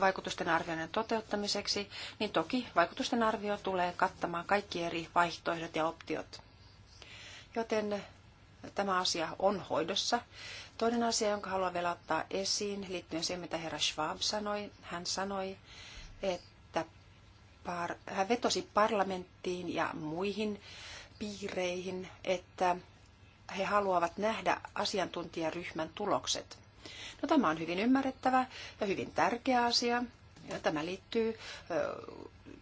vaikutusten arvioinnin toteuttamiseksi, niin toki vaikutusten arvio tulee kattamaan kaikki eri vaihtoehdot ja optiot. Joten tämä asia on hoidossa Toinen asia, jonka haluan vielä ottaa esiin, liittyen siihen, mitä herra Schwab sanoi. Hän sanoi, että par, hän vetosi parlamenttiin ja muihin piireihin, että he haluavat nähdä asiantuntijaryhmän tulokset. No, tämä on hyvin ymmärrettävä ja hyvin tärkeä asia. Ja tämä liittyy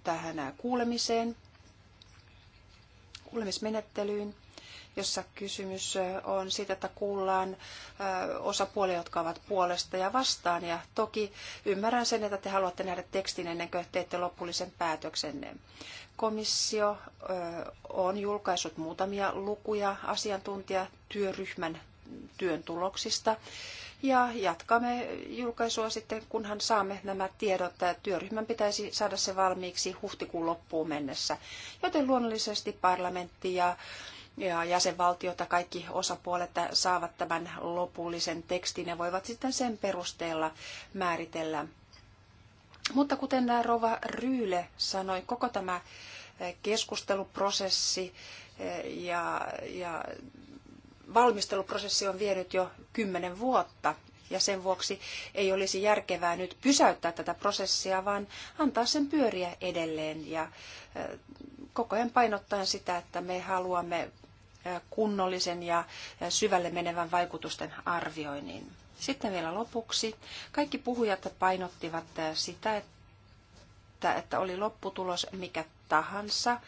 tähän kuulemiseen, kuulemismenettelyyn jossa kysymys on siitä, että kuullaan osapuolia, jotka ovat puolesta ja vastaan. Ja toki ymmärrän sen, että te haluatte nähdä tekstin ennen kuin teette lopullisen päätöksenne. Komissio on julkaissut muutamia lukuja asiantuntijatyöryhmän työn tuloksista. Ja jatkamme julkaisua sitten, kunhan saamme nämä tiedot. Työryhmän pitäisi saada se valmiiksi huhtikuun loppuun mennessä. Joten luonnollisesti parlamentti ja ja jäsenvaltiota kaikki osapuolet saavat tämän lopullisen tekstin ja voivat sitten sen perusteella määritellä. Mutta kuten Rova Ryyle sanoi, koko tämä eh, keskusteluprosessi eh, ja, ja valmisteluprosessi on vienyt jo kymmenen vuotta ja sen vuoksi ei olisi järkevää nyt pysäyttää tätä prosessia, vaan antaa sen pyöriä edelleen ja eh, koko ajan painottaen sitä, että me haluamme kunnollisen ja syvälle menevän vaikutusten arvioinnin. Sitten vielä lopuksi. Kaikki puhujat painottivat sitä, että, että oli lopputulos mikä tahansa,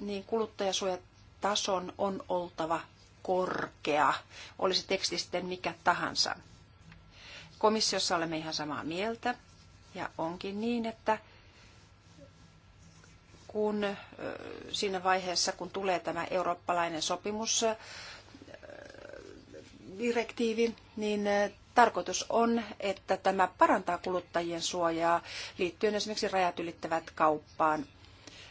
niin kuluttajasuojatason on oltava korkea, oli se teksti sitten mikä tahansa. Komissiossa olemme ihan samaa mieltä, ja onkin niin, että kun siinä vaiheessa, kun tulee tämä eurooppalainen sopimus, direktiivi, niin tarkoitus on, että tämä parantaa kuluttajien suojaa liittyen esimerkiksi rajat ylittävät kauppaan.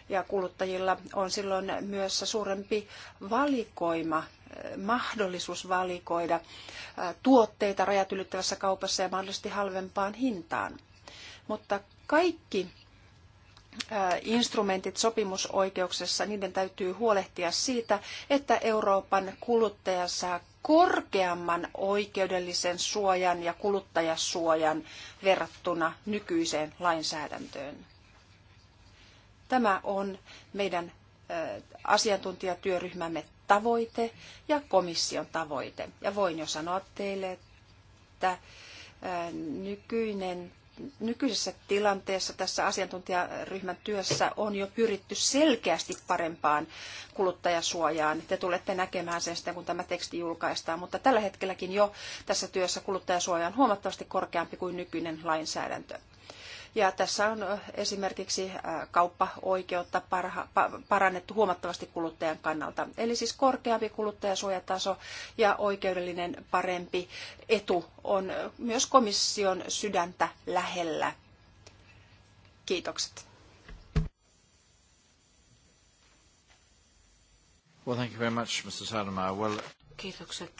Ja kuluttajilla on silloin myös suurempi valikoima, mahdollisuus valikoida tuotteita rajat ylittävässä kaupassa ja mahdollisesti halvempaan hintaan. Mutta kaikki instrumentit sopimusoikeuksessa, niiden täytyy huolehtia siitä, että Euroopan kuluttaja saa korkeamman oikeudellisen suojan ja kuluttajasuojan verrattuna nykyiseen lainsäädäntöön. Tämä on meidän asiantuntijatyöryhmämme tavoite ja komission tavoite. Ja voin jo sanoa teille, että nykyinen nykyisessä tilanteessa tässä asiantuntijaryhmän työssä on jo pyritty selkeästi parempaan kuluttajasuojaan. Te tulette näkemään sen sitten, kun tämä teksti julkaistaan, mutta tällä hetkelläkin jo tässä työssä kuluttajasuoja on huomattavasti korkeampi kuin nykyinen lainsäädäntö. Ja tässä on esimerkiksi kauppaoikeutta parannettu huomattavasti kuluttajan kannalta. Eli siis korkeampi kuluttajasuojataso ja oikeudellinen parempi etu on myös komission sydäntä lähellä. Kiitokset. Well, thank you very much, Mr. Well... Kiitokset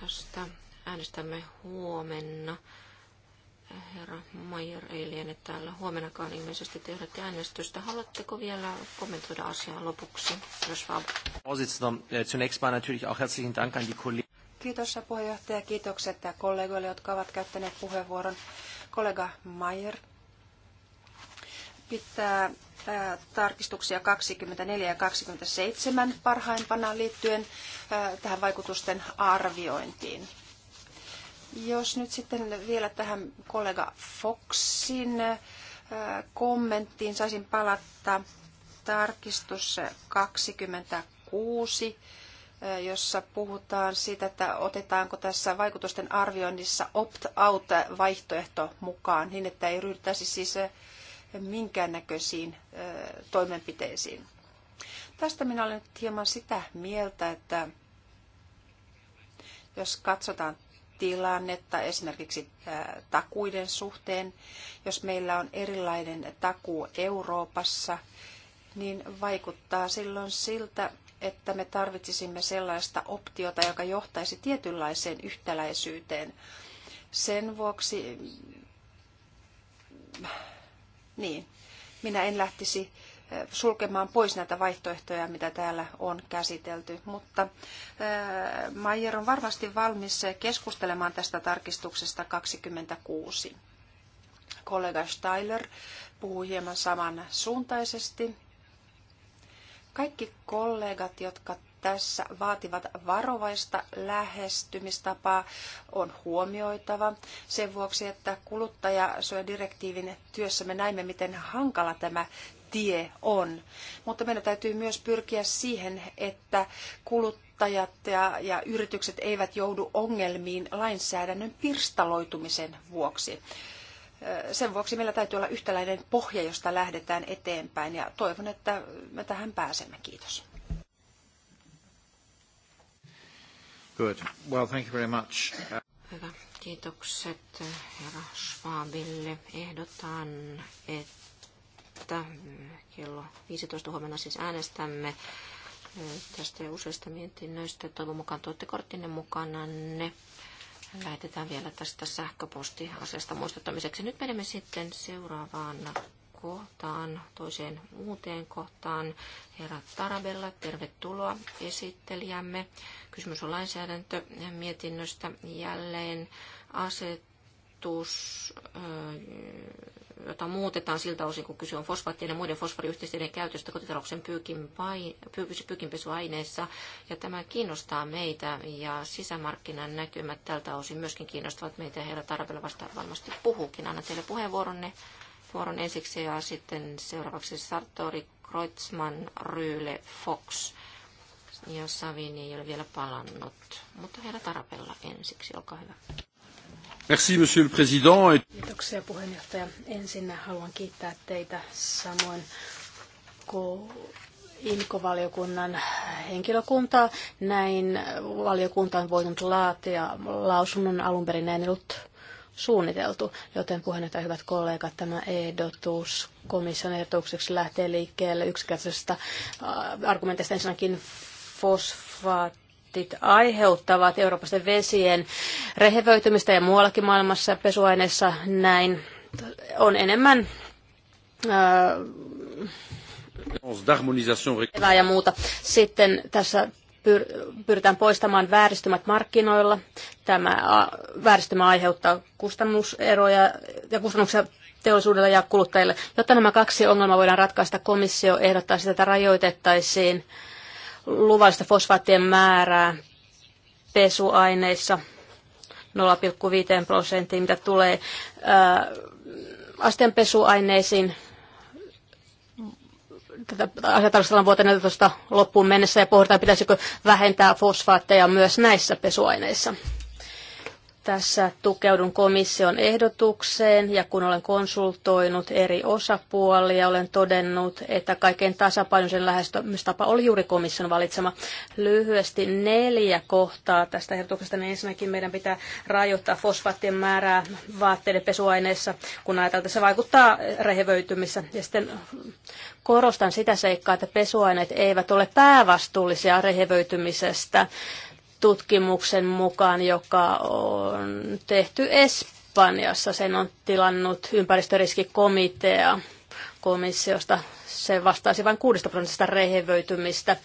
tästä. Äänestämme huomenna herra Mayer ei liene täällä huomenakaan ilmeisesti tehdä äänestystä. Haluatteko vielä kommentoida asiaa lopuksi, äh, Zunächst mal natürlich auch herzlichen Dank an die Kollegen. Kiitos puheenjohtaja, kiitokset kollegoille, jotka ovat käyttäneet puheenvuoron. Kollega Mayer pitää äh, tarkistuksia 24 ja 27 parhaimpana liittyen äh, tähän vaikutusten arviointiin. Jos nyt sitten vielä tähän kollega Foxin äh, kommenttiin saisin palata tarkistus 26, äh, jossa puhutaan siitä, että otetaanko tässä vaikutusten arvioinnissa opt-out-vaihtoehto mukaan, niin että ei ryhdyttäisi siis äh, minkäännäköisiin toimenpiteisiin. Tästä minä olen nyt hieman sitä mieltä, että jos katsotaan tilannetta esimerkiksi takuiden suhteen. Jos meillä on erilainen takuu Euroopassa, niin vaikuttaa silloin siltä, että me tarvitsisimme sellaista optiota, joka johtaisi tietynlaiseen yhtäläisyyteen. Sen vuoksi, niin, minä en lähtisi sulkemaan pois näitä vaihtoehtoja, mitä täällä on käsitelty. Mutta Maijer on varmasti valmis keskustelemaan tästä tarkistuksesta 26. Kollega Steiler puhuu hieman samansuuntaisesti. Kaikki kollegat, jotka tässä vaativat varovaista lähestymistapaa on huomioitava sen vuoksi, että kuluttajasuojadirektiivin työssä me näimme, miten hankala tämä tie on. Mutta meidän täytyy myös pyrkiä siihen, että kuluttajat ja, ja yritykset eivät joudu ongelmiin lainsäädännön pirstaloitumisen vuoksi. Sen vuoksi meillä täytyy olla yhtäläinen pohja, josta lähdetään eteenpäin ja toivon, että me tähän pääsemme. Kiitos. Good. Well, thank you very much. Hyvä. Kiitokset herra Schwabille. Ehdotan, että että mm, kello 15 huomenna siis äänestämme mm, tästä ja useista mietinnöistä. Toivon mukaan tuotte korttinne ne. Lähetetään vielä tästä sähköpostiasiasta muistuttamiseksi. Nyt menemme sitten seuraavaan kohtaan, toiseen uuteen kohtaan. Herra Tarabella, tervetuloa esittelijämme. Kysymys on mietinnöstä jälleen asetus jota muutetaan siltä osin, kun kyse on fosfaattien ja muiden fosforiyhteisteiden käytöstä kotitalouksen pyykinpesuaineissa. Ja tämä kiinnostaa meitä ja sisämarkkinan näkymät tältä osin myöskin kiinnostavat meitä ja heillä tarpeella vasta varmasti puhuukin. Anna teille puheenvuoronne vuoron ensiksi ja sitten seuraavaksi Sartori, Kreutzmann, Ryyle, Fox ja Savini ei ole vielä palannut, mutta heillä tarpeella ensiksi, olkaa hyvä. Merci, monsieur le président. Kiitoksia puheenjohtaja. Ensin haluan kiittää teitä samoin IMKO-valiokunnan henkilökuntaa. Näin valiokunta on voinut laatia lausunnon alun perin näin ollut suunniteltu, joten puheenjohtaja hyvät kollegat, tämä ehdotus komission ehdotukseksi lähtee liikkeelle yksinkertaisesta äh, argumentista ensinnäkin fosfaat konfliktit aiheuttavat Euroopan vesien rehevöitymistä ja muuallakin maailmassa pesuaineissa näin on enemmän ää, äh, ja muuta. Sitten tässä pyritään poistamaan vääristymät markkinoilla. Tämä vääristymä aiheuttaa kustannuseroja ja kustannuksia teollisuudelle ja kuluttajille. Jotta nämä kaksi ongelmaa voidaan ratkaista, komissio ehdottaa sitä, että rajoitettaisiin luvallista fosfaattien määrää pesuaineissa 0,5 prosenttia, mitä tulee ää, äh, astenpesuaineisiin. Tätä asiatarkastellaan vuoteen loppuun mennessä ja pohditaan, pitäisikö vähentää fosfaatteja myös näissä pesuaineissa. Tässä tukeudun komission ehdotukseen ja kun olen konsultoinut eri osapuolia, olen todennut, että kaikkein tasapainoisen lähestymistapa oli juuri komission valitsema. Lyhyesti neljä kohtaa tästä ehdotuksesta. Niin ensinnäkin meidän pitää rajoittaa fosfaattien määrää vaatteiden pesuaineissa, kun ajatellaan, että se vaikuttaa rehevöitymissä. Ja sitten korostan sitä seikkaa, että pesuaineet eivät ole päävastuullisia rehevöitymisestä tutkimuksen mukaan, joka on tehty Espanjassa. Sen on tilannut ympäristöriskikomitea komissiosta. Se vastaisi vain 6 prosentista rehevöitymistä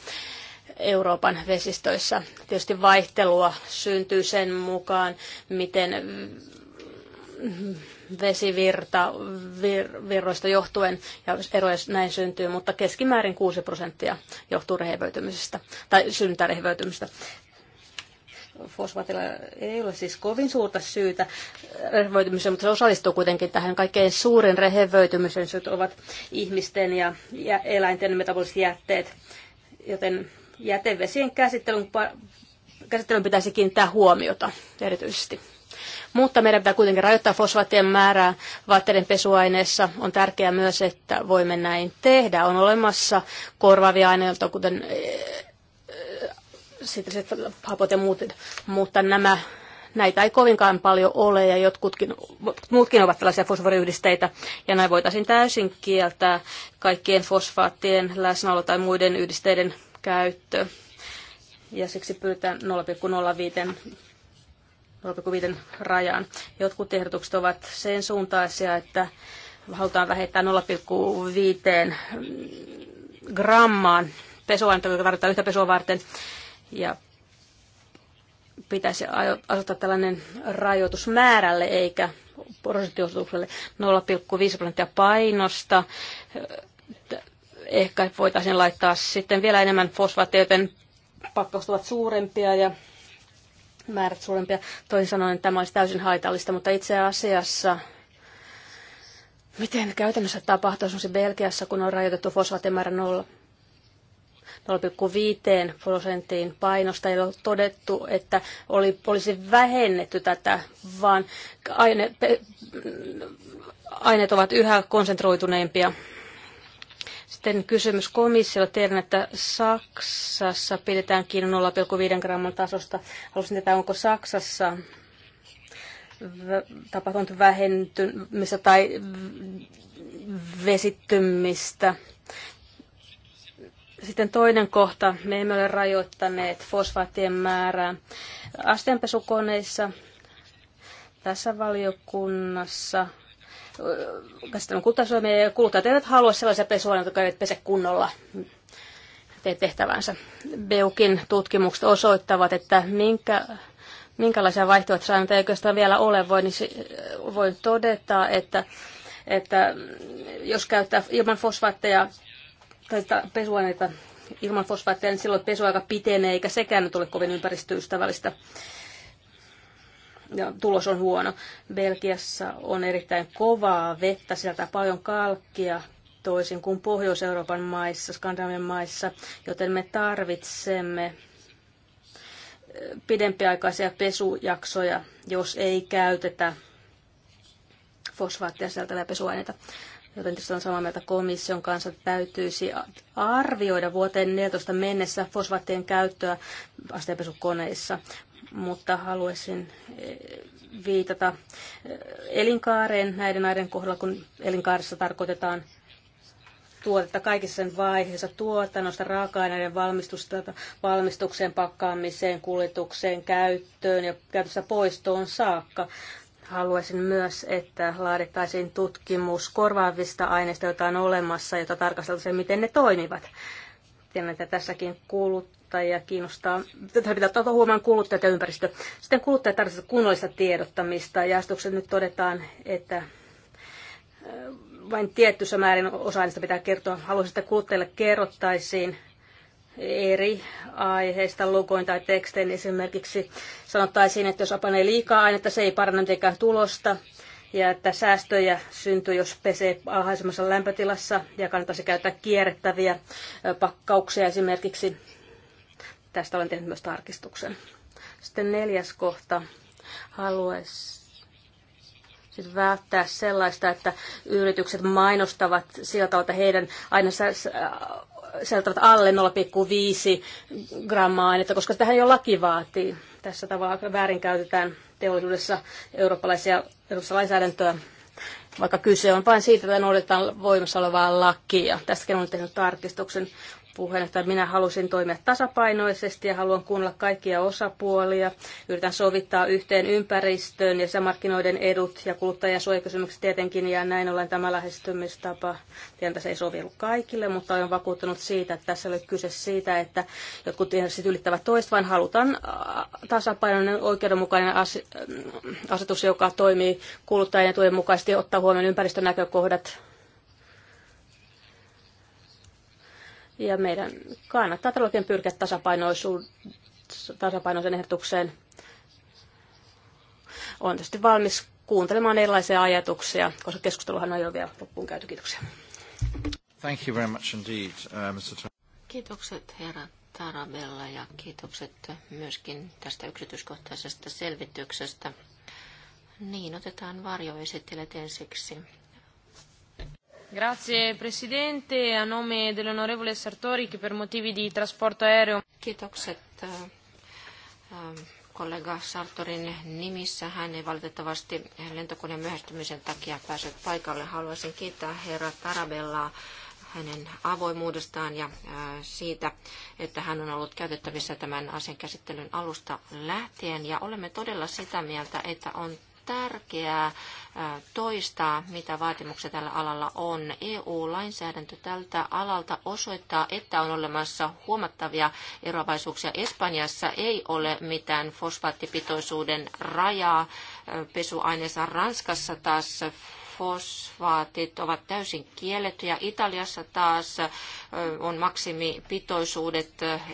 Euroopan vesistöissä. Tietysti vaihtelua syntyy sen mukaan, miten vesivirta vir, virroista johtuen ja eroja näin syntyy, mutta keskimäärin 6 prosenttia johtuu rehevöitymisestä tai syntää rehevöitymisestä fosfaatilla ei ole siis kovin suurta syytä rehevöitymiseen, mutta se osallistuu kuitenkin tähän kaikkein suurin rehevöitymisen syyt ovat ihmisten ja, eläinten metaboliset jätteet, joten jätevesien käsittelyn, käsittelyn pitäisi kiinnittää huomiota erityisesti. Mutta meidän pitää kuitenkin rajoittaa fosfaattien määrää vaatteiden pesuaineessa. On tärkeää myös, että voimme näin tehdä. On olemassa korvaavia aineita, kuten sitten se hapot ja muut, mutta nämä, näitä ei kovinkaan paljon ole ja jotkutkin, muutkin ovat tällaisia fosforiyhdisteitä ja näin voitaisiin täysin kieltää kaikkien fosfaattien läsnäolo tai muiden yhdisteiden käyttö. Ja siksi pyritään 0,05 0,5 rajaan. Jotkut ehdotukset ovat sen suuntaisia, että halutaan vähentää 0,5 grammaan pesua, joka tarvitaan yhtä pesua varten ja pitäisi asettaa tällainen rajoitus määrälle eikä prosenttiosuudelle 0,5 prosenttia painosta. Ehkä voitaisiin laittaa sitten vielä enemmän fosfaatteja, joten pakkaukset ovat suurempia ja määrät suurempia. Toisin sanoen tämä olisi täysin haitallista, mutta itse asiassa miten käytännössä tapahtuu esimerkiksi Belgiassa, kun on rajoitettu fosfaattimäärä 0,5 prosenttiin painosta. Ei ole todettu, että oli, olisi vähennetty tätä, vaan aine, pe, aineet ovat yhä konsentroituneempia. Sitten kysymys komissiolle. Tiedän, että Saksassa pidetään kiinni 0,5 gramman tasosta. Haluaisin tietää, onko Saksassa tapahtunut vähentymistä tai vesittymistä sitten toinen kohta, me emme ole rajoittaneet fosfaattien määrää astianpesukoneissa. Tässä valiokunnassa käsittelemme kultasuomia ja kuluttajat eivät halua sellaisia pesuaineita, jotka eivät pese kunnolla tee tehtävänsä. Beukin tutkimukset osoittavat, että minkä, minkälaisia vaihtoehtoja eikö sitä vielä ole, voi, niin voi todeta, että, että jos käyttää ilman fosfaatteja pesuaineita ilman fosfaatteja, niin silloin pesuaika pitenee, eikä sekään nyt ole kovin ympäristöystävällistä. Ja tulos on huono. Belgiassa on erittäin kovaa vettä, sieltä paljon kalkkia, toisin kuin Pohjois-Euroopan maissa, Skandinavian maissa, joten me tarvitsemme eh, pidempiaikaisia pesujaksoja, jos ei käytetä fosfaattia sieltä pesuaineita joten tietysti on samaa mieltä komission kanssa, että täytyisi arvioida vuoteen 2014 mennessä fosfaattien käyttöä asteenpesukoneissa. Mutta haluaisin eh, viitata eh, elinkaareen näiden aiden kohdalla, kun elinkaarissa tarkoitetaan tuotetta kaikissa sen vaiheissa, tuotannosta, raaka-aineiden valmistusta, valmistukseen, pakkaamiseen, kuljetukseen, käyttöön ja käytöstä poistoon saakka. Haluaisin myös, että laadittaisiin tutkimus korvaavista aineista, joita on olemassa, jota tarkasteltaisiin, miten ne toimivat. Tiedän, että tässäkin kuluttajia kiinnostaa, tätä pitää ottaa huomioon kuluttajat ja ympäristö. Sitten kuluttajat tarvitsevat kunnollista tiedottamista. Ja nyt todetaan, että äh, vain tietyssä määrin osa pitää kertoa. Haluaisin, että kuluttajille kerrottaisiin eri aiheista lukuin tai tekstein. Esimerkiksi sanottaisiin, että jos apanee liikaa ainetta, se ei paranna mitenkään tulosta ja että säästöjä syntyy, jos pesee alhaisemmassa lämpötilassa ja kannattaisi käyttää kierrettäviä pakkauksia esimerkiksi. Tästä olen tehnyt myös tarkistuksen. Sitten neljäs kohta. Haluaisin siis välttää sellaista, että yritykset mainostavat sillä tavalla, että heidän aina sisältävät alle 0,5 grammaa ainetta, koska tähän jo laki vaatii. Tässä tavalla väärinkäytetään teollisuudessa eurooppalaisia lainsäädäntöä, vaikka kyse on vain siitä, että noudatetaan voimassa olevaa lakia. Tästäkin olen tehnyt tarkistuksen että minä halusin toimia tasapainoisesti ja haluan kuunnella kaikkia osapuolia. Yritän sovittaa yhteen ympäristön ja markkinoiden edut ja kuluttajasuojakysymykset tietenkin, ja näin ollen tämä lähestymistapa, tiedän, se ei sovellu kaikille, mutta olen vakuuttunut siitä, että tässä oli kyse siitä, että jotkut ihmiset ylittävät toista, vaan halutaan tasapainoinen oikeudenmukainen asetus, joka toimii kuluttajien tuen mukaisesti, ottaa huomioon ympäristönäkökohdat, Ja meidän kannattaa todellakin pyrkiä tasapainoisen ehdotukseen. Olen tietysti valmis kuuntelemaan erilaisia ajatuksia, koska keskusteluhan on jo vielä loppuun käyty. Kiitoksia. Thank you very much indeed, uh, Mr. Kiitokset herra Tarabella ja kiitokset myöskin tästä yksityiskohtaisesta selvityksestä. Niin, otetaan varjoesittelijät ensiksi. Grazie Presidente, a nome dell'onorevole Sartori che per motivi di trasporto aereo. Kiitokset eh, eh, kollega Sartorin nimissä. Hän ei valitettavasti lentokoneen myöhästymisen takia päässyt paikalle. Haluaisin kiittää herra Tarabellaa hänen avoimuudestaan ja eh, siitä, että hän on ollut käytettävissä tämän asian käsittelyn alusta lähtien. Ja olemme todella sitä mieltä, että on tärkeää toistaa, mitä vaatimuksia tällä alalla on. EU-lainsäädäntö tältä alalta osoittaa, että on olemassa huomattavia eroavaisuuksia. Espanjassa ei ole mitään fosfaattipitoisuuden rajaa pesuaineessa. Ranskassa taas fosfaatit ovat täysin kiellettyjä. Italiassa taas on maksimipitoisuudet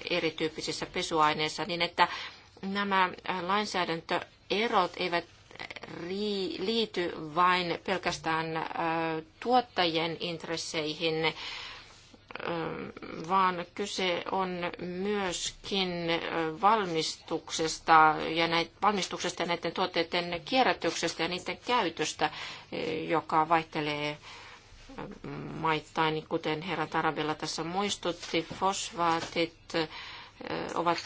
erityyppisissä pesuaineissa, niin että nämä lainsäädäntö erot eivät liity vain pelkästään tuottajien intresseihin, vaan kyse on myöskin valmistuksesta ja, näit, valmistuksesta ja näiden tuotteiden kierrätyksestä ja niiden käytöstä, joka vaihtelee maittain, kuten herra Tarabella tässä muistutti, fosfaatit ovat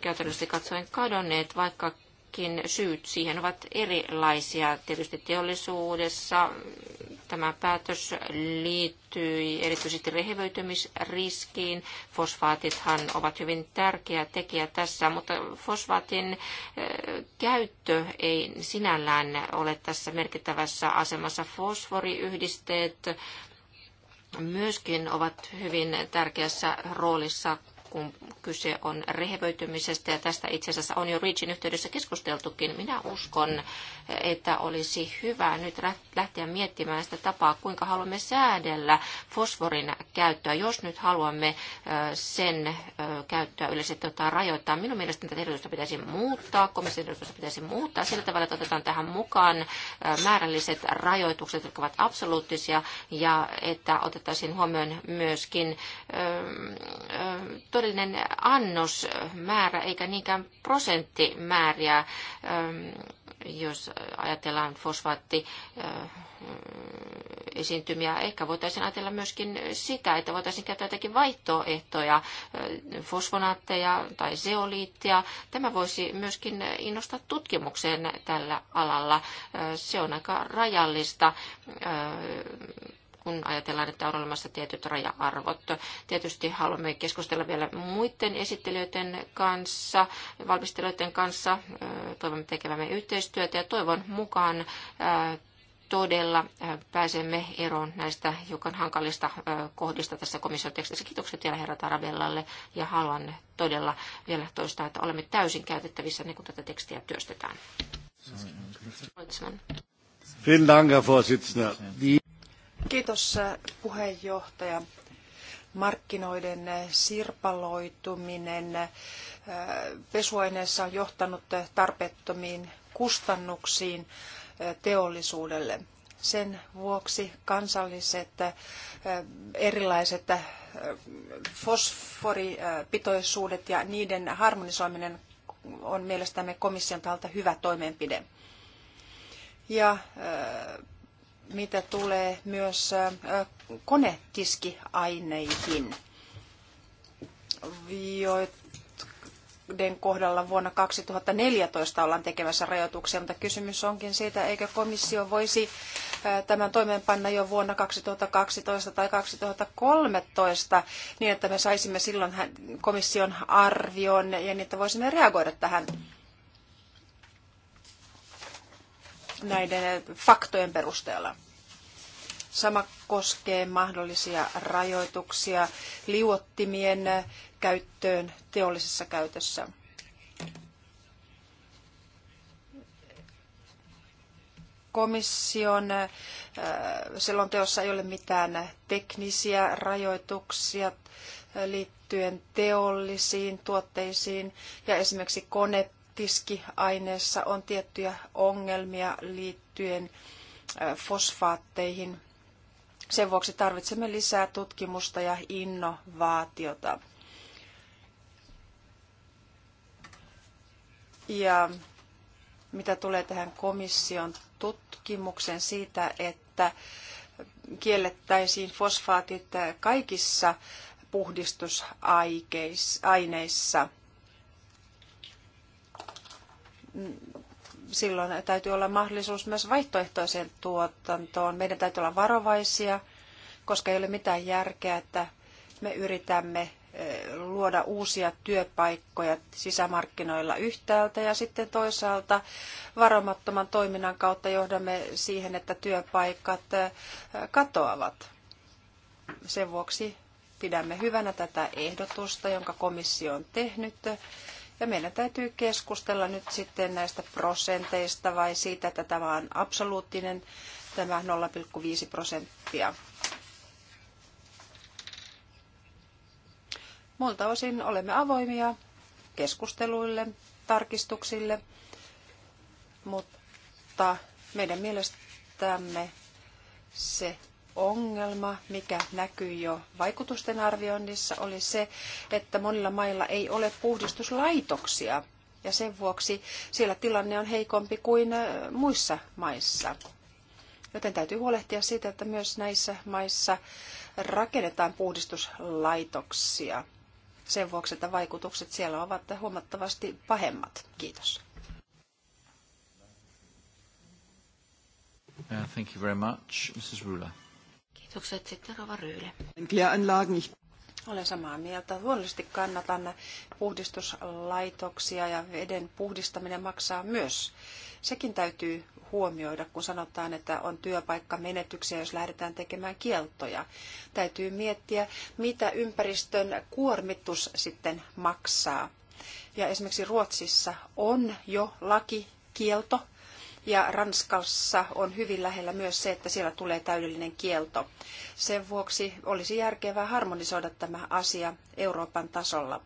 käytännössä katsoen kadonneet, vaikka Kaikkiin syyt siihen ovat erilaisia. Tietysti teollisuudessa tämä päätös liittyy erityisesti rehevöitymisriskiin. Fosfaatithan ovat hyvin tärkeä tekijä tässä, mutta fosfaatin eh, käyttö ei sinällään ole tässä merkittävässä asemassa. Fosforiyhdisteet myöskin ovat hyvin tärkeässä roolissa, kun kyse on rehevöitymisestä, ja tästä itse asiassa on jo Reachin yhteydessä keskusteltukin. Minä uskon, että olisi hyvä nyt lähteä miettimään sitä tapaa, kuinka haluamme säädellä fosforin käyttöä, jos nyt haluamme sen käyttöä yleisesti tota, rajoittaa. Minun mielestäni tätä ehdotusta pitäisi muuttaa, komission ehdotusta pitäisi muuttaa sillä tavalla, että otetaan tähän mukaan määrälliset rajoitukset, jotka ovat absoluuttisia, ja että otettaisiin huomioon myöskin todellinen annosmäärä eikä niinkään prosenttimääriä, ähm, jos ajatellaan fosfaatti esiintymiä. Ehkä voitaisiin ajatella myöskin sitä, että voitaisiin käyttää jotakin vaihtoehtoja, äh, fosfonaatteja tai zeoliittia. Tämä voisi myöskin innostaa tutkimukseen tällä alalla. Äh, se on aika rajallista äh, kun ajatellaan, että on olemassa tietyt raja-arvot. Tietysti haluamme keskustella vielä muiden esittelijöiden kanssa, valmistelijoiden kanssa. Toivomme tekevämme yhteistyötä ja toivon mukaan todella pääsemme eroon näistä hiukan hankalista kohdista tässä komission tekstissä. Kiitokset vielä herra Tarabellalle ja haluan todella vielä toistaa, että olemme täysin käytettävissä, niin kun tätä tekstiä työstetään. Vielen Dank, Herr Vorsitzender. Kiitos äh, puheenjohtaja. Markkinoiden äh, sirpaloituminen äh, pesuaineessa on johtanut tarpeettomiin kustannuksiin teollisuudelle. Sen vuoksi kansalliset erilaiset fosforipitoisuudet ja niiden harmonisoiminen on mielestämme komission taholta hyvä toimenpide. Ja mitä tulee myös konetiskiaineisiin, joiden kohdalla vuonna 2014 ollaan tekemässä rajoituksia, mutta kysymys onkin siitä, eikö komissio voisi tämän toimeenpanna jo vuonna 2012 tai 2013, niin että me saisimme silloin komission arvion ja niin, että voisimme reagoida tähän näiden faktojen perusteella. Sama koskee mahdollisia rajoituksia liuottimien käyttöön teollisessa käytössä. Komission äh, selonteossa ei ole mitään teknisiä rajoituksia liittyen teollisiin tuotteisiin ja esimerkiksi kone tiskiaineessa on tiettyjä ongelmia liittyen fosfaatteihin. Sen vuoksi tarvitsemme lisää tutkimusta ja innovaatiota. Ja mitä tulee tähän komission tutkimuksen siitä, että kiellettäisiin fosfaatit kaikissa puhdistusaineissa – silloin täytyy olla mahdollisuus myös vaihtoehtoiseen tuotantoon. Meidän täytyy olla varovaisia, koska ei ole mitään järkeä, että me yritämme eh, luoda uusia työpaikkoja sisämarkkinoilla yhtäältä ja sitten toisaalta varomattoman toiminnan kautta johdamme siihen, että työpaikat eh, katoavat. Sen vuoksi pidämme hyvänä tätä ehdotusta, jonka komissio on tehnyt ja meidän täytyy keskustella nyt sitten näistä prosenteista vai siitä, että tämä on absoluuttinen, tämä 0,5 prosenttia. Muilta osin olemme avoimia keskusteluille, tarkistuksille, mutta meidän mielestämme se ongelma, mikä näkyy jo vaikutusten arvioinnissa, oli se, että monilla mailla ei ole puhdistuslaitoksia. Ja sen vuoksi siellä tilanne on heikompi kuin äh, muissa maissa. Joten täytyy huolehtia siitä, että myös näissä maissa rakennetaan puhdistuslaitoksia. Sen vuoksi, että vaikutukset siellä ovat huomattavasti pahemmat. Kiitos. Uh, thank you very much. Mrs. Ruler. Kiitokset sitten Rova Ryyle. Olen samaa mieltä. Luonnollisesti kannatan puhdistuslaitoksia ja veden puhdistaminen maksaa myös. Sekin täytyy huomioida, kun sanotaan, että on työpaikka menetyksiä, jos lähdetään tekemään kieltoja. Täytyy miettiä, mitä ympäristön kuormitus sitten maksaa. Ja esimerkiksi Ruotsissa on jo laki kielto ja Ranskassa on hyvin lähellä myös se, että siellä tulee täydellinen kielto. Sen vuoksi olisi järkevää harmonisoida tämä asia Euroopan tasolla.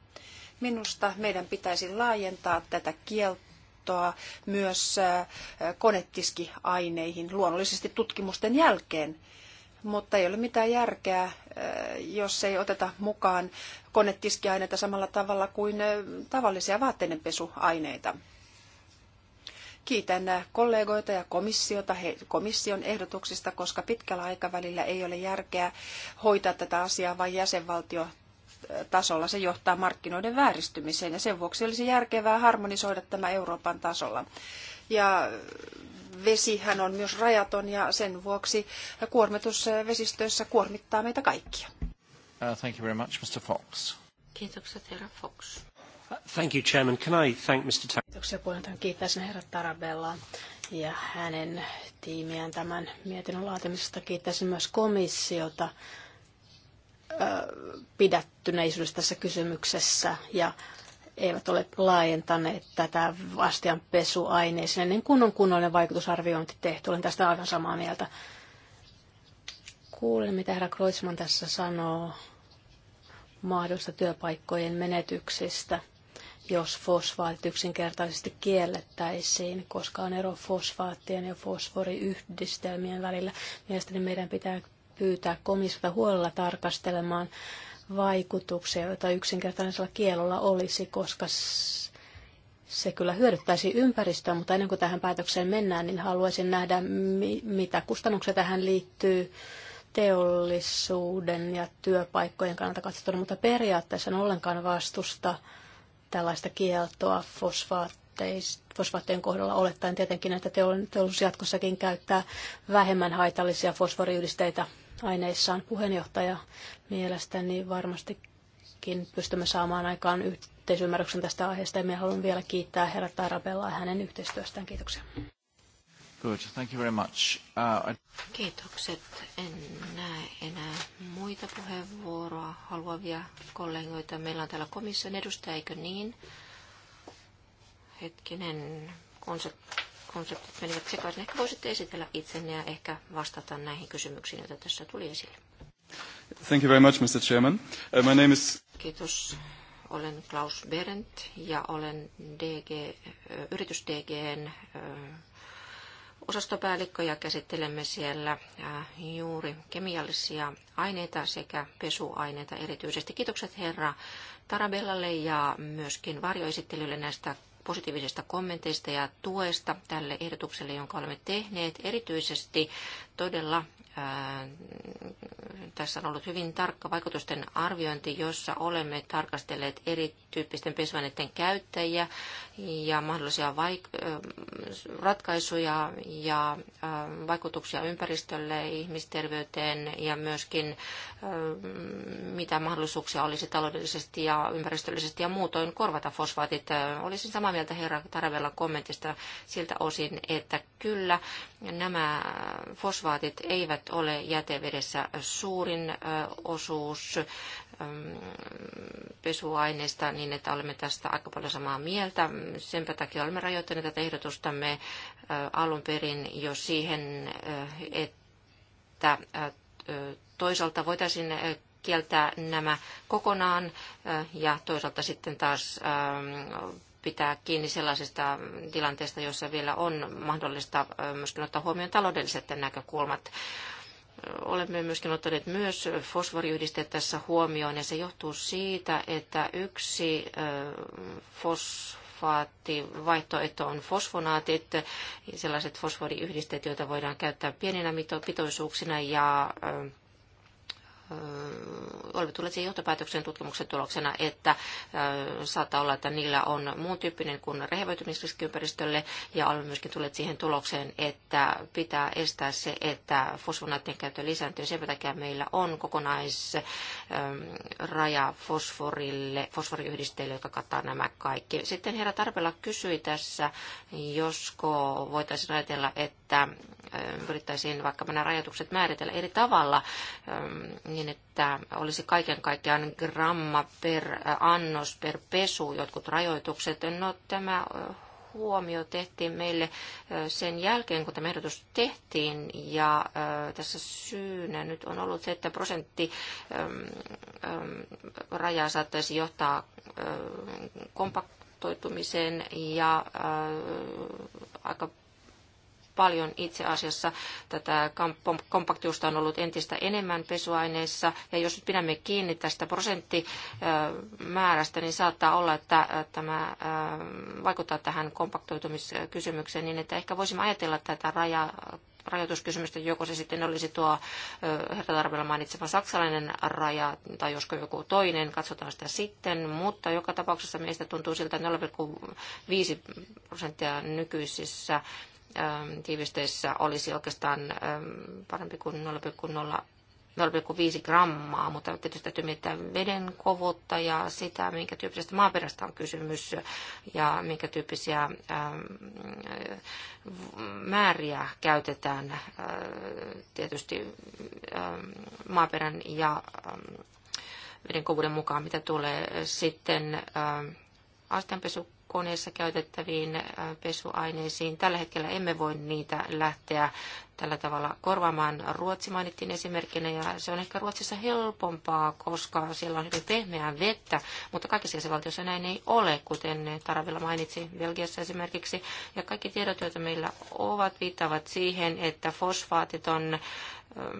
Minusta meidän pitäisi laajentaa tätä kieltoa myös äh, konetiskiaineihin, luonnollisesti tutkimusten jälkeen mutta ei ole mitään järkeä, äh, jos ei oteta mukaan konetiskiaineita samalla tavalla kuin äh, tavallisia vaatteidenpesuaineita. Kiitän kollegoita ja komissiota he, komission ehdotuksista, koska pitkällä aikavälillä ei ole järkeä hoitaa tätä asiaa vain jäsenvaltio tasolla. Se johtaa markkinoiden vääristymiseen ja sen vuoksi olisi järkevää harmonisoida tämä Euroopan tasolla. Ja vesihän on myös rajaton ja sen vuoksi kuormitus vesistöissä kuormittaa meitä kaikkia. Uh, thank you very much, Mr. Fox. Kiitokset, herra Fox. Thank you, Chairman. Can I thank Mr. Tar- Kiitoksia puheenjohtajan. Kiittäisin herra Tarabellaa ja hänen tiimiään tämän mietinnön laatimisesta. Kiittäisin myös komissiota pidättyneisyydestä tässä kysymyksessä ja eivät ole laajentaneet tätä astianpesuaineeseen ennen kuin on kunnollinen vaikutusarviointi tehty. Olen tästä aivan samaa mieltä. Kuulen, mitä herra Kreutzmann tässä sanoo mahdollisista työpaikkojen menetyksistä – jos fosfaatit yksinkertaisesti kiellettäisiin, koska on ero fosfaattien ja fosforiyhdistelmien välillä. Mielestäni meidän pitää pyytää komissiota huolella tarkastelemaan vaikutuksia, joita yksinkertaisella kielolla olisi, koska se kyllä hyödyttäisi ympäristöä, mutta ennen kuin tähän päätökseen mennään, niin haluaisin nähdä, mitä kustannuksia tähän liittyy teollisuuden ja työpaikkojen kannalta katsottuna, mutta periaatteessa en ollenkaan vastusta tällaista kieltoa fosfaattien kohdalla, olettaen tietenkin, että teollisuus jatkossakin käyttää vähemmän haitallisia fosforiyhdisteitä aineissaan. Puheenjohtaja mielestäni varmastikin pystymme saamaan aikaan yhteisymmärryksen tästä aiheesta ja minä haluan vielä kiittää herra Tarabellaa hänen yhteistyöstään. Kiitoksia. Good, thank you very much. Uh, Kiitokset. En näe enää muita puheenvuoroa haluavia kollegoita. Meillä on täällä komission edustaja, eikö niin? Hetkinen, konsepti konseptit menivät sekaisin. Ehkä voisitte esitellä itsenne ja ehkä vastata näihin kysymyksiin, joita tässä tuli esille. Thank you very much, Mr. Chairman. Uh, my name is... Kiitos. Olen Klaus Berendt ja olen DG, yritys DGn ja Käsittelemme siellä juuri kemiallisia aineita sekä pesuaineita erityisesti. Kiitokset herra Tarabellalle ja myöskin varjoesittelylle näistä positiivisista kommenteista ja tuesta tälle ehdotukselle, jonka olemme tehneet. Erityisesti todella ää, äh, tässä on ollut hyvin tarkka vaikutusten arviointi, jossa olemme tarkastelleet erityyppisten pesuaineiden käyttäjiä ja mahdollisia vaik- äh, ratkaisuja ja ää, äh, vaikutuksia ympäristölle, ihmisterveyteen ja myöskin ää, mitä mahdollisuuksia olisi taloudellisesti ja ympäristöllisesti ja muutoin korvata fosfaatit. Olisin samaa mieltä herra Taravella kommentista siltä osin, että kyllä nämä fosfaatit eivät ole jätevedessä suurin osuus pesuaineista niin, että olemme tästä aika paljon samaa mieltä. Sen takia olemme rajoittaneet tätä ehdotustamme alun perin jo siihen, että toisaalta voitaisiin kieltää nämä kokonaan ja toisaalta sitten taas pitää kiinni sellaisesta tilanteesta, jossa vielä on mahdollista myöskin ottaa huomioon taloudelliset näkökulmat. Olemme myöskin ottaneet myös fosforiyhdisteet tässä huomioon, ja se johtuu siitä, että yksi fosfaattivaihtoehto on fosfonaatit, sellaiset fosforiyhdisteet, joita voidaan käyttää pieninä pitoisuuksina, ja olemme tulleet siihen johtopäätöksen tutkimuksen tuloksena, että saattaa olla, että niillä on muun tyyppinen kuin rehevöitymisriski ympäristölle, ja olemme myöskin tulleet siihen tulokseen, että pitää estää se, että fosfonaattien käyttö lisääntyy. Sen takia meillä on kokonaisraja fosforille, fosforiyhdisteille, joka kattaa nämä kaikki. Sitten herra Tarpela kysyi tässä, josko voitaisiin ajatella, että yrittäisiin vaikka nämä rajoitukset määritellä eri tavalla niin, että olisi kaiken kaikkiaan gramma per äh, annos per pesu jotkut rajoitukset. No tämä äh, huomio tehtiin meille äh, sen jälkeen, kun tämä ehdotus tehtiin. Ja tässä syynä nyt on ollut se, että prosentti rajaa saattaisi johtaa kompaktoitumiseen ja aika paljon itse asiassa. Tätä kompaktiusta on ollut entistä enemmän pesuaineissa. Ja jos nyt pidämme kiinni tästä prosenttimäärästä, niin saattaa olla, että äh, tämä äh, vaikuttaa tähän kompaktoitumiskysymykseen niin, että ehkä voisimme ajatella tätä rajaa rajoituskysymystä, joko se sitten olisi tuo äh, herra mainitsema saksalainen raja tai josko joku toinen, katsotaan sitä sitten, mutta joka tapauksessa meistä tuntuu siltä 0,5 prosenttia nykyisissä Ähm, tiivisteissä olisi oikeastaan ähm, parempi kuin 0,0 0,5 grammaa, mutta tietysti täytyy miettiä veden kovuutta ja sitä, minkä tyyppisestä maaperästä on kysymys ja minkä tyyppisiä ähm, määriä käytetään äh, tietysti maaperän ja veden kovuuden mukaan, mitä tulee sitten astianpesu koneessa käytettäviin äh, pesuaineisiin. Tällä hetkellä emme voi niitä lähteä tällä tavalla korvaamaan. Ruotsi mainittiin esimerkkinä ja se on ehkä Ruotsissa helpompaa, koska siellä on hyvin pehmeää vettä, mutta kaikissa jäsenvaltioissa näin ei ole, kuten Taravilla mainitsi Belgiassa esimerkiksi. Ja kaikki tiedot, joita meillä ovat, viittaavat siihen, että fosfaatit on ähm,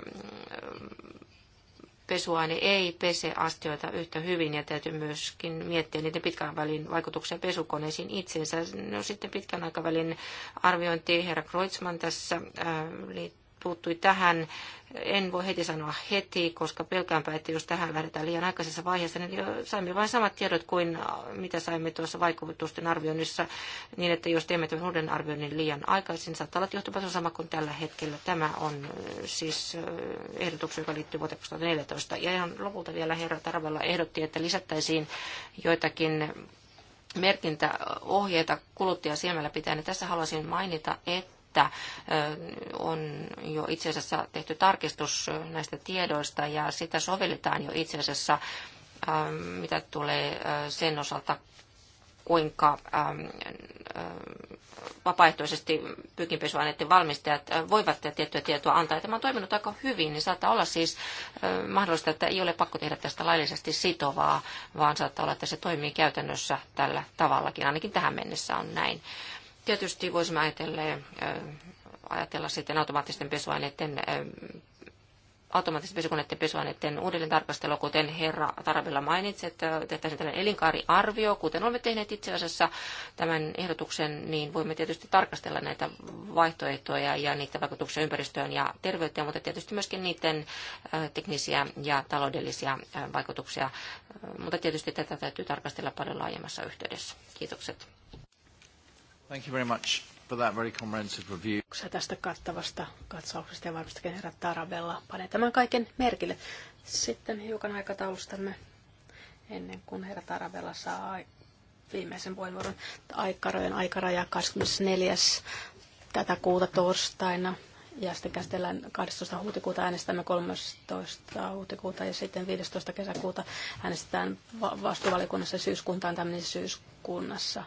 pesuaine ei pese astioita yhtä hyvin ja täytyy myöskin miettiä niiden pitkän välin vaikutuksia pesukoneisiin itsensä. No sitten pitkän aikavälin arviointi herra Kreutzmann tässä äh, liittyy puuttui tähän. En voi heti sanoa heti, koska pelkäänpä, että jos tähän lähdetään liian aikaisessa vaiheessa, niin saimme vain samat tiedot kuin mitä saimme tuossa vaikutusten arvioinnissa, niin että jos teemme tämän uuden arvioinnin liian aikaisin, saattaa olla johtopäätös sama kuin tällä hetkellä. Tämä on siis ehdotuksia, joka liittyy vuoteen 2014. Ja ihan lopulta vielä herra Tarvella ehdotti, että lisättäisiin joitakin merkintäohjeita kuluttaja silmällä pitäen. Tässä haluaisin mainita, että että on jo itse asiassa tehty tarkistus näistä tiedoista ja sitä sovelletaan jo itse asiassa, mitä tulee sen osalta, kuinka vapaaehtoisesti pyykinpesuaineiden valmistajat voivat tiettyä tietoa antaa. tämä on toiminut aika hyvin, niin saattaa olla siis mahdollista, että ei ole pakko tehdä tästä laillisesti sitovaa, vaan saattaa olla, että se toimii käytännössä tällä tavallakin. Ainakin tähän mennessä on näin. Tietysti voisimme ajatella, äh, ajatella sitten automaattisten pesuaineiden äh, automaattisten pesukoneiden pesuaineiden uudelleen tarkastelua, kuten herra Tarabella mainitsi, että tehtäisiin tällainen elinkaariarvio, kuten olemme tehneet itse asiassa tämän ehdotuksen, niin voimme tietysti tarkastella näitä vaihtoehtoja ja niiden vaikutuksia ympäristöön ja terveyteen, mutta tietysti myöskin niiden äh, teknisiä ja taloudellisia vaikutuksia, mutta tietysti tätä täytyy tarkastella paljon laajemmassa yhteydessä. Kiitokset. Thank you very much for that very comprehensive review. tästä kattavasta katsauksesta ja varmasti herra Tarabella panee tämän kaiken merkille. Sitten hiukan aikataulustamme ennen kuin herra Tarabella saa viimeisen puheenvuoron aikarajan aikaraja 24. tätä kuuta torstaina. Ja sitten käsitellään 12. huhtikuuta äänestämme 13. huhtikuuta ja sitten 15. kesäkuuta äänestetään vastuvalikunnassa syyskuntaan tämmöinen syyskunnassa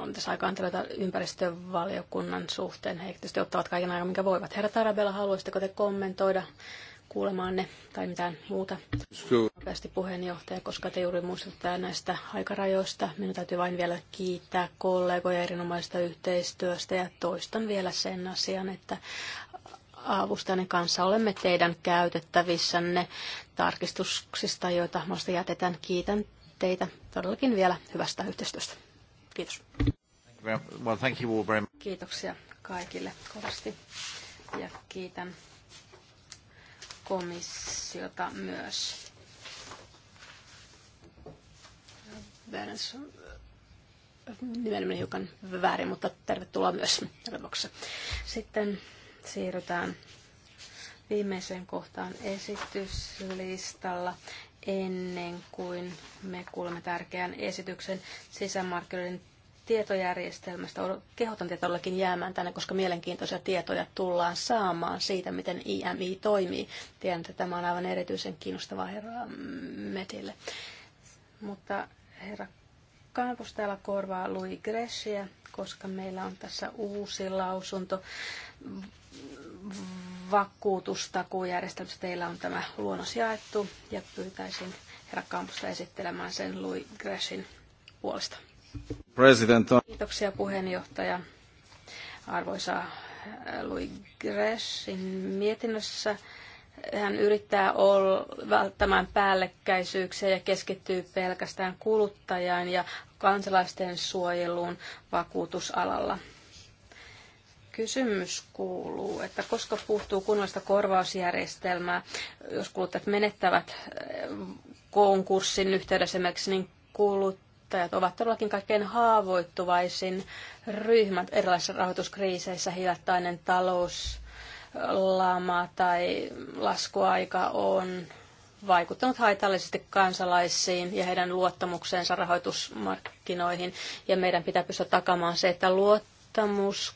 on tässä aika antelua ympäristövaliokunnan suhteen. He tietysti ottavat kaiken ajan, minkä voivat. Herra Tarabella, haluaisitteko te kommentoida kuulemaanne tai mitään muuta? Nopeasti puheenjohtaja, koska te juuri muistuttaa näistä aikarajoista. Minun täytyy vain vielä kiittää kollegoja erinomaisesta yhteistyöstä ja toistan vielä sen asian, että avustajanne kanssa olemme teidän käytettävissänne tarkistuksista, joita mahdollisesti jätetään. Kiitän teitä todellakin vielä hyvästä yhteistyöstä. Kiitos. Well, thank you all very much. Kiitoksia kaikille kovasti ja kiitän komissiota myös. Berns nimeni meni hiukan väärin, mutta tervetuloa myös tapauksessa. Sitten siirrytään viimeiseen kohtaan esityslistalla, ennen kuin me kuulemme tärkeän esityksen sisämarkkinoiden tietojärjestelmästä. Kehotan teitä todellakin jäämään tänne, koska mielenkiintoisia tietoja tullaan saamaan siitä, miten IMI toimii. Tiedän, että tämä on aivan erityisen kiinnostavaa herra Metille. Mutta herra Kampus täällä korvaa Louis Gressiä, koska meillä on tässä uusi lausunto vakuutustakuujärjestelmästä teillä on tämä luonnos jaettu ja pyytäisin herra Kampusta esittelemään sen Louis Greshin puolesta. President. Uh, Kiitoksia puheenjohtaja. Arvoisa äh, Louis Greshin mietinnössä hän yrittää olla välttämään päällekkäisyyksiä ja keskittyy pelkästään kuluttajaan ja kansalaisten suojeluun vakuutusalalla. Kysymys kuuluu, että koska puuttuu kunnollista korvausjärjestelmää, jos kuluttajat menettävät eh, konkurssin yhteydessä esimerkiksi, niin kuluttajat ovat todellakin kaikkein haavoittuvaisin ryhmät erilaisissa rahoituskriiseissä, hiljattainen talouslama tai laskuaika on vaikuttanut haitallisesti kansalaisiin ja heidän luottamukseensa rahoitusmarkkinoihin. Ja meidän pitää pystyä takamaan se, että luottamus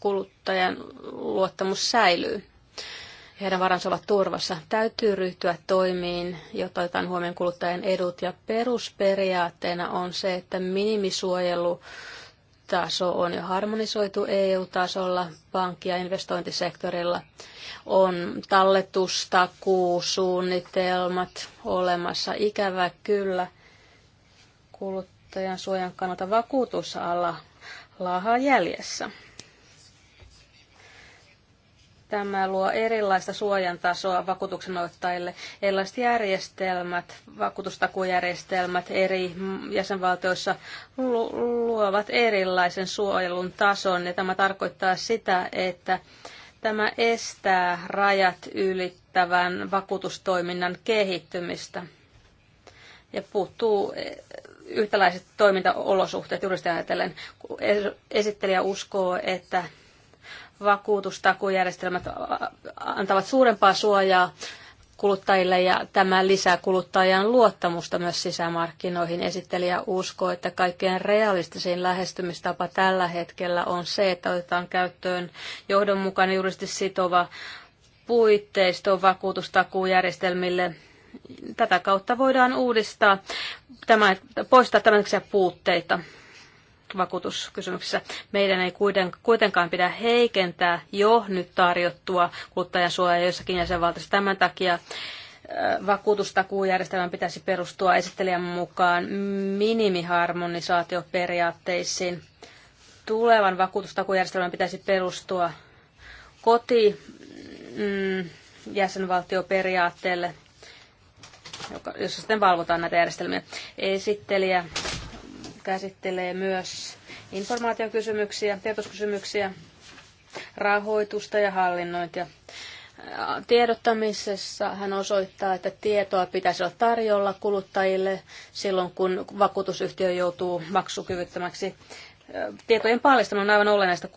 kuluttajan luottamus säilyy heidän varansa ovat turvassa. Täytyy ryhtyä toimiin, jotta otetaan huomioon kuluttajan edut. Ja perusperiaatteena on se, että minimisuojelu taso on jo harmonisoitu EU-tasolla, pankki- ja investointisektorilla. On talletusta, kuusuunnitelmat olemassa. Ikävä kyllä kuluttajan suojan kannalta vakuutusala lahaa jäljessä. Tämä luo erilaista suojan tasoa vakuutuksenottajille. Erilaiset järjestelmät, vakuutustakujärjestelmät eri jäsenvaltioissa luovat erilaisen suojelun tason. Ja tämä tarkoittaa sitä, että tämä estää rajat ylittävän vakuutustoiminnan kehittymistä ja puuttuu e, yhtäläiset toimintaolosuhteet juristi ajatellen. Esittelijä uskoo, että vakuutustakujärjestelmät antavat suurempaa suojaa kuluttajille ja tämä lisää kuluttajan luottamusta myös sisämarkkinoihin. Esittelijä uskoo, että kaikkein realistisin lähestymistapa tällä hetkellä on se, että otetaan käyttöön johdonmukainen juuristi sitova puitteisto vakuutustakuujärjestelmille. Tätä kautta voidaan uudistaa, tämä, poistaa tämmöisiä puutteita vakuutuskysymyksissä. Meidän ei kuitenkaan pidä heikentää jo nyt tarjottua kuluttajansuojaa jossakin jäsenvaltiossa. Tämän takia vakuutustakuujärjestelmän pitäisi perustua esittelijän mukaan minimiharmonisaatioperiaatteisiin. Tulevan vakuutustakujärjestelmän pitäisi perustua koti mm, jäsenvaltioperiaatteelle, jossa sitten valvotaan näitä järjestelmiä. Esittelijä käsittelee myös informaatiokysymyksiä, tietoskysymyksiä, rahoitusta ja hallinnointia. Tiedottamisessa hän osoittaa, että tietoa pitäisi olla tarjolla kuluttajille silloin, kun vakuutusyhtiö joutuu maksukyvyttömäksi. Tietojen paljastaminen on aivan olennaista.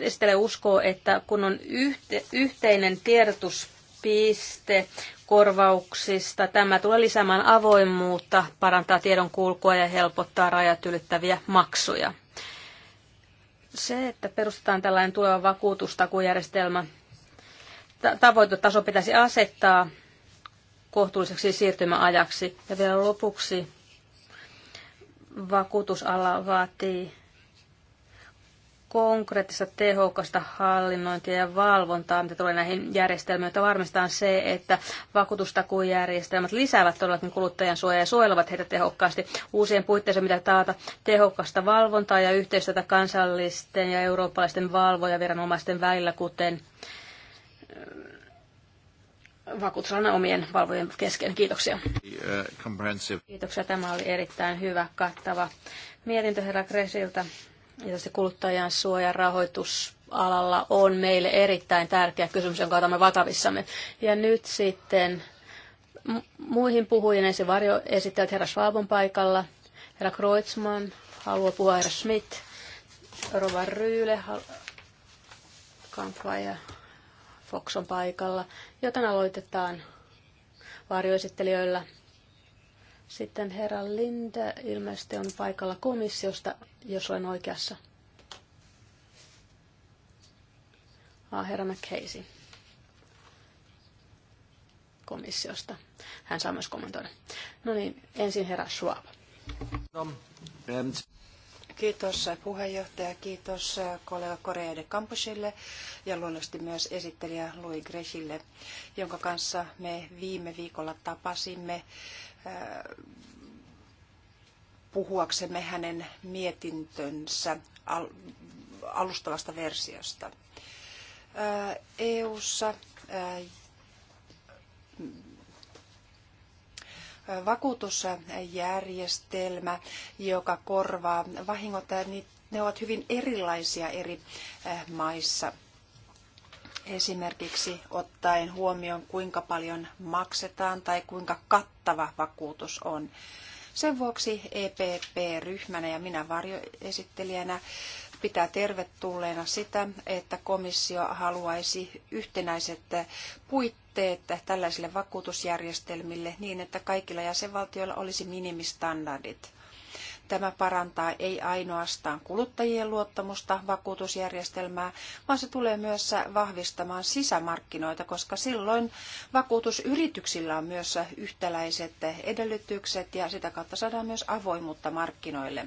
Esittelee uskoa, että kun on yhteinen tiedotus piste korvauksista. Tämä tulee lisäämään avoimuutta, parantaa tiedon kulkua ja helpottaa rajat ylittäviä maksuja. Se, että perustetaan tällainen tuleva vakuutustakujärjestelmä, tavoitetaso pitäisi asettaa kohtuulliseksi siirtymäajaksi. Ja vielä lopuksi vakuutusala vaatii konkreettista tehokasta hallinnointia ja valvontaa, mitä tulee näihin järjestelmiin, jotta varmistetaan se, että vakuutustakujärjestelmät lisäävät todellakin kuluttajan suojaa ja suojelevat heitä tehokkaasti. Uusien puitteissa mitä taata tehokasta valvontaa ja yhteistyötä kansallisten ja eurooppalaisten viranomaisten välillä, kuten äh, vakuutusalan omien valvojen kesken. Kiitoksia. Uh, Kiitoksia. Tämä oli erittäin hyvä, kattava mietintö herra Kresilta se kuluttajan suoja rahoitusalalla on meille erittäin tärkeä kysymys, jonka otamme vakavissamme. Ja nyt sitten muihin puhujien ensin varjoesittäjät herra Schwabon paikalla, herra Kreutzmann, haluaa puhua herra Schmidt, Rova Ryyle, Kampfa ja Fox on paikalla, joten aloitetaan varjoesittelijöillä. Sitten herra Linde ilmeisesti on paikalla komissiosta, jos olen oikeassa. Ah, herra McCasey komissiosta. Hän saa myös kommentoida. No niin, ensin herra Schwab. Kiitos eh, puheenjohtaja, kiitos eh, kollega Korea de Campusille ja luonnollisesti myös esittelijä Louis Grechille, jonka kanssa me viime viikolla tapasimme puhuaksemme hänen mietintönsä alustavasta versiosta. EU:ssa vakuutusjärjestelmä, joka korvaa vahingot, niin ne ovat hyvin erilaisia eri maissa – esimerkiksi ottaen huomioon, kuinka paljon maksetaan tai kuinka kattava vakuutus on. Sen vuoksi EPP-ryhmänä ja minä varjoesittelijänä pitää tervetulleena sitä, että komissio haluaisi yhtenäiset puitteet tällaisille vakuutusjärjestelmille niin, että kaikilla jäsenvaltioilla olisi minimistandardit. Tämä parantaa ei ainoastaan kuluttajien luottamusta vakuutusjärjestelmää, vaan se tulee myös vahvistamaan sisämarkkinoita, koska silloin vakuutusyrityksillä on myös yhtäläiset edellytykset ja sitä kautta saadaan myös avoimuutta markkinoille.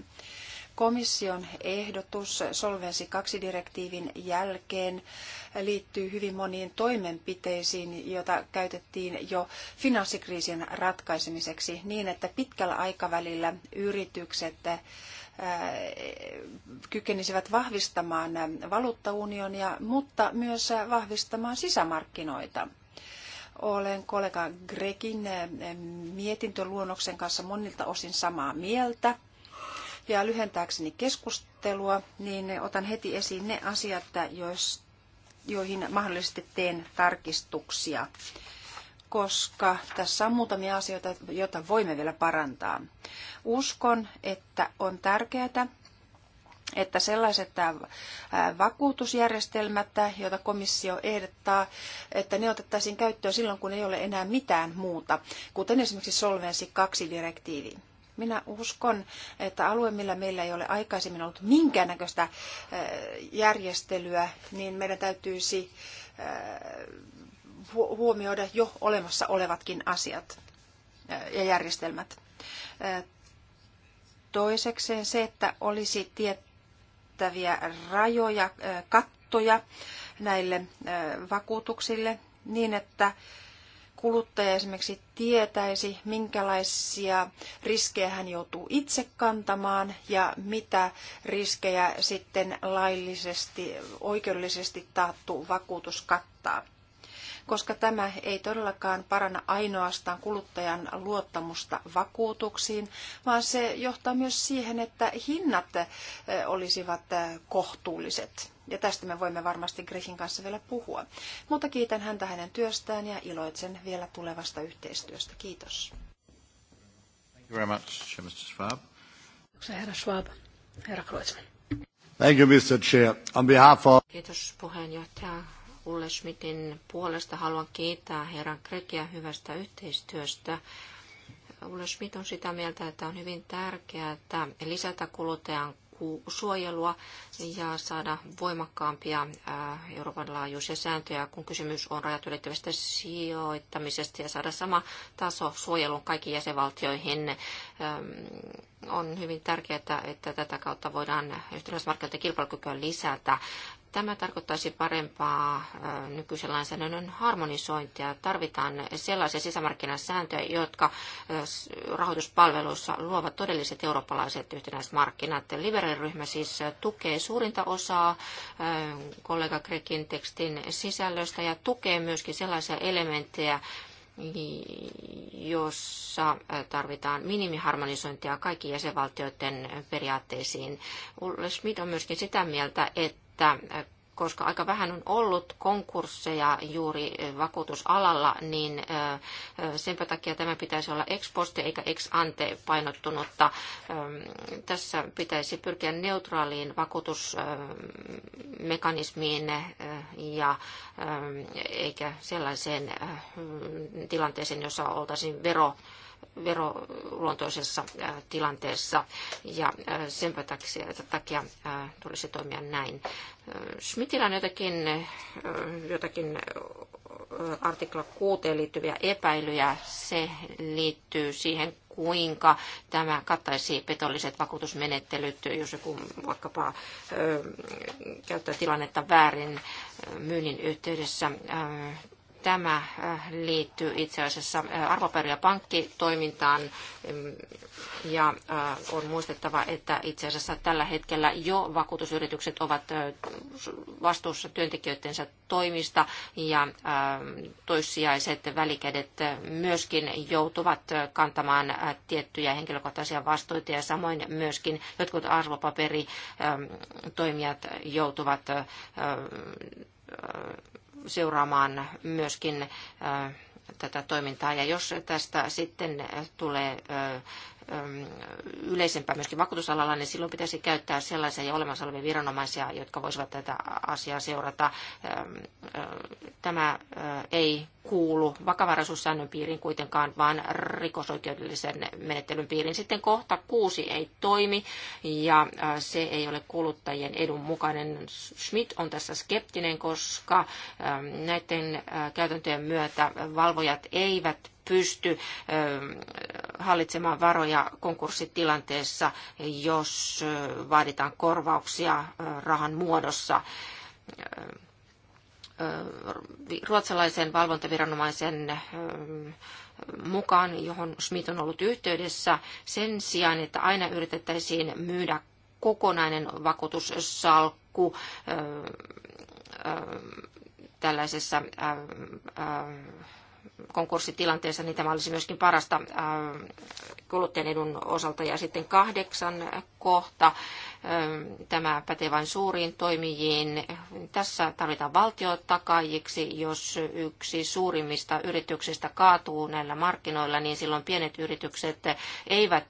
Komission ehdotus Solvensi 2-direktiivin jälkeen liittyy hyvin moniin toimenpiteisiin, joita käytettiin jo finanssikriisin ratkaisemiseksi niin, että pitkällä aikavälillä yritykset äh, kykenisivät vahvistamaan valuuttaunionia, mutta myös vahvistamaan sisämarkkinoita. Olen kollega Grekin mietintöluonnoksen kanssa monilta osin samaa mieltä. Ja lyhentääkseni keskustelua, niin otan heti esiin ne asiat, joihin mahdollisesti teen tarkistuksia, koska tässä on muutamia asioita, joita voimme vielä parantaa. Uskon, että on tärkeää, että sellaiset vakuutusjärjestelmät, joita komissio ehdottaa, että ne otettaisiin käyttöön silloin, kun ei ole enää mitään muuta, kuten esimerkiksi Solvensi 2-direktiivi. Minä uskon, että alue, millä meillä ei ole aikaisemmin ollut minkäännäköistä äh, järjestelyä, niin meidän täytyisi äh, huomioida jo olemassa olevatkin asiat äh, ja järjestelmät. Toisekseen se, että olisi tiettäviä rajoja, kattoja näille vakuutuksille niin, että kuluttaja esimerkiksi tietäisi, minkälaisia riskejä hän joutuu itse kantamaan ja mitä riskejä sitten laillisesti, oikeudellisesti taattu vakuutus kattaa. Koska tämä ei todellakaan paranna ainoastaan kuluttajan luottamusta vakuutuksiin, vaan se johtaa myös siihen, että hinnat olisivat kohtuulliset. Ja tästä me voimme varmasti Grekin kanssa vielä puhua. Mutta kiitän häntä hänen työstään ja iloitsen vielä tulevasta yhteistyöstä. Kiitos. Thank you very much, Mr. Schwab. Herra Schwab, herra Kreuzmann. Thank you, Mr. Chair. On behalf of... Kiitos puheenjohtaja Ulle Schmidtin puolesta. Haluan kiittää herran Grekiä hyvästä yhteistyöstä. Ulle Schmidt on sitä mieltä, että on hyvin tärkeää että lisätä kuluttajan suojelua ja saada voimakkaampia äh, Euroopan laajuisia sääntöjä, kun kysymys on rajat ylittävästä sijoittamisesta ja saada sama taso suojelun kaikkiin jäsenvaltioihin. Ähm, on hyvin tärkeää, että tätä kautta voidaan yhtenäismarkkinoiden kilpailukykyä lisätä Tämä tarkoittaisi parempaa nykyisen lainsäädännön harmonisointia. Tarvitaan sellaisia sisämarkkinasääntöjä, jotka rahoituspalveluissa luovat todelliset eurooppalaiset yhtenäismarkkinat. Liberaaliryhmä siis tukee suurinta osaa kollega Krekin tekstin sisällöstä ja tukee myöskin sellaisia elementtejä, jossa tarvitaan minimiharmonisointia kaikkien jäsenvaltioiden periaatteisiin. Ulle Schmidt on myöskin sitä mieltä, että että koska aika vähän on ollut konkursseja juuri vakuutusalalla, niin senpä takia tämä pitäisi olla ex poste eikä ex ante painottunutta. Tässä pitäisi pyrkiä neutraaliin vakuutusmekanismiin ja eikä sellaiseen tilanteeseen, jossa oltaisiin vero veroluontoisessa tilanteessa ja sen takia tulisi toimia näin. Schmidtillä on jotakin, jotakin artikla 6 liittyviä epäilyjä. Se liittyy siihen, kuinka tämä kattaisi petolliset vakuutusmenettelyt, jos joku vaikkapa ö, käyttää tilannetta väärin myynnin yhteydessä. Ö, Tämä äh, liittyy itse asiassa äh, arvopaperi- ja pankkitoimintaan ja äh, on muistettava, että itse asiassa tällä hetkellä jo vakuutusyritykset ovat vastuussa työntekijöidensä toimista ja toissijaiset välikädet myöskin joutuvat kantamaan tiettyjä henkilökohtaisia vastuita ja samoin myöskin jotkut arvopaperitoimijat ähm, joutuvat seuraamaan myöskin tätä toimintaa. Ja jos tästä sitten tulee Ähm, yleisempää myöskin vakuutusalalla, niin silloin pitäisi käyttää sellaisia ja olemassa olevia viranomaisia, jotka voisivat tätä asiaa seurata. Ähm, äh, tämä äh, ei kuulu vakavaraisuussäännön piiriin kuitenkaan, vaan rikosoikeudellisen menettelyn piiriin. Sitten kohta kuusi ei toimi ja äh, se ei ole kuluttajien edun mukainen. Schmidt on tässä skeptinen, koska ähm, näiden käytäntöjen myötä valvojat eivät pysty ähm, hallitsemaan varoja konkurssitilanteessa, jos äh, vaaditaan korvauksia äh, rahan muodossa äh, ruotsalaisen valvontaviranomaisen ähm, mukaan, johon Schmidt on ollut yhteydessä, sen sijaan, että aina yritettäisiin myydä kokonainen vakuutussalkku tällaisessa konkurssitilanteessa, niin tämä olisi myöskin parasta äh, kuluttajan edun osalta. Ja sitten kahdeksan kohta, äh, tämä pätee vain suuriin toimijiin. Tässä tarvitaan valtio takaajiksi. Jos yksi suurimmista yrityksistä kaatuu näillä markkinoilla, niin silloin pienet yritykset eivät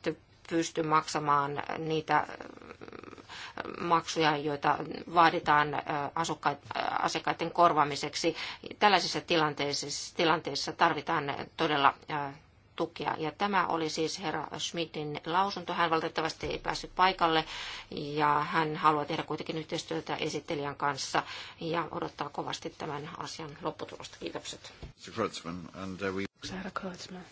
pysty maksamaan niitä äh, maksuja, joita vaaditaan asiakkaiden korvaamiseksi. Tällaisissa tilanteissa, tilanteissa tarvitaan todella tukea. Ja tämä oli siis herra Schmidtin lausunto. Hän valitettavasti ei päässyt paikalle ja hän haluaa tehdä kuitenkin yhteistyötä esittelijän kanssa ja odottaa kovasti tämän asian lopputulosta. Kiitokset. Uh, herra Kreutzmann.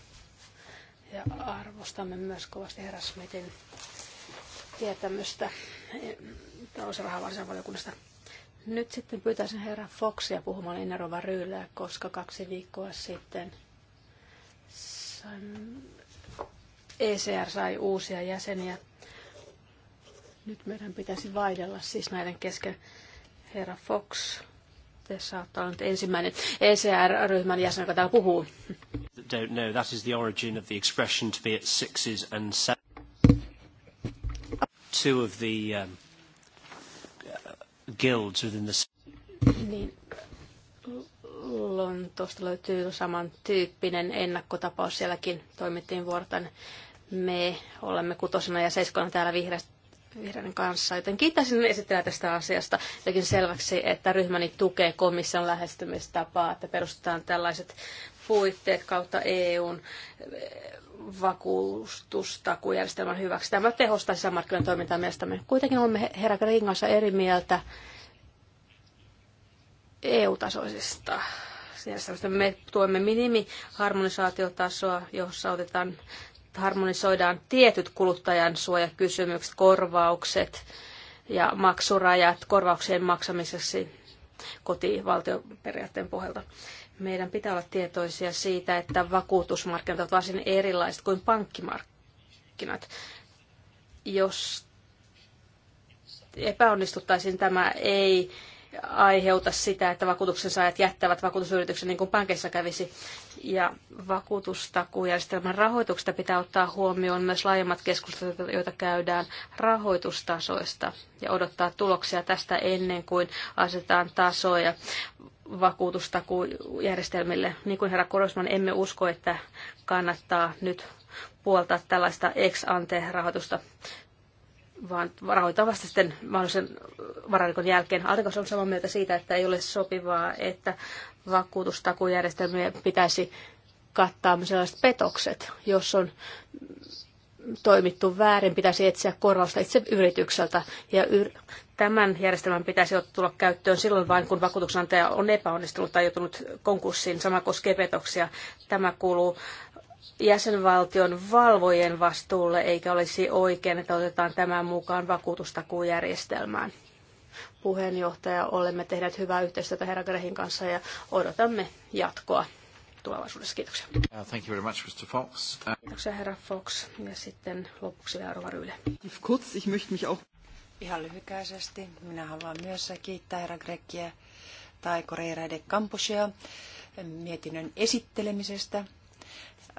Ja arvostamme myös kovasti herra Schmidtin tietämystä talous- ja eh, valiokunnasta. Nyt sitten pyytäisin herra Foxia puhumaan Inerova Ryylää, koska kaksi viikkoa sitten ECR sai uusia jäseniä. Nyt meidän pitäisi vaihdella siis näiden kesken. Herra Fox, te saatte olla nyt ensimmäinen ECR-ryhmän jäsen, joka täällä puhuu. Don't know, that is the origin of the expression to be at sixes and seven two of the um, uh, guilds within the... Niin. Lontoosta löytyy samantyyppinen ennakkotapaus. Sielläkin toimittiin vuorotan. Me olemme kutosena ja seiskona täällä vihreästä vihreän kanssa, joten kiittäisin esittää tästä asiasta jotenkin selväksi, että ryhmäni tukee komission lähestymistapaa, että perustetaan tällaiset puitteet kautta EUn vakuutustakujärjestelmän hyväksi. Tämä tehostaa sisämarkkinoiden toimintaa mielestämme. Kuitenkin olemme herra Ringassa eri mieltä EU-tasoisista Me tuemme minimiharmonisaatiotasoa, jossa otetaan harmonisoidaan tietyt kuluttajan suojakysymykset, korvaukset ja maksurajat korvauksien maksamiseksi kotivaltioperiaatteen pohjalta. Meidän pitää olla tietoisia siitä, että vakuutusmarkkinat ovat varsin erilaiset kuin pankkimarkkinat. Jos epäonnistuttaisiin, tämä ei aiheuta sitä, että vakuutuksen saajat jättävät vakuutusyrityksen niin kuin pankeissa kävisi. Ja vakuutustakuujärjestelmän rahoituksesta pitää ottaa huomioon myös laajemmat keskustelut, joita käydään rahoitustasoista ja odottaa tuloksia tästä ennen kuin asetetaan tasoja vakuutustakujärjestelmille. Niin kuin herra Korosman, emme usko, että kannattaa nyt puoltaa tällaista ex-ante-rahoitusta, vaan rahoitetaan vasta sitten mahdollisen vararikon jälkeen. Artikas on samaa mieltä siitä, että ei ole sopivaa, että vakuutustakujärjestelmien pitäisi kattaa sellaiset petokset, jos on toimittu väärin, pitäisi etsiä korvausta itse yritykseltä. Ja yr- Tämän järjestelmän pitäisi tulla käyttöön silloin vain, kun vakuutuksenantaja on epäonnistunut tai joutunut konkurssiin. Sama koskee petoksia. Tämä kuuluu jäsenvaltion valvojen vastuulle, eikä olisi oikein, että otetaan tämän mukaan vakuutustakuujärjestelmään. Puheenjohtaja, olemme tehneet hyvää yhteistyötä herra Grehin kanssa ja odotamme jatkoa tulevaisuudessa. Kiitoksia. Uh, thank you very much, Mr. Fox. Uh, Kiitoksia herra Fox ja sitten lopuksi vielä Ryyle. Ihan lyhykäisesti. Minä haluan myös kiittää herra Grekkiä tai Koreira de Camposia mietinnön esittelemisestä.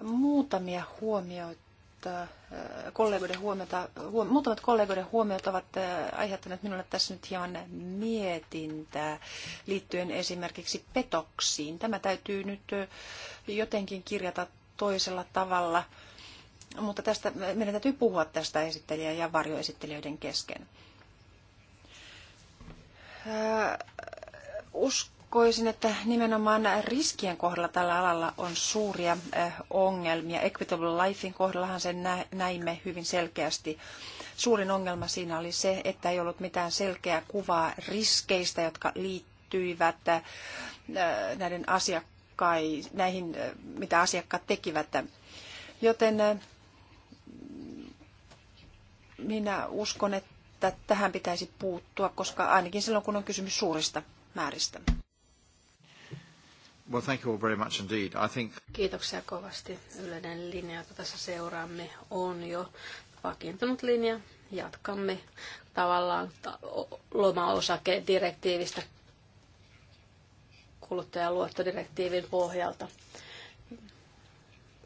Muutamia huomioita, äh, kollegoiden huomiota, huom, muutamat kollegoiden huomiot ovat äh, aiheuttaneet minulle tässä nyt hieman mietintää liittyen esimerkiksi petoksiin. Tämä täytyy nyt äh, jotenkin kirjata toisella tavalla, mutta tästä, meidän täytyy puhua tästä esittelijä- ja varjoesittelijöiden kesken uskoisin, että nimenomaan riskien kohdalla tällä alalla on suuria ongelmia. Equitable Lifein kohdallahan sen näimme hyvin selkeästi. Suurin ongelma siinä oli se, että ei ollut mitään selkeää kuvaa riskeistä, jotka liittyivät näiden asiakkai, näihin, mitä asiakkaat tekivät. Joten minä uskon, että että tähän pitäisi puuttua, koska ainakin silloin, kun on kysymys suurista määristä. Well, thank you all very much indeed. I think... Kiitoksia kovasti. Yleinen linja, jota tässä seuraamme, on jo vakiintunut linja. Jatkamme tavallaan lomaosakedirektiivistä kuluttajaluottodirektiivin pohjalta.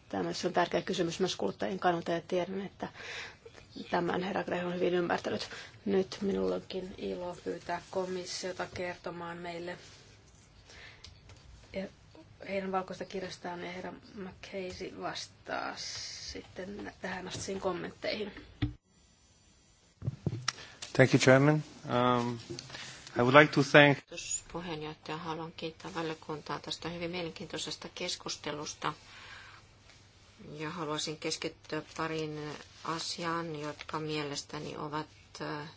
Tämä on tärkeä kysymys myös kuluttajien kannalta ja tiedän, että Tämän Greho on hyvin ymmärtänyt. Nyt minullakin ilo pyytää komissiota kertomaan meille e- heidän valkoista kirjastaan ja herra McCasey vastaa sitten tähän asti kommentteihin. Thank you, Chairman. Um, I would like to thank... Puheenjohtaja, haluan kiittää valiokuntaa tästä hyvin mielenkiintoisesta keskustelusta. Ja haluaisin keskittyä pariin asiaan, jotka mielestäni ovat äh,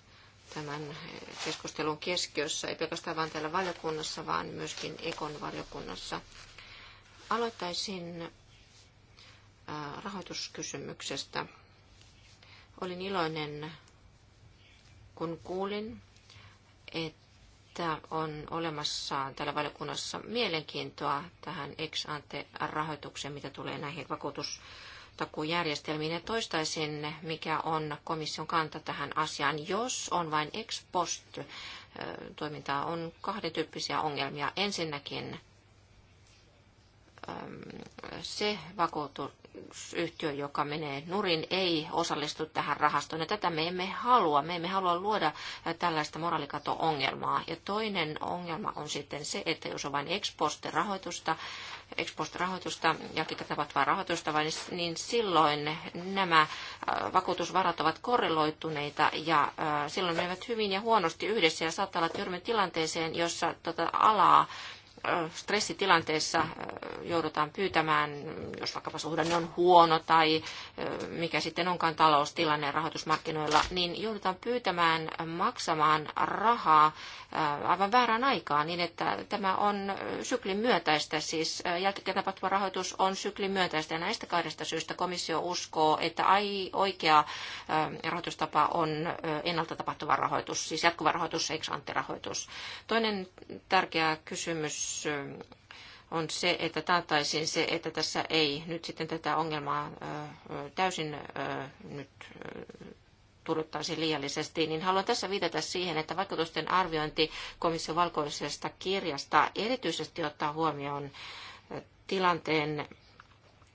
tämän keskustelun keskiössä, ei pelkästään vain täällä valiokunnassa, vaan myöskin Ekon valiokunnassa. Aloittaisin äh, rahoituskysymyksestä. Olin iloinen, kun kuulin, että että on olemassa täällä valiokunnassa mielenkiintoa tähän ex ante rahoitukseen, mitä tulee näihin vakuutustakujärjestelmiin. Ja toistaisin, mikä on komission kanta tähän asiaan. Jos on vain ex post toimintaa, on kahden tyyppisiä ongelmia. Ensinnäkin se vakuutu, yhtiö, joka menee nurin, ei osallistu tähän rahastoon. Ja tätä me emme halua. Me emme halua luoda tällaista moraalikato-ongelmaa. Ja toinen ongelma on sitten se, että jos on vain ex rahoitusta, rahoitusta ja tapahtuvaa rahoitusta, niin, niin silloin nämä äh, vakuutusvarat ovat korreloituneita ja äh, silloin menevät hyvin ja huonosti yhdessä ja saattaa olla tilanteeseen, jossa tota alaa stressitilanteessa joudutaan pyytämään, jos vaikkapa suhdanne on huono tai mikä sitten onkaan taloustilanne rahoitusmarkkinoilla, niin joudutaan pyytämään maksamaan rahaa aivan väärään aikaan niin, että tämä on syklin myötäistä, siis jälkikäteen tapahtuva rahoitus on syklin myötäistä ja näistä kahdesta syystä komissio uskoo, että ai, oikea rahoitustapa on ennalta tapahtuva rahoitus, siis jatkuva rahoitus, ex ante rahoitus. Toinen tärkeä kysymys on se, että taattaisiin se, että tässä ei nyt sitten tätä ongelmaa täysin nyt turuttaisi liiallisesti, niin haluan tässä viitata siihen, että vaikutusten arviointi komission valkoisesta kirjasta erityisesti ottaa huomioon tilanteen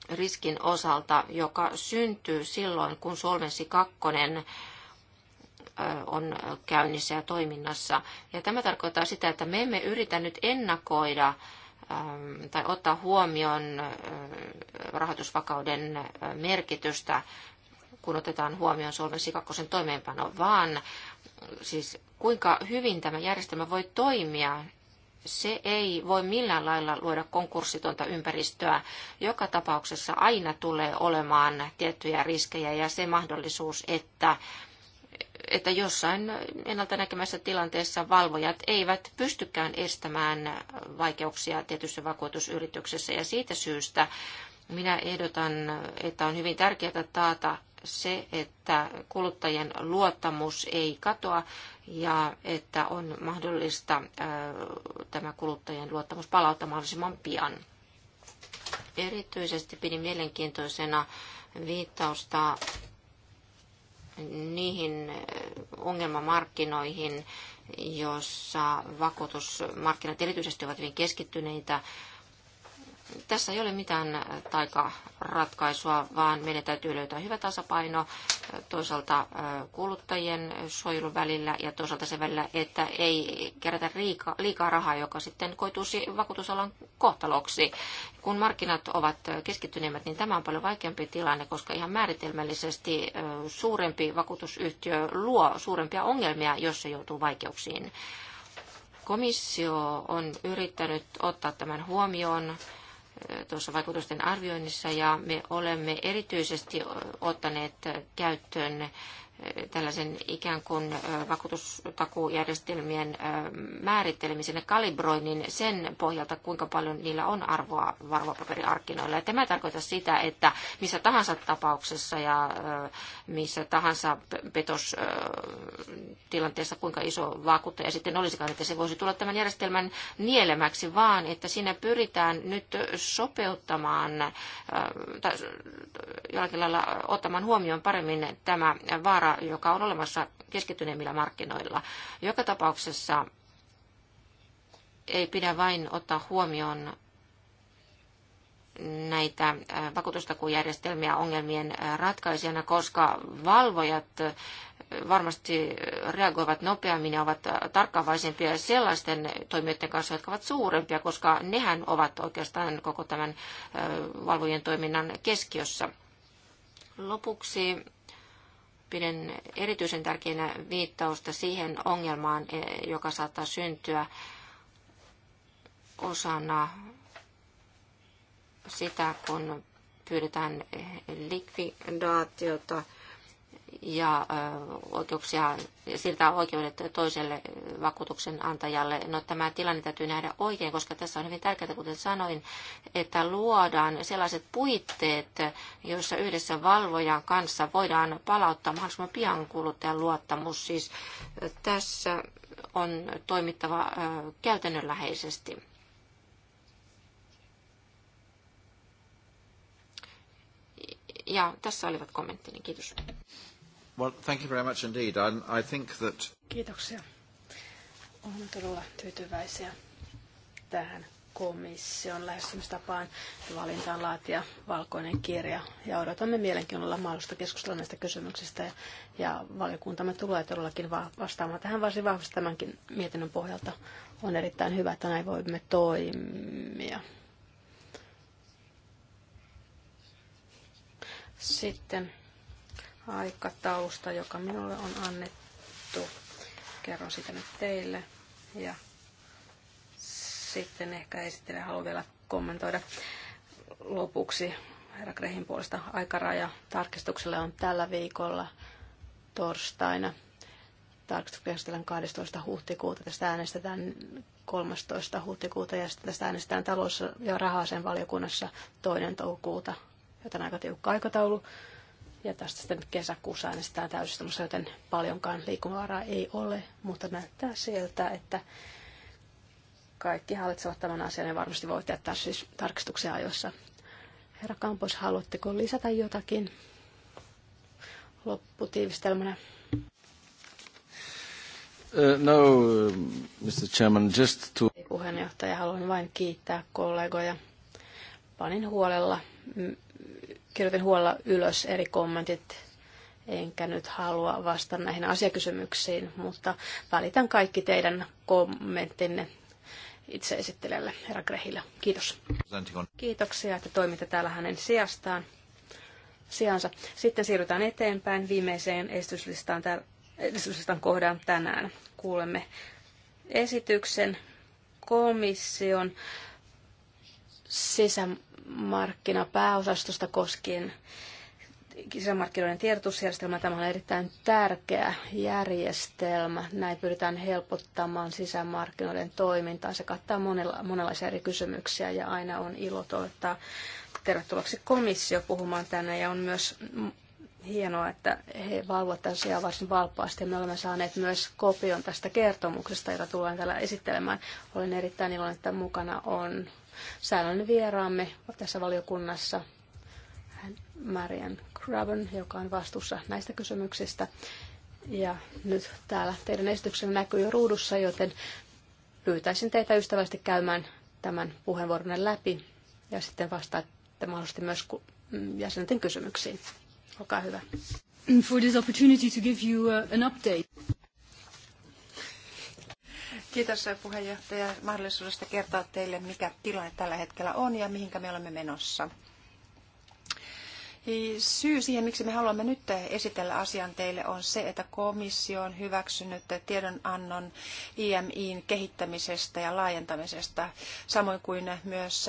riskin osalta, joka syntyy silloin, kun Solvenssi 2 on käynnissä ja toiminnassa. Ja tämä tarkoittaa sitä, että me emme yritä nyt ennakoida tai ottaa huomioon rahoitusvakauden merkitystä, kun otetaan huomioon Solvensi sikakkosen toimeenpano, vaan siis kuinka hyvin tämä järjestelmä voi toimia se ei voi millään lailla luoda konkurssitonta ympäristöä. Joka tapauksessa aina tulee olemaan tiettyjä riskejä ja se mahdollisuus, että että jossain ennalta näkemässä tilanteessa valvojat eivät pystykään estämään vaikeuksia tietyssä vakuutusyrityksessä. Ja siitä syystä minä ehdotan, että on hyvin tärkeää taata se, että kuluttajien luottamus ei katoa ja että on mahdollista tämä kuluttajien luottamus palauttaa mahdollisimman pian. Erityisesti pidin mielenkiintoisena viittausta niihin eh, ongelmamarkkinoihin, jossa vakuutusmarkkinat erityisesti ovat hyvin keskittyneitä tässä ei ole mitään taikaratkaisua, vaan meidän täytyy löytää hyvä tasapaino toisaalta kuluttajien suojelun välillä ja toisaalta sen välillä, että ei kerätä liikaa, liikaa rahaa, joka sitten koituisi vakuutusalan kohtaloksi. Kun markkinat ovat keskittyneemmät, niin tämä on paljon vaikeampi tilanne, koska ihan määritelmällisesti suurempi vakuutusyhtiö luo suurempia ongelmia, jos se joutuu vaikeuksiin. Komissio on yrittänyt ottaa tämän huomioon tuossa vaikutusten arvioinnissa ja me olemme erityisesti ottaneet käyttöön tällaisen ikään kuin vakuutustakujärjestelmien määrittelemisen ja kalibroinnin sen pohjalta, kuinka paljon niillä on arvoa varvopaperiarkkinoilla. Ja tämä tarkoittaa sitä, että missä tahansa tapauksessa ja missä tahansa petostilanteessa, kuinka iso vakuuttaja sitten olisikaan, että se voisi tulla tämän järjestelmän nielemäksi, vaan että siinä pyritään nyt sopeuttamaan tai jollakin lailla ottamaan huomioon paremmin tämä vaara tavara, joka on olemassa keskittyneemmillä markkinoilla. Joka tapauksessa ei pidä vain ottaa huomioon näitä äh, vakuutustakujärjestelmiä ongelmien äh, ratkaisijana, koska valvojat äh, varmasti reagoivat nopeammin ja ovat tarkkaavaisempia sellaisten toimijoiden kanssa, jotka ovat suurempia, koska nehän ovat oikeastaan koko tämän valvojen toiminnan keskiössä. Lopuksi Pidän erityisen tärkeänä viittausta siihen ongelmaan, eh, joka saattaa syntyä osana sitä, kun pyydetään eh, likvidaatiota – ja oikeuksia siirtää oikeudet toiselle vakuutuksen antajalle. No, tämä tilanne täytyy nähdä oikein, koska tässä on hyvin tärkeää, kuten sanoin, että luodaan sellaiset puitteet, joissa yhdessä valvojan kanssa voidaan palauttaa mahdollisimman pian kuluttajan luottamus. Siis tässä on toimittava käytännönläheisesti. Ja tässä olivat kommenttini. Kiitos. Well, thank you very much indeed. I, I think that... Kiitoksia. Olen todella tyytyväisiä tähän komission lähestymistapaan ja valintaan laatia valkoinen kirja. Ja odotamme mielenkiinnolla mahdollista keskustella näistä kysymyksistä. Ja, ja valiokuntamme tulee todellakin vastaamaan tähän varsin vahvasti tämänkin mietinnön pohjalta. On erittäin hyvä, että näin voimme toimia. Sitten aikataulusta, joka minulle on annettu. Kerron sitä nyt teille ja sitten ehkä esittelen haluan vielä kommentoida lopuksi herra Krehin puolesta aikaraja tarkistukselle on tällä viikolla torstaina. Tarkistus käsitellään 12. huhtikuuta. Tästä äänestetään 13. huhtikuuta ja sitten tästä äänestetään talous- ja rahaisen valiokunnassa toinen toukokuuta, joten aika tiukka aikataulu. Ja tästä sitten kesäkuussa äänestetään täysistunnossa, joten paljonkaan liikkumavaraa ei ole, mutta näyttää siltä, että kaikki hallitsevat tämän asian ja varmasti voi tehdä siis tarkistuksia ajoissa. Herra Kampos, haluatteko lisätä jotakin lopputiivistelmänä? Uh, no, Mr. Um, Chairman, just to... Puheenjohtaja, haluan vain kiittää kollegoja. Panin huolella kirjoitin huolella ylös eri kommentit, enkä nyt halua vastata näihin asiakysymyksiin, mutta välitän kaikki teidän kommenttinne itse esittelijälle, herra Grehillä. Kiitos. Kiitoksia, että toimitte täällä hänen sijastaan. Sijansa. Sitten siirrytään eteenpäin viimeiseen esityslistaan, tär- esityslistan kohdan tänään. Kuulemme esityksen komission sisä- sisämarkkinapääosastosta koskien sisämarkkinoiden tiedotusjärjestelmä. Tämä on erittäin tärkeä järjestelmä. Näin pyritään helpottamaan sisämarkkinoiden toimintaa. Se kattaa monella, monenlaisia eri kysymyksiä ja aina on ilo toivottaa tervetulleeksi komissio puhumaan tänne ja on myös hienoa, että he valvovat asiaa varsin valpaasti. Me olemme saaneet myös kopion tästä kertomuksesta, jota tullaan täällä esittelemään. Olen erittäin iloinen, että mukana on säännöllinen vieraamme tässä valiokunnassa, Marian Craven, joka on vastuussa näistä kysymyksistä. Ja nyt täällä teidän esityksenne näkyy jo ruudussa, joten pyytäisin teitä ystävällisesti käymään tämän puheenvuoron läpi ja sitten vastaatte mahdollisesti myös mm, jäsenten kysymyksiin. Olkaa hyvä. For this opportunity to give you uh, an update. Kiitos puheenjohtaja mahdollisuudesta kertoa teille, mikä tilanne tällä hetkellä on ja mihinkä me olemme menossa. Syy siihen, miksi me haluamme nyt esitellä asian teille, on se, että komissio on hyväksynyt tiedonannon IMIin kehittämisestä ja laajentamisesta, samoin kuin myös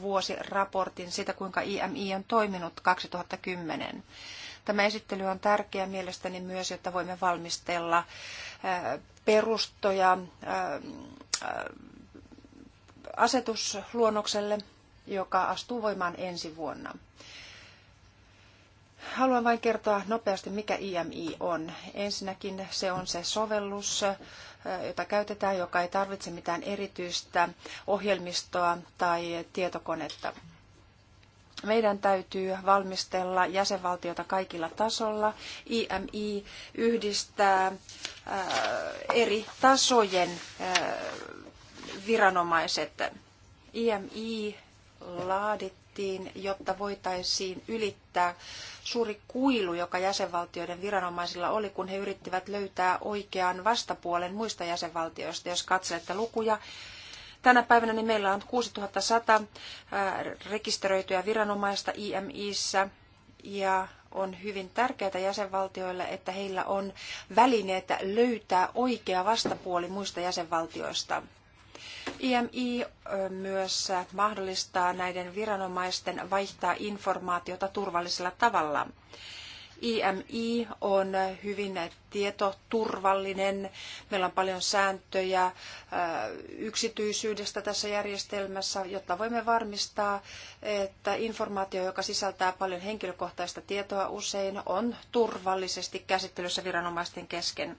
vuosiraportin siitä, kuinka IMI on toiminut 2010. Tämä esittely on tärkeä mielestäni myös, jotta voimme valmistella perustoja asetusluonnokselle, joka astuu voimaan ensi vuonna. Haluan vain kertoa nopeasti, mikä IMI on. Ensinnäkin se on se sovellus, jota käytetään, joka ei tarvitse mitään erityistä ohjelmistoa tai tietokonetta meidän täytyy valmistella jäsenvaltiota kaikilla tasolla. IMI yhdistää äh, eri tasojen äh, viranomaiset. IMI laadittiin, jotta voitaisiin ylittää suuri kuilu, joka jäsenvaltioiden viranomaisilla oli, kun he yrittivät löytää oikean vastapuolen muista jäsenvaltioista. Jos katselette lukuja, Tänä päivänä niin meillä on 6100 äh, rekisteröityjä viranomaista IMIssä ja on hyvin tärkeää jäsenvaltioille, että heillä on välineet löytää oikea vastapuoli muista jäsenvaltioista. IMI myös mahdollistaa näiden viranomaisten vaihtaa informaatiota turvallisella tavalla. IMI on hyvin tietoturvallinen. Meillä on paljon sääntöjä äh, yksityisyydestä tässä järjestelmässä, jotta voimme varmistaa, että informaatio, joka sisältää paljon henkilökohtaista tietoa usein, on turvallisesti käsittelyssä viranomaisten kesken.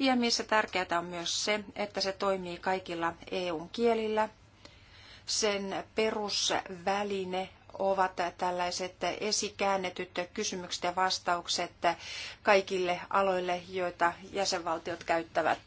IMIssä tärkeää on myös se, että se toimii kaikilla eu kielillä. Sen perusväline ovat tällaiset esikäännetyt kysymykset ja vastaukset kaikille aloille, joita jäsenvaltiot käyttävät.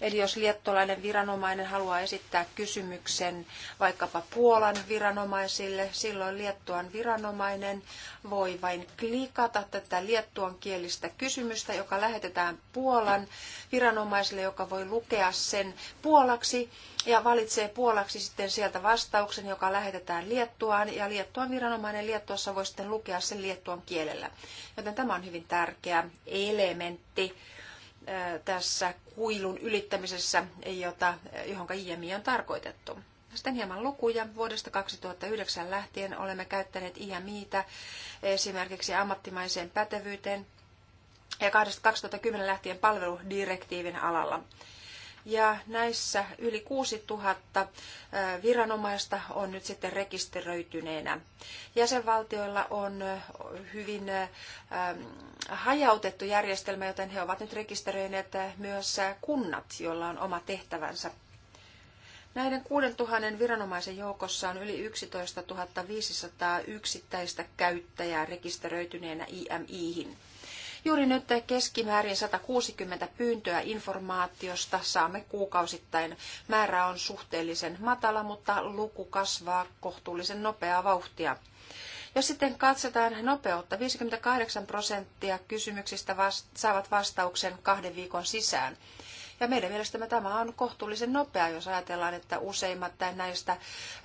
Eli jos liettolainen viranomainen haluaa esittää kysymyksen vaikkapa Puolan viranomaisille, silloin Liettuan viranomainen voi vain klikata tätä liettuan kielistä kysymystä, joka lähetetään Puolan viranomaisille, joka voi lukea sen puolaksi ja valitsee puolaksi sitten sieltä vastauksen, joka lähetetään Liettuaan, ja Liettuan viranomainen Liettuassa voi sitten lukea sen Liettuan kielellä. Joten tämä on hyvin tärkeä elementti tässä kuilun ylittämisessä, jota, johon IMI on tarkoitettu. Sitten hieman lukuja. Vuodesta 2009 lähtien olemme käyttäneet IMIitä esimerkiksi ammattimaiseen pätevyyteen ja 2010 lähtien palveludirektiivin alalla ja näissä yli 6000 viranomaista on nyt sitten rekisteröityneenä. Jäsenvaltioilla on hyvin hajautettu järjestelmä, joten he ovat nyt rekisteröineet myös kunnat, joilla on oma tehtävänsä. Näiden 6000 viranomaisen joukossa on yli 11 500 yksittäistä käyttäjää rekisteröityneenä IMIhin. Juuri nyt keskimäärin 160 pyyntöä informaatiosta saamme kuukausittain. Määrä on suhteellisen matala, mutta luku kasvaa kohtuullisen nopeaa vauhtia. Jos sitten katsotaan nopeutta, 58 prosenttia kysymyksistä vast- saavat vastauksen kahden viikon sisään. Ja meidän mielestämme tämä on kohtuullisen nopea, jos ajatellaan, että useimmat näistä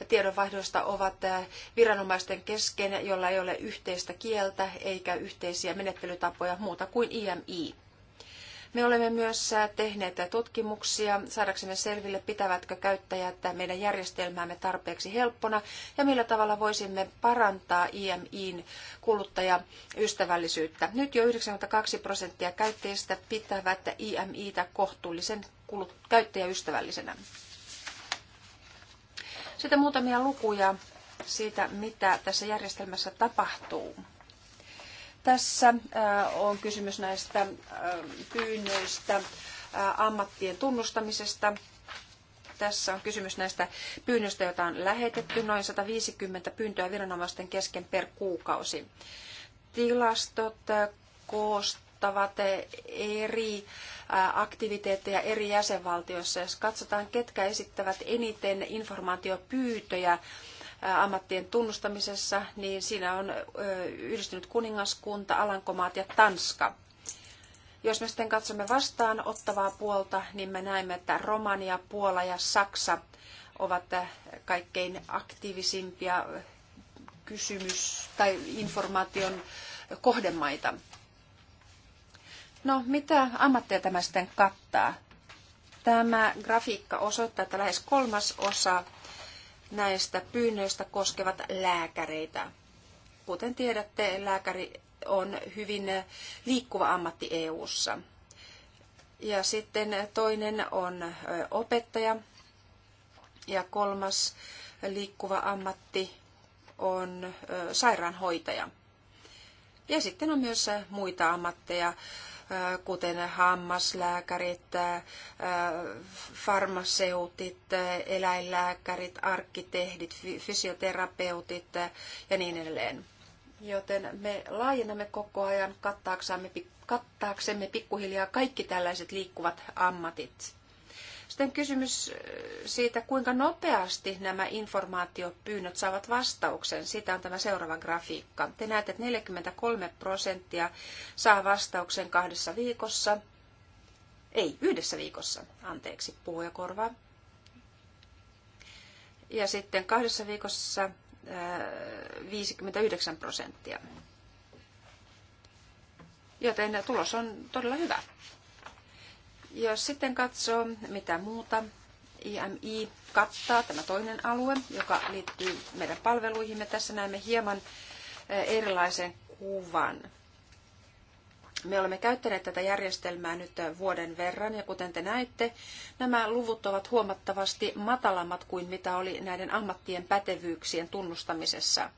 tiedonvaihdoista ovat eh, viranomaisten kesken, jolla ei ole yhteistä kieltä eikä yhteisiä menettelytapoja muuta kuin IMI. Me olemme myös tehneet tutkimuksia saadaksemme selville, pitävätkö käyttäjät meidän järjestelmäämme tarpeeksi helppona ja millä tavalla voisimme parantaa IMIin kuluttajaystävällisyyttä. Nyt jo 92 prosenttia käyttäjistä pitävät IMItä kohtuullisen käyttäjäystävällisenä. Sitten muutamia lukuja siitä, mitä tässä järjestelmässä tapahtuu. Tässä äh, on kysymys näistä äh, pyynnöistä äh, ammattien tunnustamisesta. Tässä on kysymys näistä pyynnöistä, joita on lähetetty, noin 150 pyyntöä viranomaisten kesken per kuukausi. Tilastot koostavat eri aktiviteetteja eri jäsenvaltioissa. Jos katsotaan, ketkä esittävät eniten informaatiopyyntöjä, ammattien tunnustamisessa, niin siinä on yhdistynyt kuningaskunta, Alankomaat ja Tanska. Jos me sitten katsomme vastaanottavaa puolta, niin me näemme, että Romania, Puola ja Saksa ovat kaikkein aktiivisimpia kysymys- tai informaation kohdemaita. No, mitä ammatteja tämä sitten kattaa? Tämä grafiikka osoittaa, että lähes kolmas osa näistä pyynnöistä koskevat lääkäreitä. Kuten tiedätte, lääkäri on hyvin liikkuva ammatti EU:ssa. Ja sitten toinen on opettaja ja kolmas liikkuva ammatti on sairaanhoitaja. Ja sitten on myös muita ammatteja, kuten hammaslääkärit, äh, farmaseutit, eläinlääkärit, arkkitehdit, fysioterapeutit ja niin edelleen. Joten me laajennamme koko ajan kattaaksemme, pikkuhiljaa kaikki tällaiset liikkuvat ammatit. Sitten kysymys äh, siitä, kuinka nopeasti nämä informaatiopyynnöt saavat vastauksen. Siitä on tämä seuraava grafiikka. Te näette, että 43 prosenttia saa vastauksen kahdessa viikossa. Ei, yhdessä viikossa. Anteeksi, puhuja korvaa. Ja sitten kahdessa viikossa 59 äh, prosenttia. Joten tulos on todella hyvä. Jos sitten katsoo, mitä muuta IMI kattaa, tämä toinen alue, joka liittyy meidän palveluihimme, tässä näemme hieman eh, erilaisen kuvan. Me olemme käyttäneet tätä järjestelmää nyt eh, vuoden verran ja kuten te näette, nämä luvut ovat huomattavasti matalammat kuin mitä oli näiden ammattien pätevyyksien tunnustamisessa.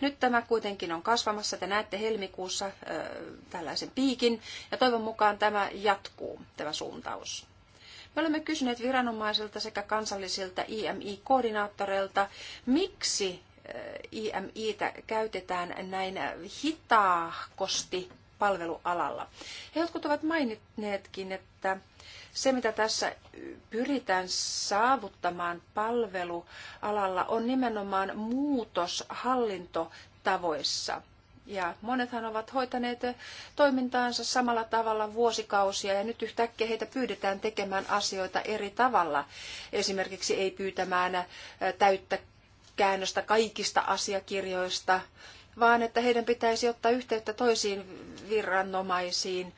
Nyt tämä kuitenkin on kasvamassa. Te näette helmikuussa tällaisen piikin ja toivon mukaan tämä jatkuu, tämä suuntaus. Me olemme kysyneet viranomaisilta sekä kansallisilta IMI-koordinaattoreilta, miksi IMItä käytetään näin hitaakosti palvelualalla. He jotkut ovat maininneetkin, että se, mitä tässä pyritään saavuttamaan palvelualalla, on nimenomaan muutos hallintotavoissa. Ja monethan ovat hoitaneet toimintaansa samalla tavalla vuosikausia ja nyt yhtäkkiä heitä pyydetään tekemään asioita eri tavalla. Esimerkiksi ei pyytämään täyttä käännöstä kaikista asiakirjoista, vaan että heidän pitäisi ottaa yhteyttä toisiin viranomaisiin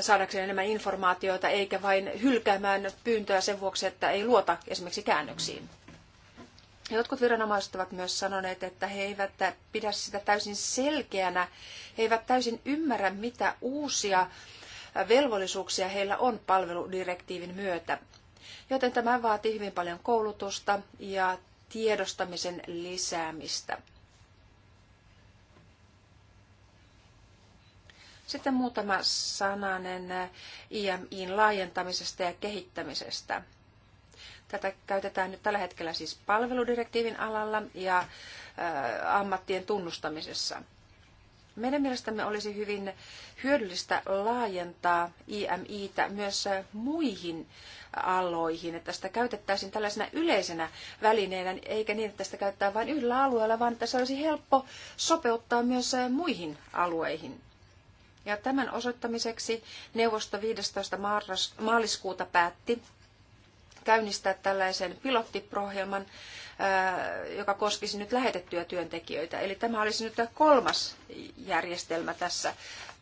saadakseen enemmän informaatiota, eikä vain hylkäämään pyyntöä sen vuoksi, että ei luota esimerkiksi käännöksiin. Jotkut viranomaiset ovat myös sanoneet, että he eivät pidä sitä täysin selkeänä, he eivät täysin ymmärrä, mitä uusia velvollisuuksia heillä on palveludirektiivin myötä. Joten tämä vaatii hyvin paljon koulutusta ja tiedostamisen lisäämistä. Sitten muutama sananen IMIin laajentamisesta ja kehittämisestä. Tätä käytetään nyt tällä hetkellä siis palveludirektiivin alalla ja ammattien tunnustamisessa. Meidän mielestämme olisi hyvin hyödyllistä laajentaa IMItä myös muihin aloihin, että sitä käytettäisiin tällaisena yleisenä välineenä, eikä niin, että sitä käyttää vain yhdellä alueella, vaan että se olisi helppo sopeuttaa myös muihin alueihin. Ja tämän osoittamiseksi neuvosto 15. maaliskuuta päätti käynnistää tällaisen pilottiprohjelman, joka koskisi nyt lähetettyjä työntekijöitä. Eli tämä olisi nyt kolmas järjestelmä tässä,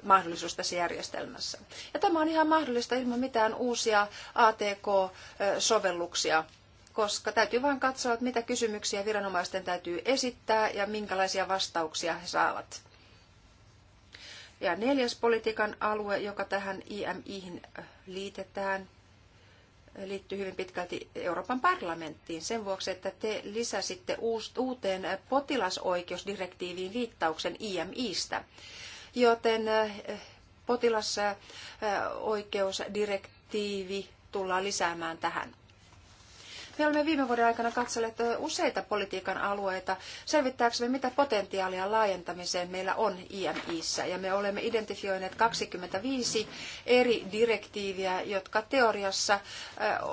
mahdollisuus tässä järjestelmässä. Ja tämä on ihan mahdollista ilman mitään uusia ATK-sovelluksia, koska täytyy vain katsoa, mitä kysymyksiä viranomaisten täytyy esittää ja minkälaisia vastauksia he saavat. Ja neljäs politiikan alue, joka tähän IMIhin äh, liitetään, liittyy hyvin pitkälti Euroopan parlamenttiin sen vuoksi, että te lisäsitte uuteen potilasoikeusdirektiiviin viittauksen IMIstä. Joten äh, potilasoikeusdirektiivi äh, tullaan lisäämään tähän. Me olemme viime vuoden aikana katselleet useita politiikan alueita selvittääksemme, mitä potentiaalia laajentamiseen meillä on IMIssä. Ja me olemme identifioineet 25 eri direktiiviä, jotka teoriassa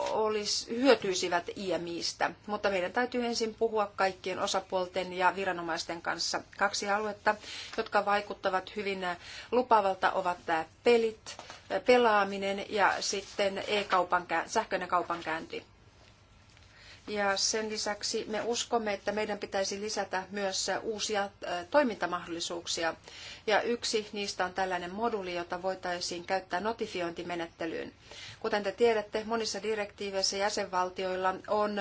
olis, hyötyisivät IMIstä. Mutta meidän täytyy ensin puhua kaikkien osapuolten ja viranomaisten kanssa. Kaksi aluetta, jotka vaikuttavat hyvin lupavalta, ovat pelit, pelaaminen ja sitten e-kaupan, sähköinen kaupankäynti. Ja sen lisäksi me uskomme, että meidän pitäisi lisätä myös uusia äh, toimintamahdollisuuksia. Ja yksi niistä on tällainen moduli, jota voitaisiin käyttää notifiointimenettelyyn. Kuten te tiedätte, monissa direktiiveissä jäsenvaltioilla on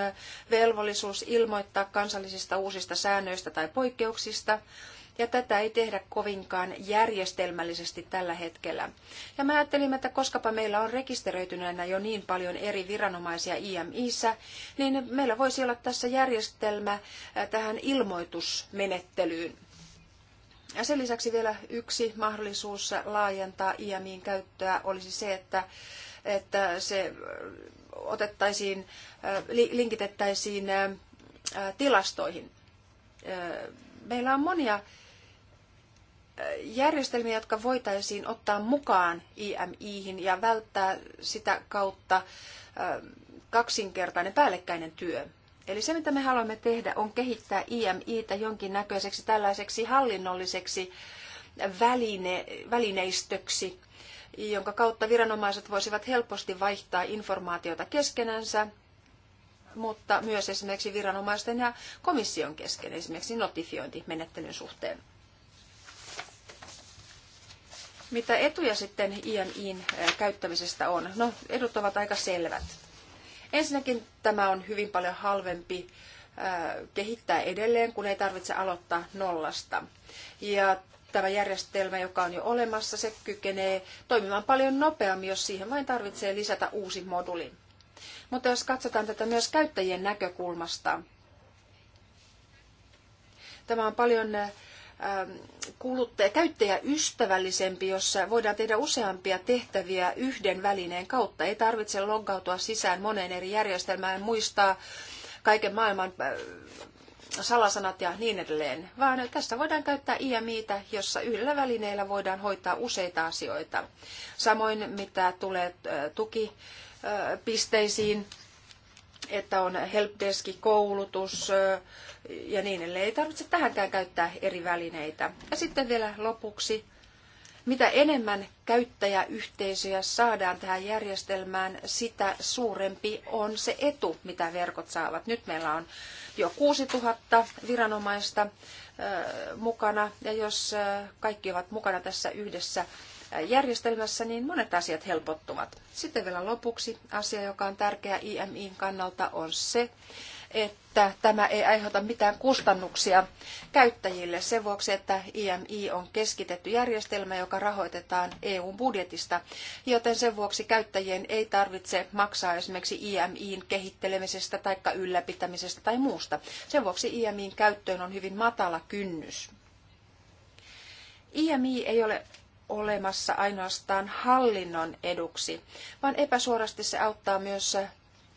velvollisuus ilmoittaa kansallisista uusista säännöistä tai poikkeuksista ja tätä ei tehdä kovinkaan järjestelmällisesti tällä hetkellä. Ja mä ajattelin, että koskapa meillä on rekisteröitynä jo niin paljon eri viranomaisia IMIssä, niin meillä voisi olla tässä järjestelmä tähän ilmoitusmenettelyyn. Ja sen lisäksi vielä yksi mahdollisuus laajentaa IMIin käyttöä olisi se, että, että se otettaisiin, linkitettäisiin tilastoihin. Meillä on monia järjestelmiä, jotka voitaisiin ottaa mukaan IMIihin ja välttää sitä kautta kaksinkertainen päällekkäinen työ. Eli se, mitä me haluamme tehdä, on kehittää IMItä jonkinnäköiseksi tällaiseksi hallinnolliseksi väline, välineistöksi, jonka kautta viranomaiset voisivat helposti vaihtaa informaatiota keskenänsä, mutta myös esimerkiksi viranomaisten ja komission kesken, esimerkiksi notifiointimenettelyn suhteen. Mitä etuja sitten INIin käyttämisestä on? No, edut ovat aika selvät. Ensinnäkin tämä on hyvin paljon halvempi kehittää edelleen, kun ei tarvitse aloittaa nollasta. Ja tämä järjestelmä, joka on jo olemassa, se kykenee toimimaan paljon nopeammin, jos siihen vain tarvitsee lisätä uusi moduli. Mutta jos katsotaan tätä myös käyttäjien näkökulmasta, tämä on paljon Ähm, kuluttaja, käyttäjäystävällisempi, jossa voidaan tehdä useampia tehtäviä yhden välineen kautta. Ei tarvitse loggautua sisään moneen eri järjestelmään, muistaa kaiken maailman äh, salasanat ja niin edelleen, vaan tässä voidaan käyttää IMItä, jossa yhdellä välineellä voidaan hoitaa useita asioita. Samoin mitä tulee äh, tukipisteisiin, että on helpdeski, koulutus ja niin edelleen. Ei tarvitse tähänkään käyttää eri välineitä. Ja sitten vielä lopuksi, mitä enemmän käyttäjäyhteisöjä saadaan tähän järjestelmään, sitä suurempi on se etu, mitä verkot saavat. Nyt meillä on jo 6000 viranomaista mukana, ja jos kaikki ovat mukana tässä yhdessä järjestelmässä, niin monet asiat helpottuvat. Sitten vielä lopuksi asia, joka on tärkeä IMIin kannalta, on se, että tämä ei aiheuta mitään kustannuksia käyttäjille sen vuoksi, että IMI on keskitetty järjestelmä, joka rahoitetaan EU-budjetista, joten sen vuoksi käyttäjien ei tarvitse maksaa esimerkiksi IMIin kehittelemisestä tai ylläpitämisestä tai muusta. Sen vuoksi IMIin käyttöön on hyvin matala kynnys. IMI ei ole olemassa ainoastaan hallinnon eduksi, vaan epäsuorasti se auttaa myös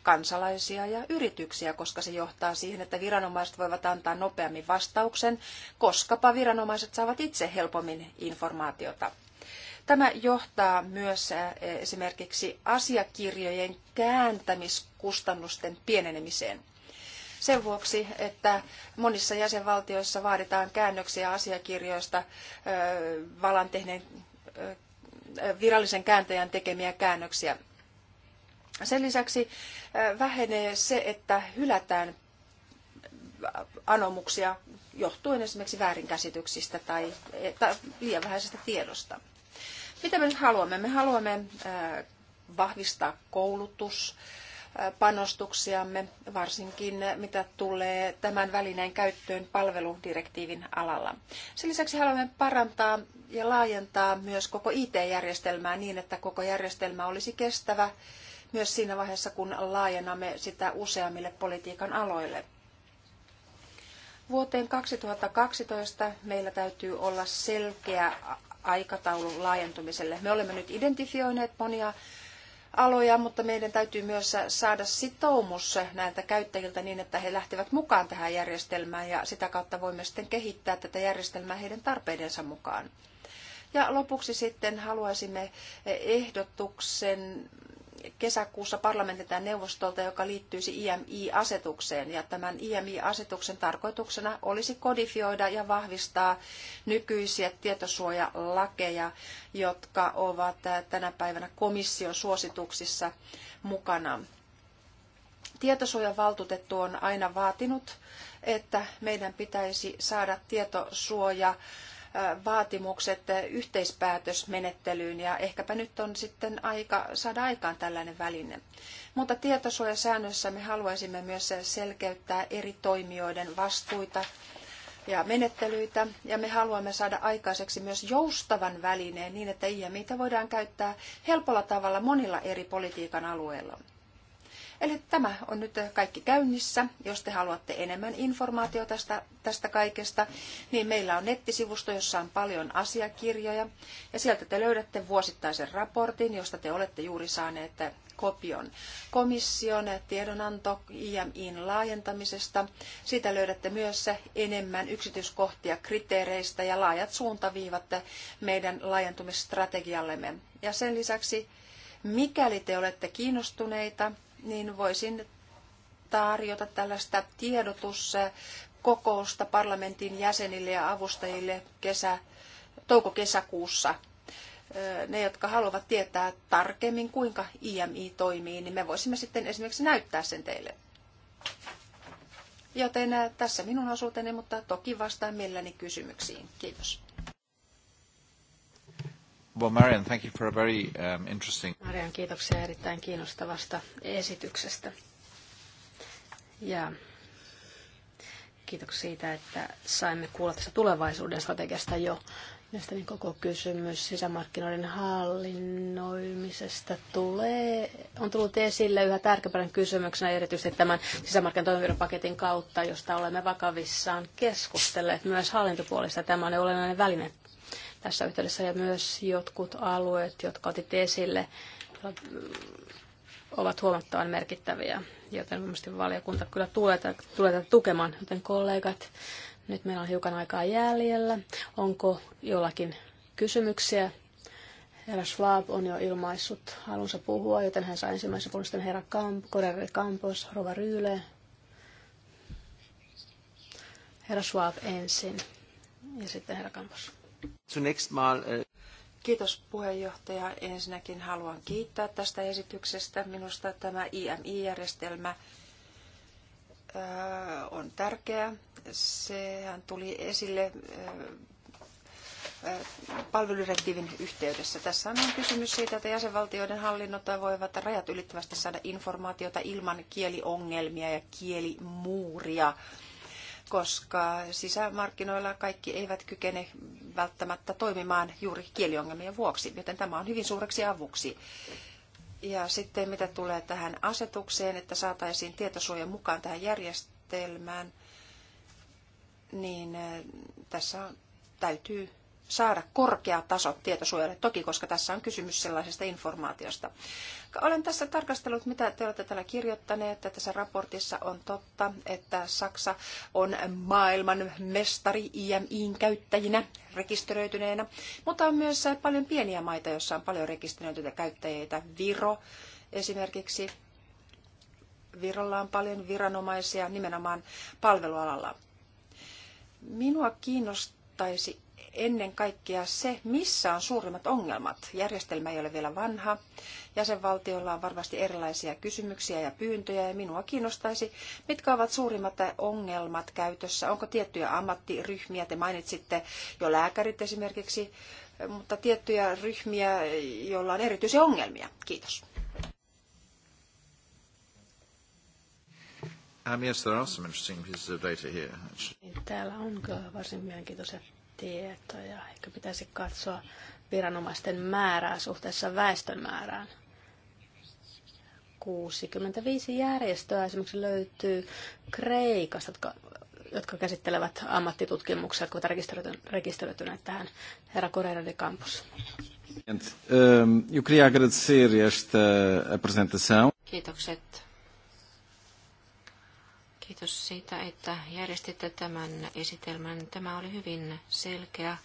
kansalaisia ja yrityksiä, koska se johtaa siihen, että viranomaiset voivat antaa nopeammin vastauksen, koskapa viranomaiset saavat itse helpommin informaatiota. Tämä johtaa myös esimerkiksi asiakirjojen kääntämiskustannusten pienenemiseen sen vuoksi, että monissa jäsenvaltioissa vaaditaan käännöksiä asiakirjoista valan tehneen virallisen kääntäjän tekemiä käännöksiä. Sen lisäksi vähenee se, että hylätään anomuksia johtuen esimerkiksi väärinkäsityksistä tai, liian vähäisestä tiedosta. Mitä me nyt haluamme? Me haluamme vahvistaa koulutus, panostuksiamme, varsinkin mitä tulee tämän välineen käyttöön palveludirektiivin alalla. Sen lisäksi haluamme parantaa ja laajentaa myös koko IT-järjestelmää niin, että koko järjestelmä olisi kestävä myös siinä vaiheessa, kun laajennamme sitä useammille politiikan aloille. Vuoteen 2012 meillä täytyy olla selkeä aikataulu laajentumiselle. Me olemme nyt identifioineet monia aloja, mutta meidän täytyy myös saada sitoumus näiltä käyttäjiltä niin, että he lähtevät mukaan tähän järjestelmään ja sitä kautta voimme sitten kehittää tätä järjestelmää heidän tarpeidensa mukaan. Ja lopuksi sitten haluaisimme ehdotuksen kesäkuussa parlamentilta neuvostolta, joka liittyisi IMI-asetukseen. Ja tämän IMI-asetuksen tarkoituksena olisi kodifioida ja vahvistaa nykyisiä tietosuojalakeja, jotka ovat äh, tänä päivänä komission suosituksissa mukana. Tietosuojavaltuutettu on aina vaatinut, että meidän pitäisi saada tietosuoja vaatimukset yhteispäätösmenettelyyn ja ehkäpä nyt on sitten aika saada aikaan tällainen väline. Mutta tietosuojasäännössä me haluaisimme myös selkeyttää eri toimijoiden vastuita ja menettelyitä, ja me haluamme saada aikaiseksi myös joustavan välineen niin, että IMIitä voidaan käyttää helpolla tavalla monilla eri politiikan alueilla. Eli tämä on nyt kaikki käynnissä. Jos te haluatte enemmän informaatiota tästä, tästä kaikesta, niin meillä on nettisivusto, jossa on paljon asiakirjoja. Ja sieltä te löydätte vuosittaisen raportin, josta te olette juuri saaneet kopion komission tiedonanto IMIn laajentamisesta. Siitä löydätte myös enemmän yksityiskohtia kriteereistä ja laajat suuntaviivat meidän laajentumisstrategiallemme. Ja sen lisäksi, mikäli te olette kiinnostuneita niin voisin tarjota tällaista tiedotuskokousta parlamentin jäsenille ja avustajille kesä, touko-kesäkuussa. Ne, jotka haluavat tietää tarkemmin, kuinka IMI toimii, niin me voisimme sitten esimerkiksi näyttää sen teille. Joten tässä minun osuuteni, mutta toki vastaan mielelläni kysymyksiin. Kiitos. Well, Marian, thank you for a very um, interesting... kiitoksia erittäin kiinnostavasta esityksestä. Ja kiitoksia siitä, että saimme kuulla tästä tulevaisuuden strategiasta jo. Mielestäni koko kysymys sisämarkkinoiden hallinnoimisesta tulee, on tullut esille yhä tärkeimpänä kysymyksenä erityisesti tämän sisämarkkinoiden paketin kautta, josta olemme vakavissaan keskustelleet myös hallintopuolesta. Tämä on olennainen väline tässä yhteydessä ja myös jotkut alueet, jotka otit esille, mm, ovat huomattavan merkittäviä, joten varmasti valiokunta kyllä tulee, tulee tätä tukemaan, joten kollegat, nyt meillä on hiukan aikaa jäljellä. Onko jollakin kysymyksiä? Herra Schwab on jo ilmaissut halunsa puhua, joten hän saa ensimmäisen puolustan herra Kamp, Korere Kampos, Rova Ryyle. Herra Schwab ensin ja sitten herra Kampos. Äh, Kiitos puheenjohtaja. Ensinnäkin haluan kiittää tästä esityksestä. Minusta tämä IMI-järjestelmä äh, on tärkeä. Sehän tuli esille äh, palveludirektiivin yhteydessä. Tässä on kysymys siitä, että jäsenvaltioiden hallinnot voivat rajat ylittävästi saada informaatiota ilman kieliongelmia ja kielimuuria koska sisämarkkinoilla kaikki eivät kykene välttämättä toimimaan juuri kieliongelmien vuoksi, joten tämä on hyvin suureksi avuksi. Ja sitten mitä tulee tähän asetukseen, että saataisiin tietosuoja mukaan tähän järjestelmään, niin eh, tässä täytyy saada korkea taso tietosuojalle, toki koska tässä on kysymys sellaisesta informaatiosta. Olen tässä tarkastellut, mitä te olette täällä kirjoittaneet. Tässä raportissa on totta, että Saksa on maailman mestari IMIin käyttäjinä rekisteröityneenä, mutta on myös paljon pieniä maita, joissa on paljon rekisteröityjä käyttäjiä. Viro esimerkiksi. Virolla on paljon viranomaisia nimenomaan palvelualalla. Minua kiinnostaisi ennen kaikkea se, missä on suurimmat ongelmat. Järjestelmä ei ole vielä vanha. Jäsenvaltioilla on varmasti erilaisia kysymyksiä ja pyyntöjä ja minua kiinnostaisi, mitkä ovat suurimmat ongelmat käytössä. Onko tiettyjä ammattiryhmiä, te mainitsitte jo lääkärit esimerkiksi, mutta tiettyjä ryhmiä, joilla on erityisiä ongelmia. Kiitos. Um, yes, there are some interesting pieces of data here. Täällä on kyllä varsin mielenkiintoisia tietoja. Ehkä pitäisi katsoa viranomaisten määrää suhteessa väestön määrään. 65 järjestöä esimerkiksi löytyy Kreikasta, jotka, jotka käsittelevät ammattitutkimuksia, jotka ovat rekisteröityneet tähän Herra Correira de Campus. Ehm, Kiitokset Kiitos siitä, että järjestitte tämän esitelmän. Tämä oli hyvin selkeä,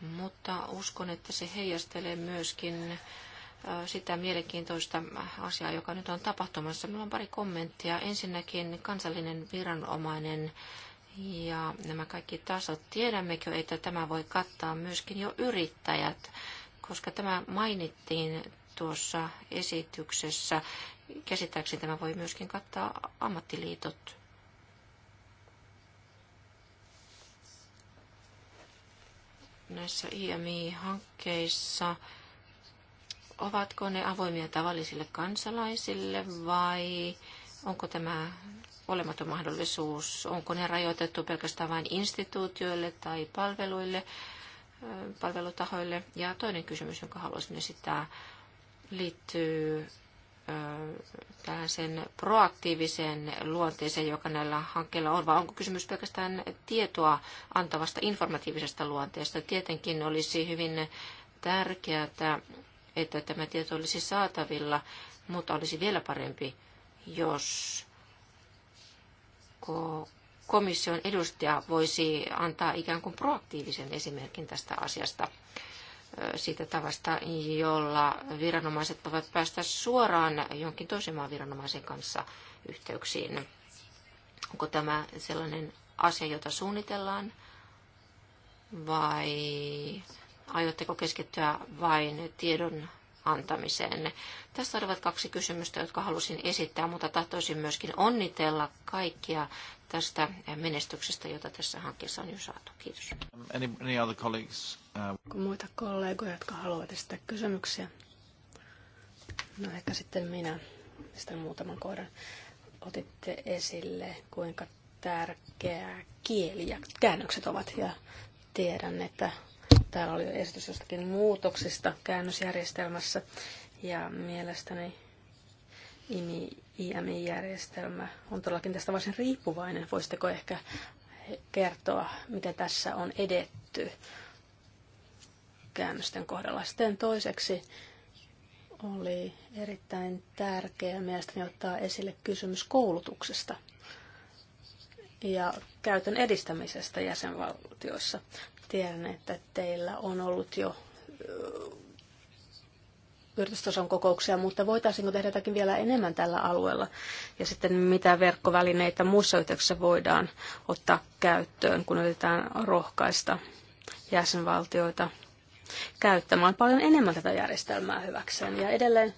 mutta uskon, että se heijastelee myöskin sitä mielenkiintoista asiaa, joka nyt on tapahtumassa. Minulla on pari kommenttia. Ensinnäkin kansallinen viranomainen ja nämä kaikki tasot. Tiedämmekö, että tämä voi kattaa myöskin jo yrittäjät, koska tämä mainittiin tuossa esityksessä. Käsittääkseni tämä voi myöskin kattaa ammattiliitot. näissä IMI-hankkeissa, ovatko ne avoimia tavallisille kansalaisille vai onko tämä olematon mahdollisuus, onko ne rajoitettu pelkästään vain instituutioille tai palveluille, palvelutahoille. Ja toinen kysymys, jonka haluaisin esittää, liittyy tähän sen proaktiiviseen luonteeseen, joka näillä hankkeilla on, vai onko kysymys pelkästään tietoa antavasta informatiivisesta luonteesta? Tietenkin olisi hyvin tärkeää, että tämä tieto olisi saatavilla, mutta olisi vielä parempi, jos komission edustaja voisi antaa ikään kuin proaktiivisen esimerkin tästä asiasta siitä tavasta, jolla viranomaiset voivat päästä suoraan jonkin toisen maan viranomaisen kanssa yhteyksiin. Onko tämä sellainen asia, jota suunnitellaan, vai aiotteko keskittyä vain tiedon antamiseen. Tässä olivat kaksi kysymystä, jotka halusin esittää, mutta tahtoisin myöskin onnitella kaikkia tästä menestyksestä, jota tässä hankkeessa on jo saatu. Kiitos. Um, any, any other colleagues? Uh, Onko muita kollegoja, jotka haluavat esittää kysymyksiä? No ehkä sitten minä sitten muutaman kohdan otitte esille, kuinka tärkeää kieli ja käännökset ovat. Ja tiedän, että Täällä oli esitys jostakin muutoksista käännösjärjestelmässä ja mielestäni IMI-järjestelmä on todellakin tästä varsin riippuvainen. Voisitteko ehkä kertoa, miten tässä on edetty käännösten kohdalla. Sitten toiseksi oli erittäin tärkeää mielestäni ottaa esille kysymys koulutuksesta ja käytön edistämisestä jäsenvaltioissa. Tiedän, että teillä on ollut jo yritystason kokouksia, mutta voitaisiinko tehdä jotakin vielä enemmän tällä alueella? Ja sitten mitä verkkovälineitä muissa yhteyksissä voidaan ottaa käyttöön, kun yritetään rohkaista jäsenvaltioita käyttämään paljon enemmän tätä järjestelmää hyväkseen. Ja edelleen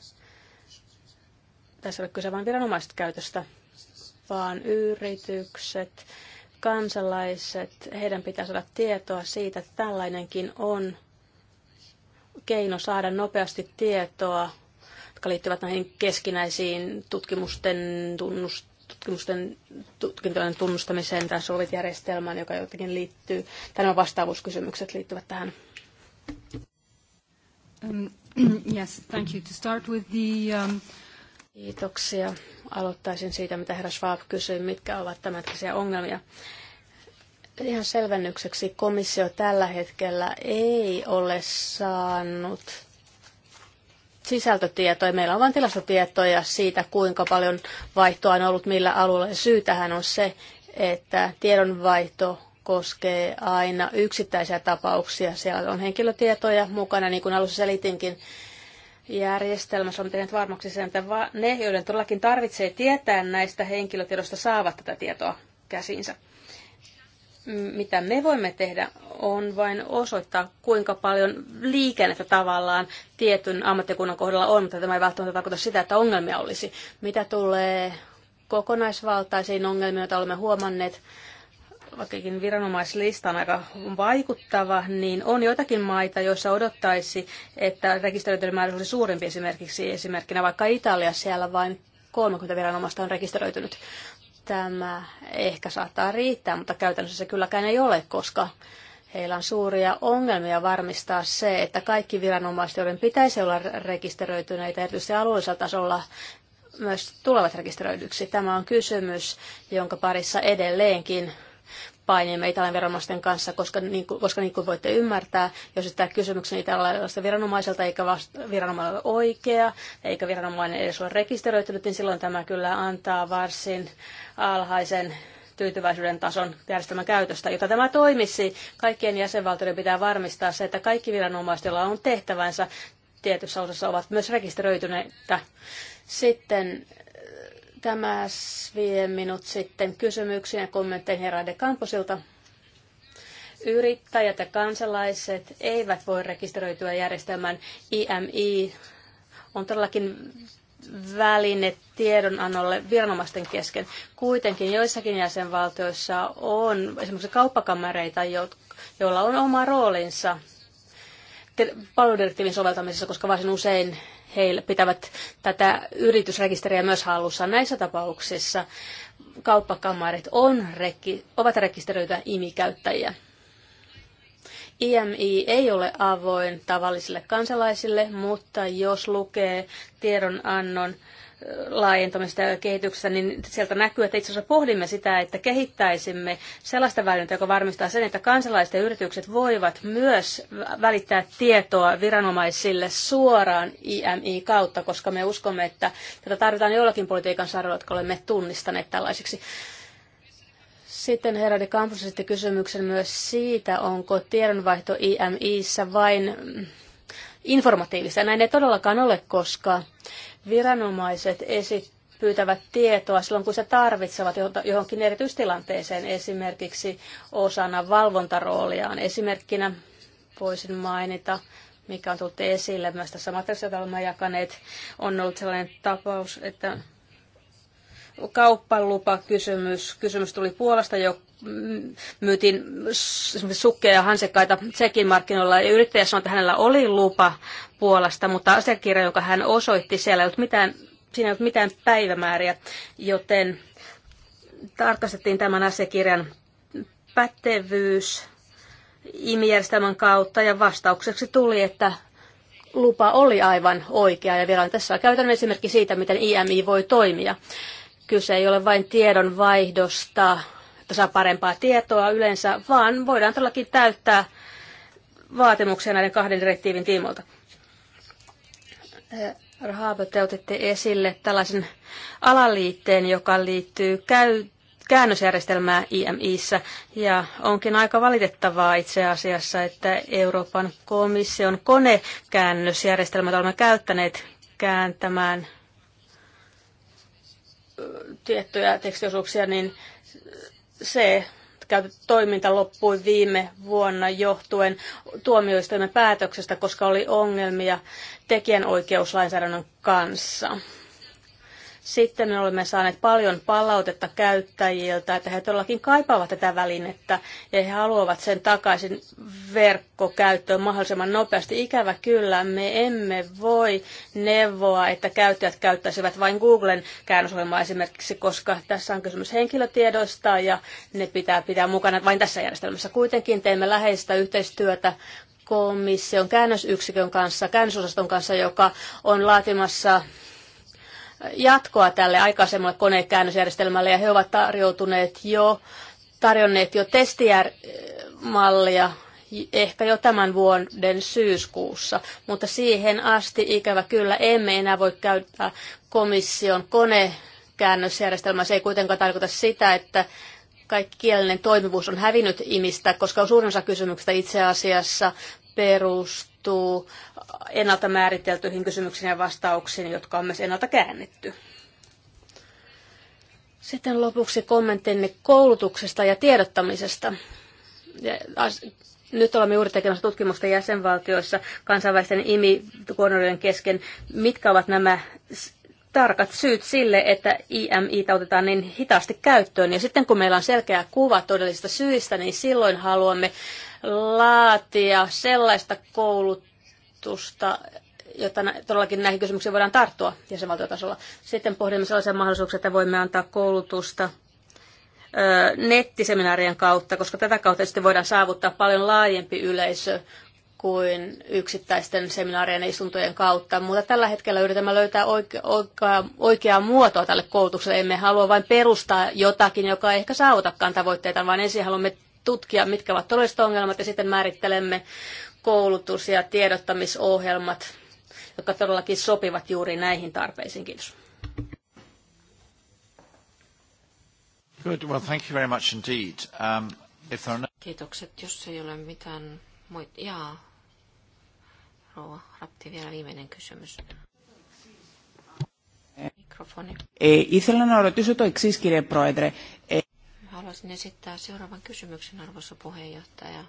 tässä ei ole kyse vain viranomaiset käytöstä, vaan yritykset, kansalaiset, heidän pitää saada tietoa siitä, että tällainenkin on keino saada nopeasti tietoa, jotka liittyvät näihin keskinäisiin tutkimusten tunnust, tutkimusten tutkintojen tunnustamiseen tai solvit joka jotenkin liittyy, tai nämä vastaavuuskysymykset liittyvät tähän. Um, yes, thank you. To start with the um, Kiitoksia. Aloittaisin siitä, mitä herra Schwab kysyi, mitkä ovat tämänhetkisiä ongelmia. Ihan selvennykseksi komissio tällä hetkellä ei ole saanut sisältötietoja. Meillä on vain tilastotietoja siitä, kuinka paljon vaihtoa on ollut millä alueella. Ja syytähän on se, että tiedonvaihto koskee aina yksittäisiä tapauksia. Siellä on henkilötietoja mukana, niin kuin alussa selitinkin, järjestelmässä on tehnyt varmaksi sen, että ne, joiden todellakin tarvitsee tietää näistä henkilötiedosta, saavat tätä tietoa käsinsä. Mitä me voimme tehdä on vain osoittaa, kuinka paljon liikennettä tavallaan tietyn ammattikunnan kohdalla on, mutta tämä ei välttämättä tarkoita sitä, että ongelmia olisi. Mitä tulee kokonaisvaltaisiin ongelmiin, joita olemme huomanneet, vaikkakin viranomaislista on aika vaikuttava, niin on joitakin maita, joissa odottaisi, että rekisteröityjen määrä olisi suurempi esimerkiksi esimerkkinä, vaikka Italia siellä vain 30 viranomaista on rekisteröitynyt. Tämä ehkä saattaa riittää, mutta käytännössä se kylläkään ei ole, koska heillä on suuria ongelmia varmistaa se, että kaikki viranomaiset, joiden pitäisi olla rekisteröityneitä, erityisesti alueellisella tasolla, myös tulevat rekisteröidyksi. Tämä on kysymys, jonka parissa edelleenkin painimme Italian viranomaisten kanssa, koska niin, kuin, koska niin kuin voitte ymmärtää, jos sitä kysymyksen italialaisesta viranomaiselta eikä vasta, viranomainen ole oikea, eikä viranomainen edes ole rekisteröitynyt, niin silloin tämä kyllä antaa varsin alhaisen tyytyväisyyden tason järjestelmän käytöstä, jota tämä toimisi. Kaikkien jäsenvaltioiden pitää varmistaa se, että kaikki viranomaiset, joilla on tehtävänsä tietyssä osassa, ovat myös rekisteröityneitä. Sitten Tämä vie minut sitten kysymyksiin ja kommentteihin herra de Yrittäjät ja kansalaiset eivät voi rekisteröityä järjestelmään IMI. On todellakin väline tiedonannolle viranomaisten kesken. Kuitenkin joissakin jäsenvaltioissa on esimerkiksi kauppakamereita, joilla on oma roolinsa palveludirektiivin soveltamisessa, koska varsin usein Heillä pitävät tätä yritysrekisteriä myös hallussa. Näissä tapauksissa kauppakamarit on, ovat rekisteröitä imikäyttäjiä. IMI ei ole avoin tavallisille kansalaisille, mutta jos lukee tiedonannon laajentamista ja kehityksestä, niin sieltä näkyy, että itse asiassa pohdimme sitä, että kehittäisimme sellaista välinettä, joka varmistaa sen, että kansalaiset ja yritykset voivat myös välittää tietoa viranomaisille suoraan IMI kautta, koska me uskomme, että tätä tarvitaan jollakin politiikan saralla, jotka olemme tunnistaneet tällaisiksi. Sitten herra de Campos esitti kysymyksen myös siitä, onko tiedonvaihto IMIssä vain informatiivista. Näin ei todellakaan ole, koska Viranomaiset esit pyytävät tietoa silloin, kun se tarvitsevat johonkin erityistilanteeseen, esimerkiksi osana valvontarooliaan. Esimerkkinä voisin mainita, mikä on tullut esille myös tässä materiaalissa, jota olemme jakaneet, on ollut sellainen tapaus, että kauppalupakysymys. Kysymys tuli Puolasta, jo myytiin sukkeja ja hansikkaita Tsekin markkinoilla. Ja yrittäjä sanoi, että hänellä oli lupa Puolasta, mutta asiakirja, jonka hän osoitti, siellä ei ollut mitään, siinä ei ollut mitään päivämääriä, joten tarkastettiin tämän asiakirjan pätevyys imijärjestelmän kautta ja vastaukseksi tuli, että lupa oli aivan oikea ja vielä on tässä käytännön esimerkki siitä, miten IMI voi toimia. Kyse ei ole vain tiedon vaihdosta, että saa parempaa tietoa yleensä, vaan voidaan todellakin täyttää vaatimuksia näiden kahden direktiivin tiimoilta. Rahaapö, te otitte esille tällaisen alaliitteen, joka liittyy käy, käännösjärjestelmää IMIssä. Ja onkin aika valitettavaa itse asiassa, että Euroopan komission konekäännösjärjestelmät olemme käyttäneet kääntämään tiettyjä tekstiosuuksia, niin se toiminta loppui viime vuonna johtuen tuomioistuimen päätöksestä, koska oli ongelmia tekijänoikeuslainsäädännön kanssa. Sitten me olemme saaneet paljon palautetta käyttäjiltä, että he todellakin kaipaavat tätä välinettä ja he haluavat sen takaisin verkkokäyttöön mahdollisimman nopeasti. Ikävä kyllä, me emme voi neuvoa, että käyttäjät käyttäisivät vain Googlen käännösohjelmaa esimerkiksi, koska tässä on kysymys henkilötiedoista ja ne pitää pitää mukana vain tässä järjestelmässä. Kuitenkin teemme läheistä yhteistyötä komission käännösyksikön kanssa, käännösosaston kanssa, joka on laatimassa jatkoa tälle aikaisemmalle konekäännösjärjestelmälle ja he ovat tarjoutuneet jo, tarjonneet jo testijärmallia ehkä jo tämän vuoden syyskuussa, mutta siihen asti ikävä kyllä emme enää voi käyttää komission konekäännösjärjestelmää. Se ei kuitenkaan tarkoita sitä, että kaikki kielinen toimivuus on hävinnyt imistä, koska suurin osa kysymyksistä itse asiassa perustuu ennalta määriteltyihin kysymyksiin ja vastauksiin, jotka on myös ennalta käännetty. Sitten lopuksi kommenttinne koulutuksesta ja tiedottamisesta. Nyt olemme juuri tekemässä tutkimusta jäsenvaltioissa kansainvälisten imi kesken. Mitkä ovat nämä tarkat syyt sille, että IMI otetaan niin hitaasti käyttöön. Ja sitten kun meillä on selkeä kuva todellisista syistä, niin silloin haluamme laatia sellaista koulutusta, jotta todellakin näihin kysymyksiin voidaan tarttua jäsenvaltiotasolla. Sitten pohdimme sellaisia mahdollisuuksia, että voimme antaa koulutusta nettiseminaarien kautta, koska tätä kautta sitten voidaan saavuttaa paljon laajempi yleisö kuin yksittäisten seminaarien ja istuntojen kautta, mutta tällä hetkellä yritämme löytää oike- oikea- oikeaa muotoa tälle koulutukselle. Emme halua vain perustaa jotakin, joka ei ehkä saavutakaan tavoitteita, vaan ensin haluamme tutkia, mitkä ovat todelliset ongelmat, ja sitten määrittelemme koulutus- ja tiedottamisohjelmat, jotka todellakin sopivat juuri näihin tarpeisiin. Kiitos. Good. Well, thank you very much indeed. Um, if there are no... Kiitokset, jos ei ole mitään muita. Jaa, Rouva Rapti, vielä viimeinen kysymys. Mikrofoni. Ήθελα να ρωτήσω το εξής, κύριε Πρόεδρε. Haluaisin esittää seuraavan kysymyksen, arvoisa puheenjohtaja.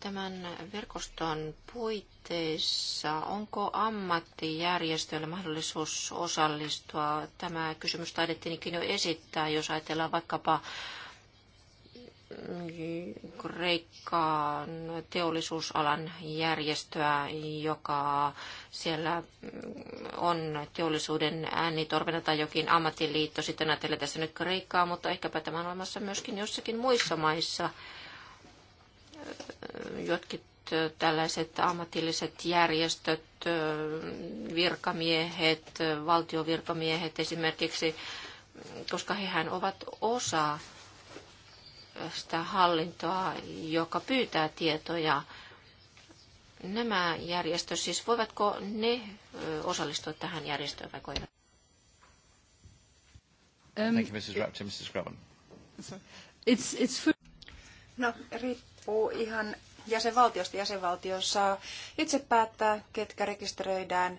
Tämän verkoston puitteissa, onko ammattijärjestöillä mahdollisuus osallistua? Tämä kysymys taidettiinkin jo esittää, jos ajatellaan vaikkapa niin, Kreikkaan teollisuusalan järjestöä, joka siellä mm, on teollisuuden äänitorvena tai jokin ammattiliitto. Sitten ajatellaan tässä nyt Kreikkaa, mutta ehkäpä tämä on olemassa myöskin jossakin muissa maissa. Jotkin tällaiset ammatilliset järjestöt, virkamiehet, valtiovirkamiehet esimerkiksi, koska hehän ovat osa sitä hallintoa, joka pyytää tietoja. Nämä järjestöt, siis voivatko ne osallistua tähän järjestöön vai koivat? Thank you, Mrs. Rapti, Mrs. Graben. It's, it's no, riippuu ihan jäsenvaltiosta. Jäsenvaltio saa itse päättää, ketkä rekisteröidään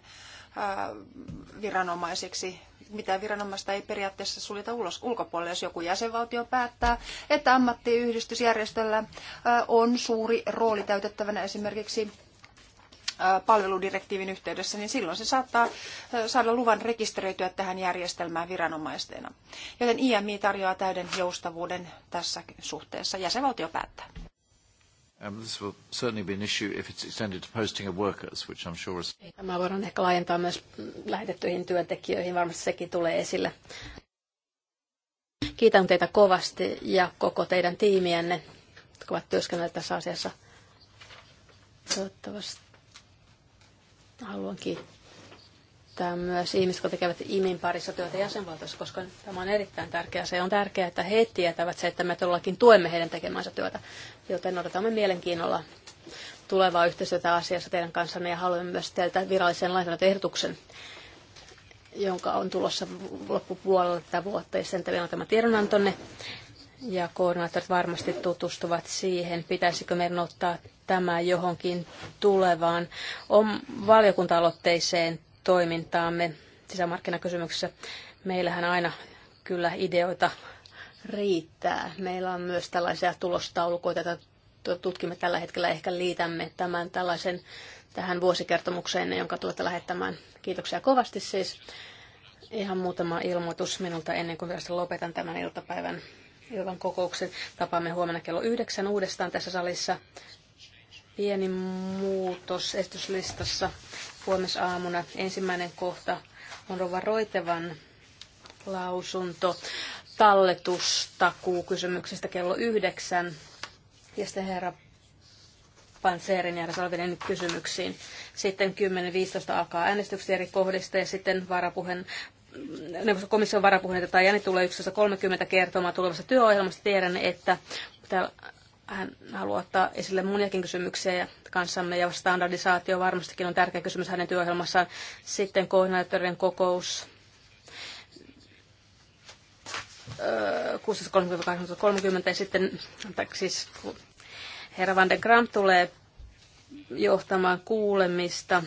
viranomaisiksi mitään viranomaista ei periaatteessa suljeta ulos ulkopuolelle, jos joku jäsenvaltio päättää, että ammattiyhdistysjärjestöllä äh, on suuri rooli täytettävänä esimerkiksi äh, palveludirektiivin yhteydessä, niin silloin se saattaa äh, saada luvan rekisteröityä tähän järjestelmään viranomaisteena. Joten IMI tarjoaa täyden joustavuuden tässä suhteessa. Jäsenvaltio päättää. Um, this will certainly be an issue if it's extended to posting of workers, which I'm sure is... Tämä voidaan ehkä laajentaa myös lähetettyihin työntekijöihin, varmasti sekin tulee esille. Kiitän teitä kovasti ja koko teidän tiimienne, jotka ovat työskennelleet tässä asiassa. Toivottavasti haluan kiittää että myös ihmiset, jotka tekevät IMIN parissa työtä jäsenvaltiossa, koska tämä on erittäin tärkeää. Se on tärkeää, että he tietävät se, että me todellakin tuemme heidän tekemänsä työtä, joten odotamme mielenkiinnolla tulevaa yhteistyötä asiassa teidän kanssanne ja haluamme myös teiltä virallisen lainsäädäntöehdotuksen, jonka on tulossa loppupuolella tätä vuotta ja sen teillä on tämä tiedonantonne. Ja koordinaattorit varmasti tutustuvat siihen, pitäisikö meidän ottaa tämä johonkin tulevaan on valiokunta-aloitteiseen toimintaamme sisämarkkinakysymyksessä. Meillähän aina kyllä ideoita riittää. Meillä on myös tällaisia tulostaulukoita, joita tutkimme tällä hetkellä. Ehkä liitämme tämän tällaisen tähän vuosikertomukseen, jonka tulette lähettämään. Kiitoksia kovasti siis. Ihan muutama ilmoitus minulta ennen kuin virasta lopetan tämän iltapäivän ilman kokouksen. Tapaamme huomenna kello yhdeksän uudestaan tässä salissa. Pieni muutos esityslistassa huomisaamuna. Ensimmäinen kohta on Rova Roitevan lausunto talletusta kuukysymyksestä kello yhdeksän. Ja sitten herra Panseerin ja Salvinen kysymyksiin. Sitten 10.15 alkaa äänestyksiä eri kohdista ja sitten varapuheen komission varapuheenjohtaja Jani tulee 11.30 kertomaan tulevassa työohjelmassa. Tiedän, että hän haluaa ottaa esille moniakin kysymyksiä ja kanssamme, ja standardisaatio varmastikin on tärkeä kysymys hänen työohjelmassaan. Sitten koordinaattorien kokous 16.30 ja sitten siis herra Van de Gram tulee johtamaan kuulemista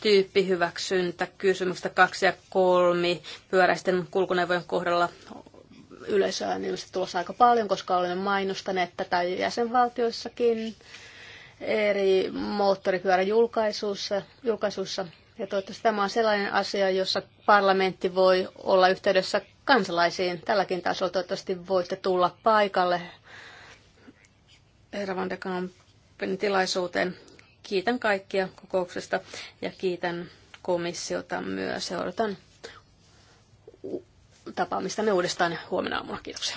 tyyppihyväksyntä kysymystä kaksi ja kolmi pyöräisten kulkuneuvojen kohdalla yleisöä niin, ilmeisesti tulossa aika paljon, koska olemme mainostaneet tätä jäsenvaltioissakin eri moottoripyöräjulkaisuissa julkaisuissa. Ja toivottavasti tämä on sellainen asia, jossa parlamentti voi olla yhteydessä kansalaisiin. Tälläkin tasolla toivottavasti voitte tulla paikalle Herra Van de Kampen tilaisuuteen. Kiitän kaikkia kokouksesta ja kiitän komissiota myös. Seurataan tapaamistamme uudestaan huomenna aamuna. Kiitoksia.